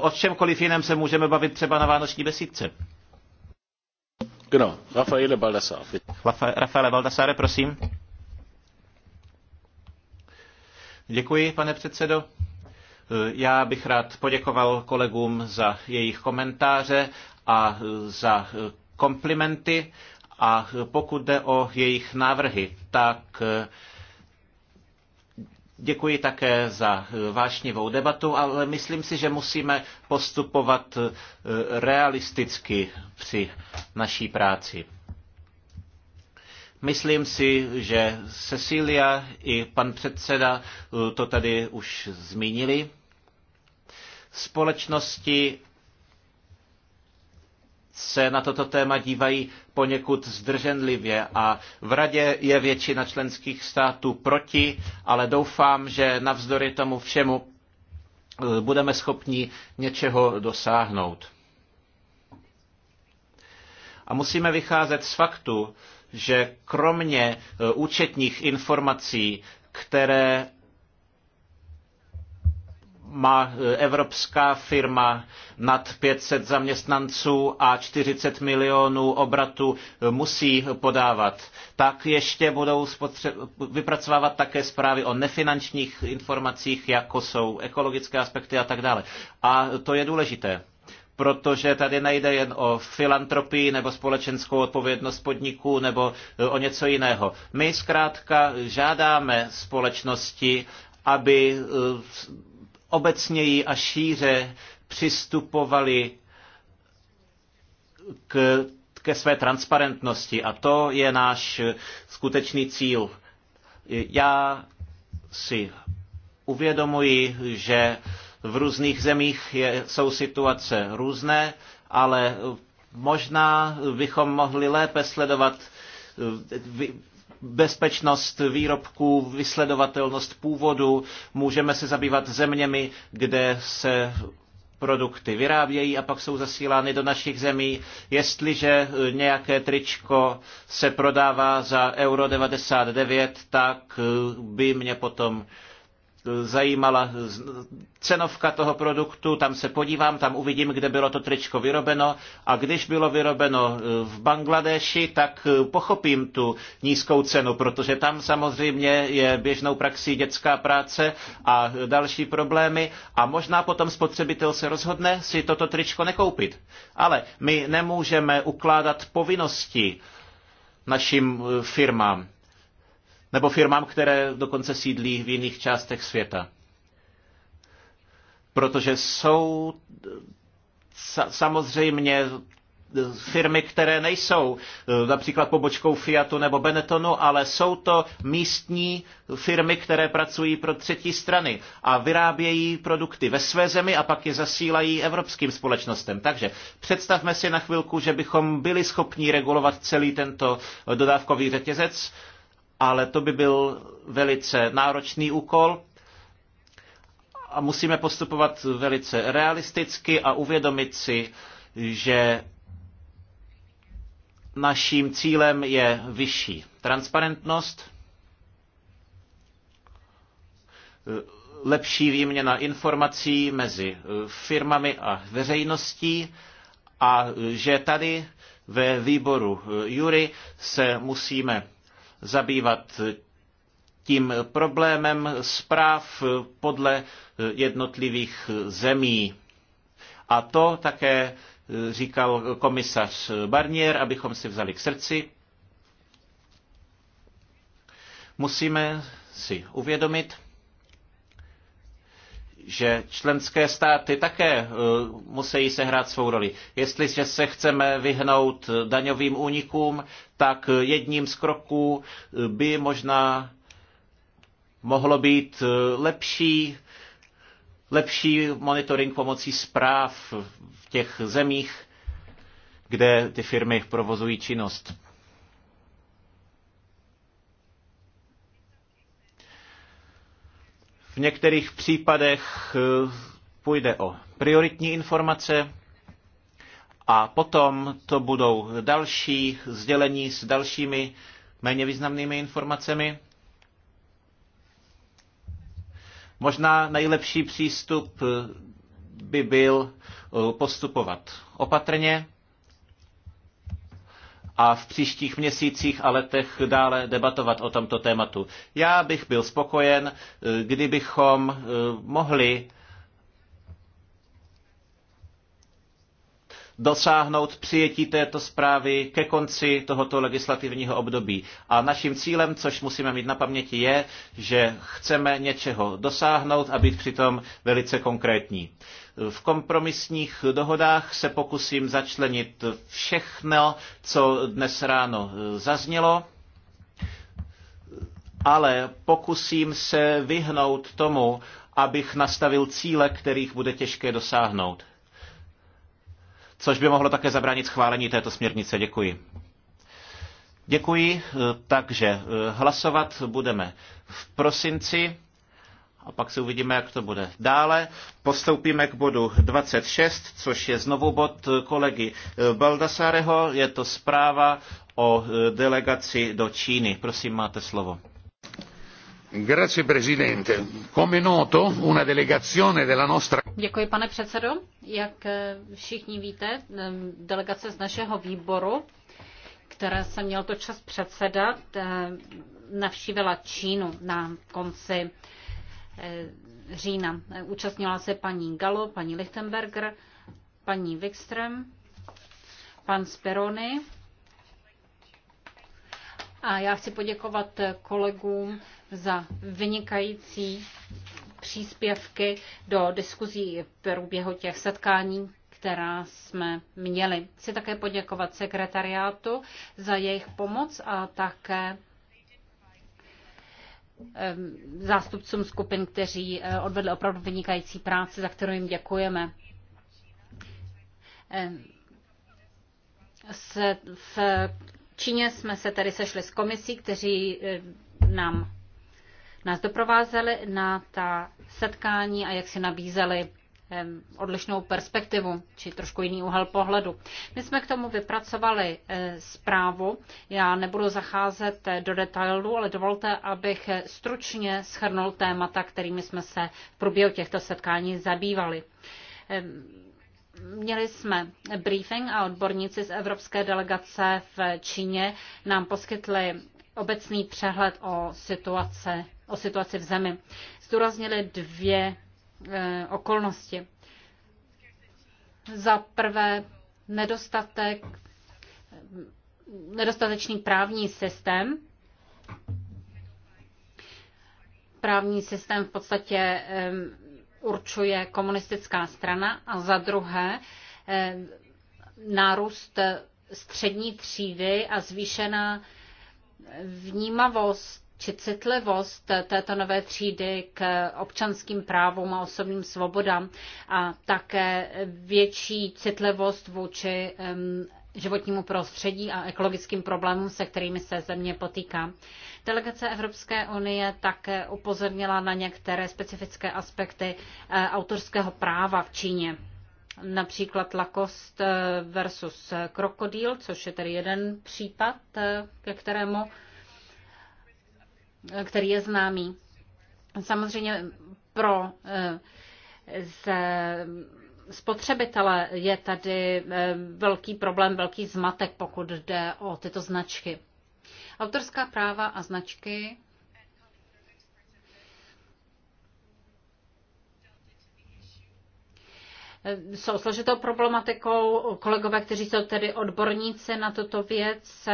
Speaker 3: O čemkoliv jiném se můžeme bavit třeba na Vánoční besídce. Genau, Rafaele Baldassare. Rafaele Baldassare, prosím. Děkuji, pane předsedo. Eh, já bych rád poděkoval kolegům za jejich komentáře a eh, za eh, komplimenty. A pokud jde o jejich návrhy, tak Děkuji také za vášnivou debatu, ale myslím si, že musíme postupovat realisticky při naší práci. Myslím si, že Cecilia i pan předseda eh, to tady už zmínili. Společnosti se na toto téma dívají poněkud zdrženlivě a v radě je většina členských států proti, ale doufám, že navzdory tomu všemu eh, budeme schopni něčeho dosáhnout. A musíme vycházet z faktu, že kromě e, účetních informací, které má e, evropská firma nad 500 zaměstnanců a 40 milionů obratu e, musí podávat, tak ještě budou vypracovávat také zprávy o nefinančních informacích, jako jsou ekologické aspekty a tak dále. A to je důležité protože tady nejde jen o filantropii nebo společenskou odpovědnost podniků nebo e, o něco jiného. My zkrátka žádáme společnosti, aby e, obecněji a šíře přistupovali k, ke své transparentnosti a to je náš skutečný cíl. Já si uvědomuji, že v různých zemích je, jsou situace různé, ale možná bychom mohli lépe sledovat eh, bezpečnost výrobků, vysledovatelnost původu. Můžeme se zabývat zeměmi, kde se produkty vyrábějí a pak jsou zasílány do našich zemí. Jestliže nějaké tričko se prodává za euro 99, tak eh, by mě potom zajímala cenovka toho produktu, tam se podívám, tam uvidím, kde bylo to tričko vyrobeno a když bylo vyrobeno eh, v Bangladeši, tak eh, pochopím tu nízkou cenu, protože tam samozřejmě je běžnou praxí dětská práce a další problémy a možná potom spotřebitel se rozhodne si toto tričko nekoupit. Ale my nemůžeme ukládat povinnosti našim eh, firmám nebo firmám, které dokonce sídlí v jiných částech světa. Protože jsou samozřejmě firmy, které nejsou například pobočkou Fiatu nebo Benettonu, ale jsou to místní firmy, které pracují pro třetí strany a vyrábějí produkty ve své zemi a pak je zasílají evropským společnostem. Takže představme si na chvilku, že bychom byli schopni regulovat celý tento dodávkový řetězec ale to by byl velice náročný úkol a musíme postupovat velice realisticky a uvědomit si, že naším cílem je vyšší transparentnost, lepší výměna informací mezi firmami a veřejností a že tady ve výboru Jury se musíme zabývat tím problémem zpráv podle jednotlivých zemí. A to také říkal komisař Barnier, abychom si vzali k srdci. Musíme si uvědomit, že členské státy také e, musí sehrát svou roli. Jestliže se chceme vyhnout daňovým únikům, tak jedním z kroků by možná mohlo být lepší, lepší monitoring pomocí zpráv v těch zemích, kde ty firmy provozují činnost. V některých případech půjde o prioritní informace, a potom to budou další sdělení s dalšími méně významnými informacemi. Možná nejlepší přístup by byl eh, postupovat opatrně a v příštích měsících a letech dále debatovat o tomto tématu. Já bych byl spokojen, eh, kdybychom eh, mohli dosáhnout přijetí této zprávy ke konci tohoto legislativního období. A naším cílem, což musíme mít na paměti, je, že chceme něčeho dosáhnout a být přitom velice konkrétní. V kompromisních dohodách se pokusím začlenit všechno, co dnes ráno zaznělo, ale pokusím se vyhnout tomu, abych nastavil cíle, kterých bude těžké dosáhnout což by mohlo také zabránit schválení této směrnice. Děkuji. Děkuji, takže eh, hlasovat budeme v prosinci a pak se uvidíme, jak to bude. Dále postoupíme k bodu 26, což je znovu bod kolegy eh, Baldasareho. Je to zpráva o eh, delegaci do Číny. Prosím, máte slovo.
Speaker 1: Grazie Presidente. Come noto, una delegazione
Speaker 2: della nostra
Speaker 4: Děkuji, pane předsedo. Jak eh, všichni víte, ehm, delegace z našeho výboru, které jsem měl to čas předsedat, ehm, navštívila Čínu na konci eh, října. Účastnila se paní Galo, paní Lichtenberger, paní Wikström, pan Speroni. A já chci poděkovat kolegům za vynikající příspěvky do diskuzí v průběhu těch setkání, která jsme měli. Chci také poděkovat sekretariátu za jejich pomoc a také zástupcům skupin, kteří eh, odvedli opravdu vynikající práci, za kterou jim děkujeme. Se, v Číně jsme se tedy sešli s komisí, kteří eh, nám nás doprovázeli na ta setkání a jak si nabízeli odlišnou perspektivu, či trošku jiný úhel pohledu. My jsme k tomu vypracovali e, zprávu. Já nebudu zacházet e, do detailů, ale dovolte, abych e, stručně schrnul témata, kterými jsme se v průběhu těchto setkání zabývali. Měli jsme briefing a odborníci z Evropské delegace v Číně nám poskytli obecný přehled o situace o situaci v zemi. Zdůraznili dvě eh, okolnosti. Za prvé nedostatek, nedostatečný právní systém. Právní systém v podstatě eh, určuje komunistická strana a za druhé eh, nárůst střední třídy a zvýšená vnímavost či citlivost této nové třídy k občanským právům a osobním svobodám a také větší citlivost vůči životnímu prostředí a ekologickým problémům, se kterými se země potýká. Delegace Evropské unie také upozornila na některé specifické aspekty eh, autorského práva v Číně. Například lakost eh, versus krokodýl, což je tedy jeden případ, eh, ke kterému který je známý. Samozřejmě pro eh, z spotřebitele je tady eh, velký problém, velký zmatek, pokud jde o tyto značky. Autorská práva a značky eh, jsou složitou problematikou. Kolegové, kteří jsou tedy odborníci na tuto věc,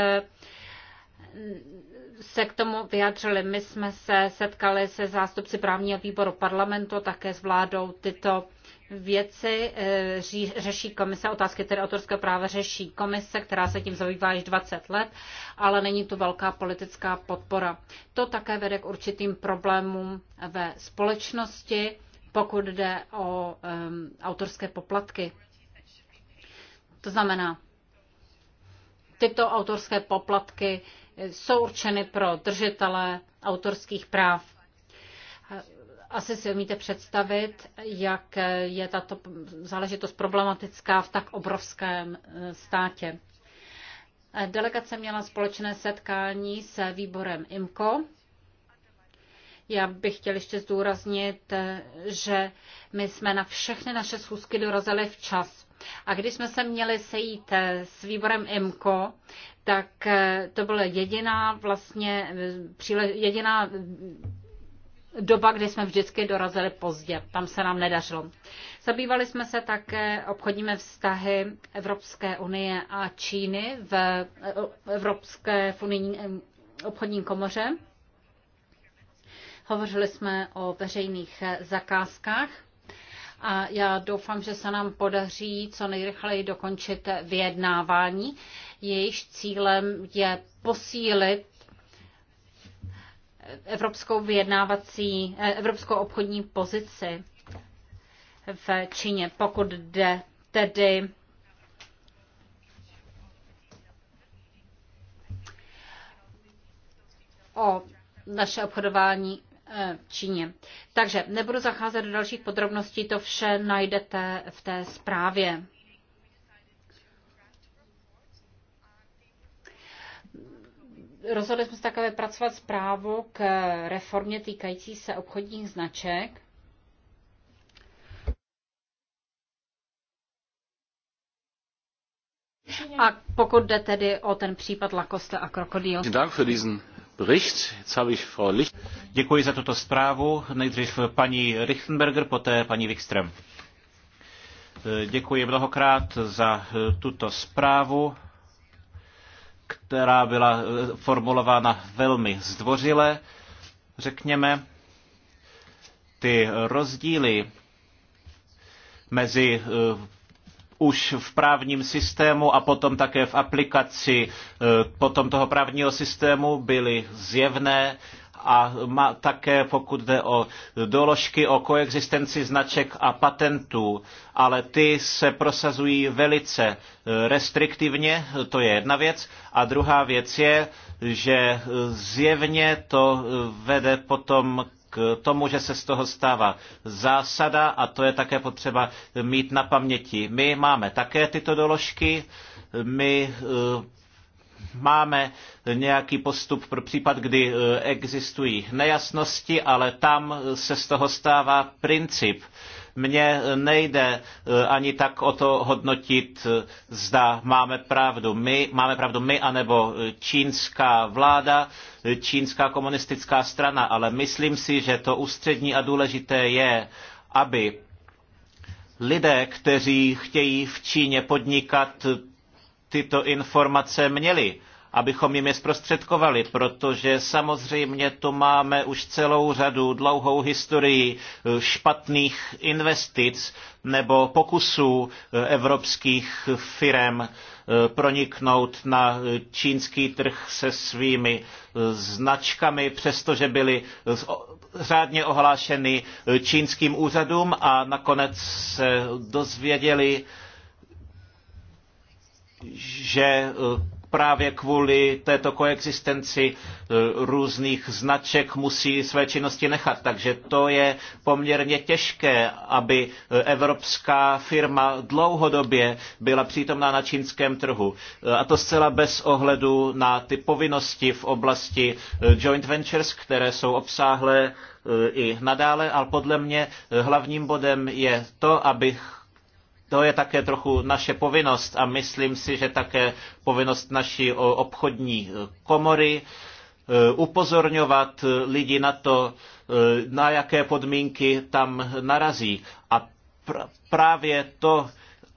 Speaker 4: se k tomu vyjádřili. My jsme se setkali se zástupci právního výboru parlamentu, také s vládou tyto věci eh, ří, řeší komise, otázky tedy autorské práva řeší komise, která se tím zabývá již 20 let, ale není tu velká politická podpora. To také vede k určitým problémům ve společnosti, pokud jde o um, autorské poplatky. To znamená, tyto autorské poplatky jsou určeny pro držitele autorských práv. Asi si umíte představit, jak je tato záležitost problematická v tak obrovském e, státě. Delegace měla společné setkání se výborem IMCO. Já bych chtěl ještě zdůraznit, e, že my jsme na všechny naše schůzky dorazili včas. A když jsme se měli sejít eh, s výborem IMCO, tak eh, to byla jediná vlastně, eh, jediná doba, kdy jsme vždycky dorazili pozdě. Tam se nám nedařilo. Zabývali jsme se také obchodními vztahy Evropské unie a Číny v Evropské obchodní komoře. Hovořili jsme o veřejných zakázkách a já doufám, že se nám podaří co nejrychleji dokončit vyjednávání. Jejíž cílem je posílit evropskou vyjednávací, eh, evropskou obchodní pozici v Číně, pokud jde tedy o naše obchodování Eh, Číně. Takže nebudu zacházet do dalších podrobností, to vše najdete v té zprávě. Rozhodli jsme se také vypracovat zprávu k reformě týkající se obchodních značek. A pokud jde tedy o ten případ Lakoste a Krokodýl.
Speaker 1: Bericht.
Speaker 3: Děkuji za tuto zprávu. Nejdřív paní Richtenberger, poté paní Wikström. Děkuji mnohokrát za eh, tuto zprávu, která byla eh, formulována velmi zdvořile, řekněme. Ty rozdíly mezi eh, už v právním systému a potom také v aplikaci e, potom toho právního systému byly zjevné a má také pokud jde o doložky o koexistenci značek a patentů, ale ty se prosazují velice e, restriktivně, to je jedna věc. A druhá věc je, že zjevně to e, vede potom k tomu, že se z toho stává zásada a to je také potřeba mít na paměti. My máme také tyto doložky, my eh, máme nějaký postup pro případ, kdy eh, existují nejasnosti, ale tam eh, se z toho stává princip mně nejde e, ani tak o to hodnotit, e, zda máme pravdu my, máme pravdu my anebo e, čínská vláda, čínská komunistická strana, ale myslím si, že to ústřední a důležité je, aby lidé, kteří chtějí v Číně podnikat, tyto informace měli abychom jim je zprostředkovali, protože samozřejmě tu máme už celou řadu dlouhou historii eh, špatných investic nebo pokusů eh, evropských firm eh, proniknout na čínský trh se svými značkami, přestože byly řádně ohlášeny čínským úřadům a nakonec se dozvěděli, že právě kvůli této koexistenci eh, různých značek musí své činnosti nechat. Takže to je poměrně těžké, aby eh, evropská firma dlouhodobě byla přítomná na čínském trhu. Eh, a to zcela bez ohledu na ty povinnosti v oblasti joint ventures, které jsou obsáhlé i nadále, ale podle mě hlavním bodem je to, abych to je také trochu naše povinnost a myslím si, že také povinnost naší obchodní e, komory e, upozorňovat lidi na to, e, na jaké podmínky tam narazí. A právě to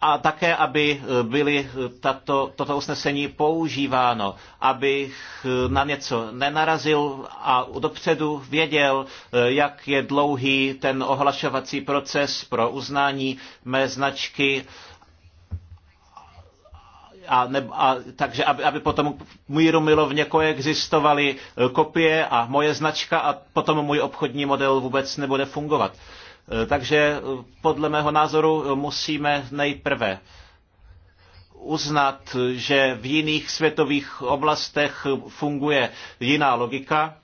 Speaker 3: a také, aby eh, byly eh, tato, toto usnesení používáno, abych eh, na něco nenarazil a dopředu věděl, jak je dlouhý ten ohlašovací proces pro uznání mé značky, a, ne, a takže aby, aby potom míru milovně koexistovaly kopie a moje značka a potom můj obchodní model vůbec nebude fungovat. Eh, takže eh, podle mého názoru eh, musíme nejprve uznat, že v jiných světových oblastech funguje jiná logika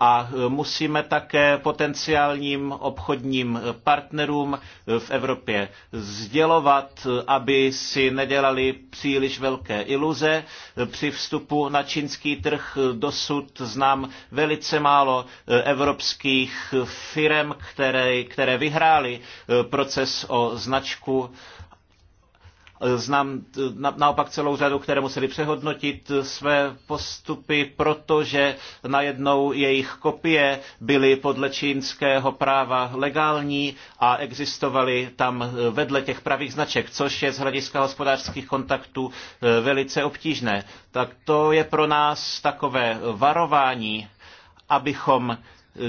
Speaker 3: a eh, musíme také potenciálním obchodním eh, partnerům eh, v Evropě sdělovat, aby si nedělali příliš velké iluze. Při vstupu na čínský trh dosud znám velice málo evropských firm, které, které vyhrály proces o značku Znám naopak celou řadu, které museli přehodnotit své postupy, protože najednou jejich kopie byly podle čínského práva legální a existovaly tam vedle těch pravých značek, což je z hlediska hospodářských kontaktů eh, velice obtížné. Tak to je pro nás takové varování, abychom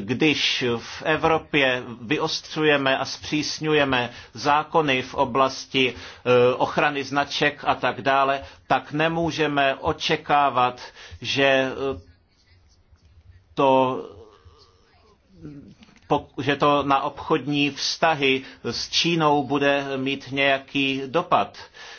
Speaker 3: když v Evropě vyostřujeme a zpřísňujeme zákony v oblasti e, ochrany značek a tak dále, tak nemůžeme očekávat, že e, to že to na obchodní vztahy s Čínou bude mít nějaký dopad,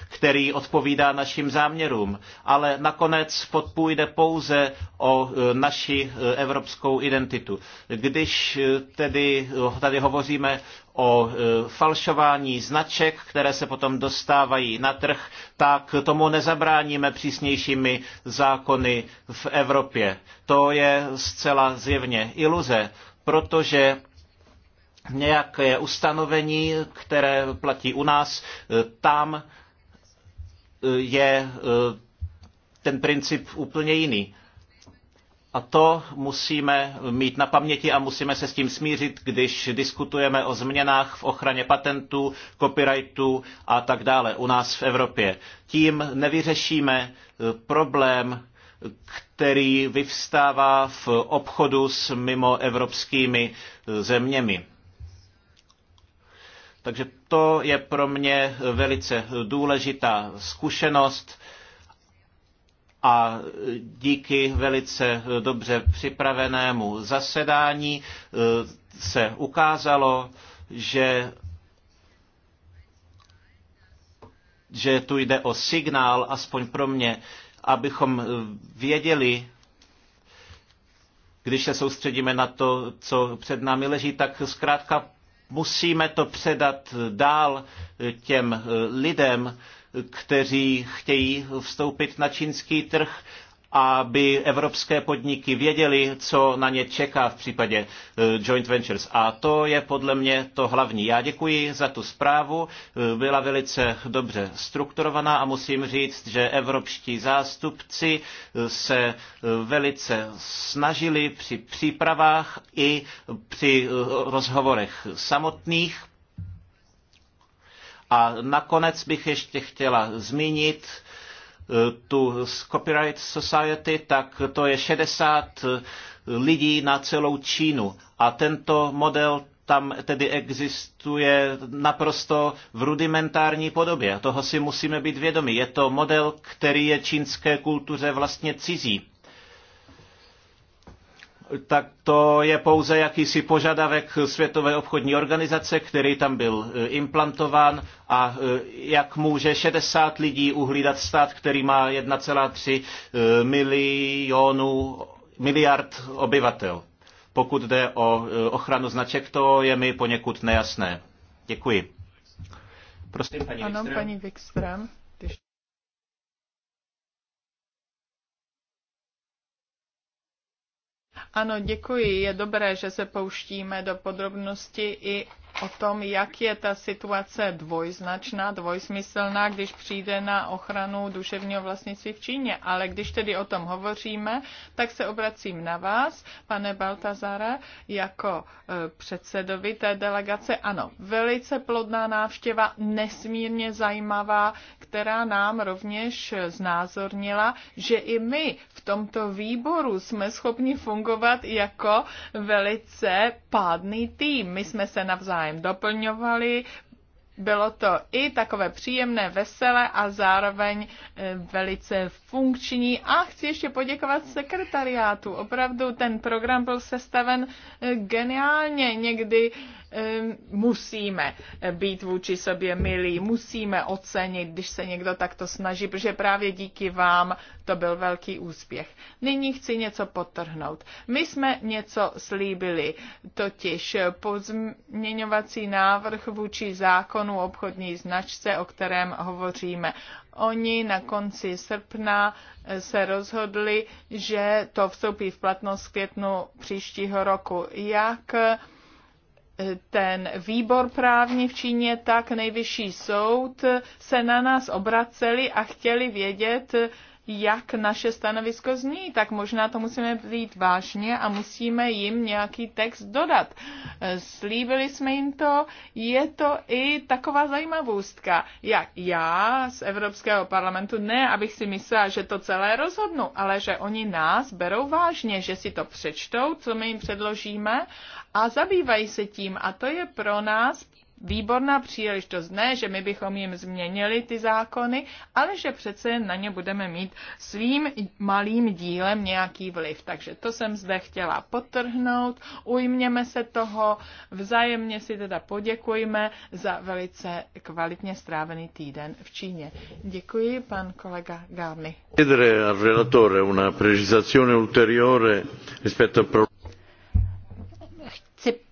Speaker 3: který odpovídá našim záměrům, ale nakonec podpůjde pouze o e, naši e, evropskou identitu. Když e, tedy tady hovoříme o falšování značek, které se potom dostávají na trh, tak tomu nezabráníme přísnějšími zákony v Evropě. To je zcela zjevně iluze protože nějaké ustanovení, které platí u nás, e, tam e, je e, ten princip úplně jiný. A to musíme mít na paměti a musíme se s tím smířit, když diskutujeme o změnách v ochraně patentů, copyrightů a tak dále u nás v Evropě. Tím nevyřešíme problém který vyvstává v obchodu s mimoevropskými eh, zeměmi. Takže to je pro mě velice důležitá zkušenost a díky velice dobře připravenému zasedání eh, se ukázalo, že že tu jde o signál, aspoň pro mě, abychom eh, věděli, když se soustředíme na to, co před námi leží, tak zkrátka musíme to předat dál eh, těm eh, lidem, kteří chtějí vstoupit na čínský trh aby evropské podniky věděly, co na ně čeká v případě eh, joint ventures. A to je podle mě to hlavní. Já děkuji za tu zprávu, eh, byla velice dobře strukturovaná a musím říct, že evropští zástupci eh, se velice snažili při přípravách i při rozhovorech samotných. A nakonec bych ještě chtěla zmínit, tu z Copyright Society, tak to je 60 eh, lidí na celou Čínu. A tento model tam tedy existuje naprosto v rudimentární podobě. Toho si musíme být vědomi. Je to model, který je čínské kultuře vlastně cizí tak to je pouze jakýsi požadavek Světové obchodní organizace, který tam byl eh, implantován a eh, jak může 60 lidí uhlídat stát, který má 1,3 eh, milionů, miliard obyvatel. Pokud jde o ochranu značek, to je mi poněkud nejasné. Děkuji.
Speaker 2: Prosím, paní ano, paní Wikström. Ano, děkuji. Je dobré, že se pouštíme do podrobnosti i o tom, jak je ta situace dvojznačná, dvojsmyslná, když přijde na ochranu duševního vlastnictví v Číně. Ale když tedy o tom hovoříme, tak se obracím na vás, pane Baltazara, jako e, předsedovi té delegace. Ano, velice plodná návštěva, nesmírně zajímavá, která nám rovněž znázornila, že i my v tomto výboru jsme schopni fungovat jako velice pádný tým. My jsme se navzájem navzájem Doplňovali, Bylo to i takové příjemné, veselé a zároveň e, velice funkční. A chci ještě poděkovat sekretariátu. Opravdu ten program byl sestaven e, geniálně. Někdy musíme být vůči sobě milí, musíme ocenit, když se někdo takto snaží, protože právě díky vám to byl velký úspěch. Nyní chci něco podtrhnout. My jsme něco slíbili, totiž pozměňovací návrh vůči zákonu obchodní značce, o kterém hovoříme. Oni na konci srpna se rozhodli, že to vstoupí v platnost v květnu příštího roku. Jak ten výbor právní v Číně, tak nejvyšší soud se na nás obraceli a chtěli vědět, jak naše stanovisko zní, tak možná to musíme vzít vážně a musíme jim nějaký text dodat. Slíbili jsme jim to, je to i taková zajímavostka. Jak já z Evropského parlamentu, ne, abych si myslela, že to celé rozhodnu, ale že oni nás berou vážně, že si to přečtou, co my jim předložíme a zabývají se tím. A to je pro nás výborná příležitost. Ne, že my bychom jim změnili ty zákony, ale že přece na ně budeme mít svým malým dílem nějaký vliv. Takže to jsem zde chtěla potrhnout. Ujměme se toho, vzájemně si teda poděkujme za velice kvalitně strávený týden v Číně. Děkuji, pan kolega Gámy.
Speaker 3: Chiedere al relatore una precisazione ulteriore rispetto al problema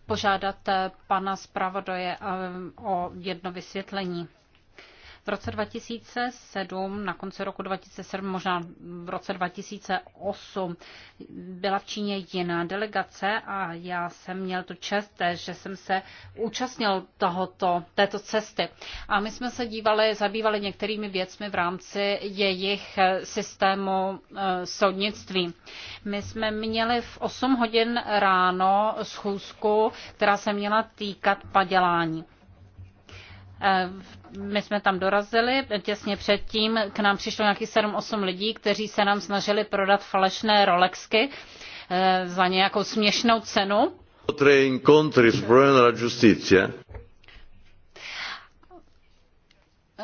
Speaker 4: požádat eh, pana zpravodaje eh, o jedno vysvětlení. V roce 2007, na konci roku 2007, možná v roce 2008, byla v Číně jiná delegace a já jsem měl tu čest, že jsem se účastnil tohoto, této cesty. A my jsme se dívali, zabývali některými věcmi v rámci jejich eh, systému eh, soudnictví. My jsme měli v 8 hodin ráno schůzku, která se měla týkat padělání. V eh, my jsme tam dorazili, těsně předtím k nám přišlo nějakých 7-8 lidí, kteří se nám snažili prodat falešné Rolexky eh, za nějakou směšnou cenu.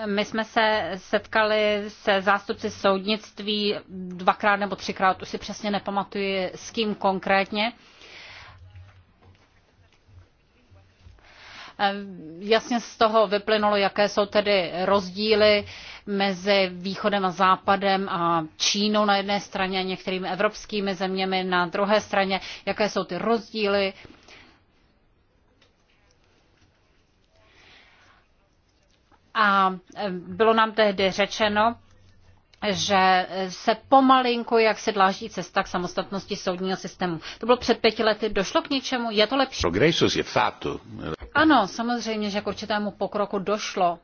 Speaker 4: My jsme se setkali se zástupci soudnictví dvakrát nebo třikrát, už si přesně nepamatuji, s kým konkrétně. Eh, jasně z toho vyplynulo, jaké jsou tedy rozdíly mezi východem a západem a Čínou na jedné straně a některými evropskými zeměmi na druhé straně, jaké jsou ty rozdíly. A eh, bylo nám tehdy řečeno, že se pomalinku, jak se dláždí cesta k samostatnosti soudního systému. To bylo před pěti lety, došlo k něčemu, je to lepší?
Speaker 1: Progreso je fato.
Speaker 4: Ano, samozřejmě, že k určitému pokroku došlo.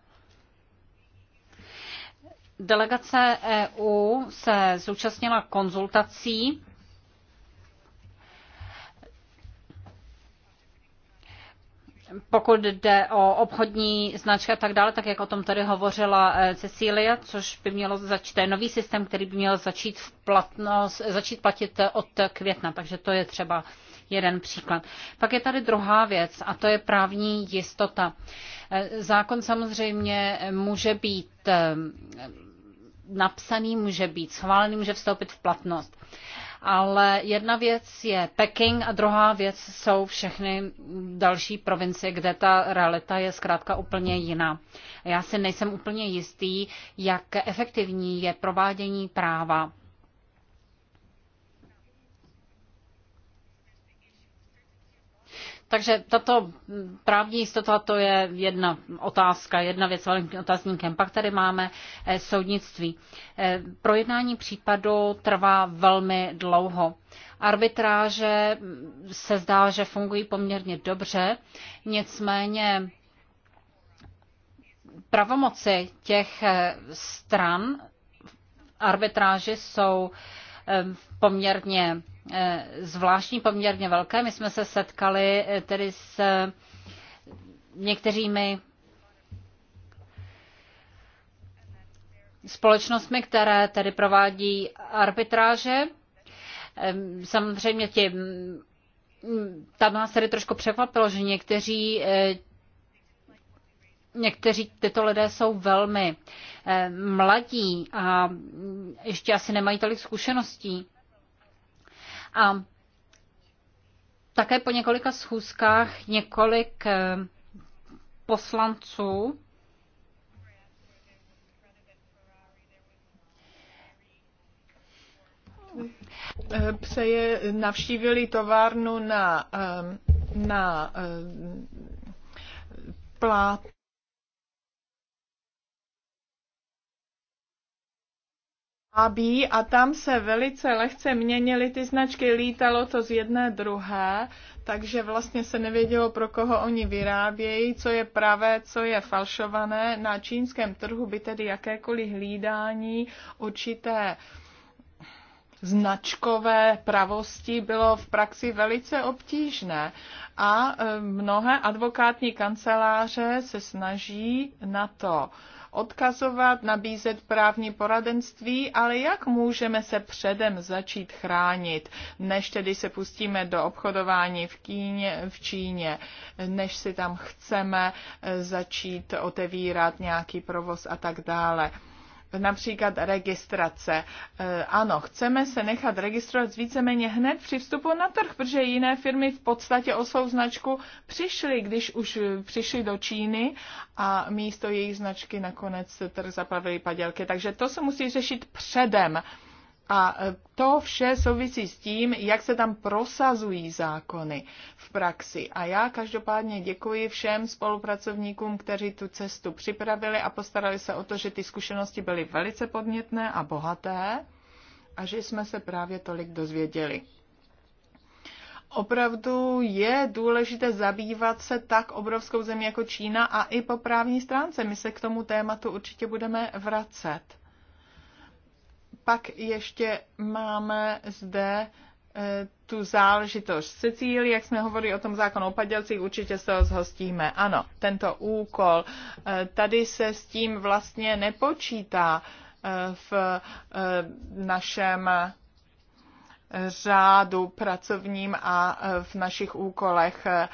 Speaker 4: Delegace EU se zúčastnila konzultací pokud jde o obchodní značky a tak dále, tak jak o tom tady hovořila eh, Cecília, což by mělo začít, to je nový systém, který by měl začít, v platnost, eh, začít platit eh, od května, takže to je třeba jeden příklad. Pak je tady druhá věc a to je právní jistota. Zákon samozřejmě může být napsaný, může být schválený, může vstoupit v platnost ale jedna věc je Peking a druhá věc jsou všechny další provincie, kde ta realita je zkrátka úplně jiná. Já si nejsem úplně jistý, jak efektivní je provádění práva Takže tato právní jistota, to je jedna otázka, jedna věc velkým otazníkem. Pak tady máme eh, soudnictví. Eh, projednání případu trvá velmi dlouho. Arbitráže mm, se zdá, že fungují poměrně dobře, nicméně pravomoci těch eh, stran arbitráži jsou poměrně Eh, zvláštní, poměrně velké. My jsme se setkali eh, tedy s eh, někteřími společnostmi, které tedy provádí arbitráže. Ehm, samozřejmě ti, mm, tam nás tedy trošku překvapilo, že někteří Někteří tyto lidé jsou velmi mladí a mm, ještě asi nemají tolik zkušeností. A také po několika schůzkách několik eh, poslanců
Speaker 2: přeje, navštívili továrnu na, eh, na eh, plát Abí a tam se velice lehce měnily ty značky, lítalo to z jedné druhé, takže vlastně se nevědělo, pro koho oni vyrábějí, co je pravé, co je falšované. Na čínském trhu by tedy jakékoliv hlídání určité značkové pravosti bylo v praxi velice obtížné a e, mnohé advokátní kanceláře se snaží na to odkazovat, nabízet právní poradenství, ale jak můžeme se předem začít chránit, než tedy se pustíme do obchodování v, Kíně, v Číně, než si tam chceme eh, začít otevírat nějaký provoz a tak dále například registrace. E, ano, chceme se nechat registrovat víceméně hned při vstupu na trh, protože jiné firmy v podstatě o svou značku přišly, když už přišly do Číny a místo jejich značky nakonec trh zapravili padělky. Takže to se musí řešit předem a e, to vše souvisí s tím, jak se tam prosazují zákony v praxi. A já každopádně děkuji všem spolupracovníkům, kteří tu cestu připravili a postarali se o to, že ty zkušenosti byly velice podnětné a bohaté a že jsme se právě tolik dozvěděli. Opravdu je důležité zabývat se tak obrovskou zemí jako Čína a i po právní stránce. My se k tomu tématu určitě budeme vracet pak ještě máme zde eh, tu záležitost Cecíl, jak jsme hovorili o tom zákonu o padělcích, určitě se ho zhostíme. Ano, tento úkol, eh, tady se s tím vlastně nepočítá eh, v našem řádu pracovním a e, v našich úkolech. E,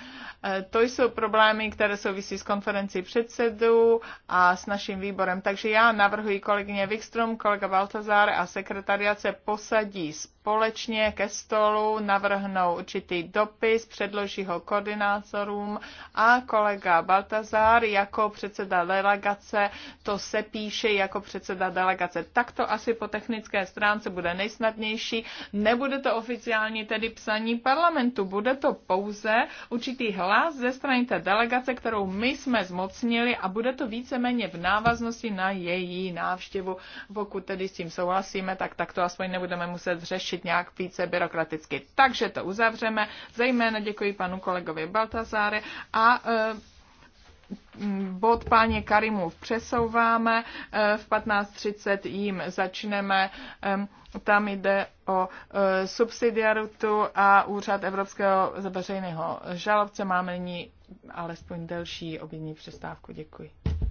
Speaker 2: to jsou problémy, které souvisí s konferencí předsedů a s naším výborem. Takže já navrhuji kolegyně Wikström, kolega Baltazar a sekretariat se posadí spolu společně ke stolu navrhnou určitý dopis, předloží ho koordinátorům a kolega Baltazar jako předseda delegace to se píše jako předseda delegace. Tak to asi po technické stránce bude nejsnadnější. Nebude to oficiální tedy psaní parlamentu, bude to pouze určitý hlas ze strany té delegace, kterou my jsme zmocnili a bude to víceméně v návaznosti na její návštěvu. Pokud tedy s tím souhlasíme, tak tak to aspoň nebudeme muset řešit řešit nějak více byrokraticky. Takže to uzavřeme. Zejména děkuji panu kolegovi Baltazáre a eh, bod páně Karimu přesouváme, eh, v 15.30 jim začneme, tam jde o eh, subsidiaritu a úřad Evropského veřejného žalobce. Máme nyní alespoň delší obědní přestávku. Děkuji.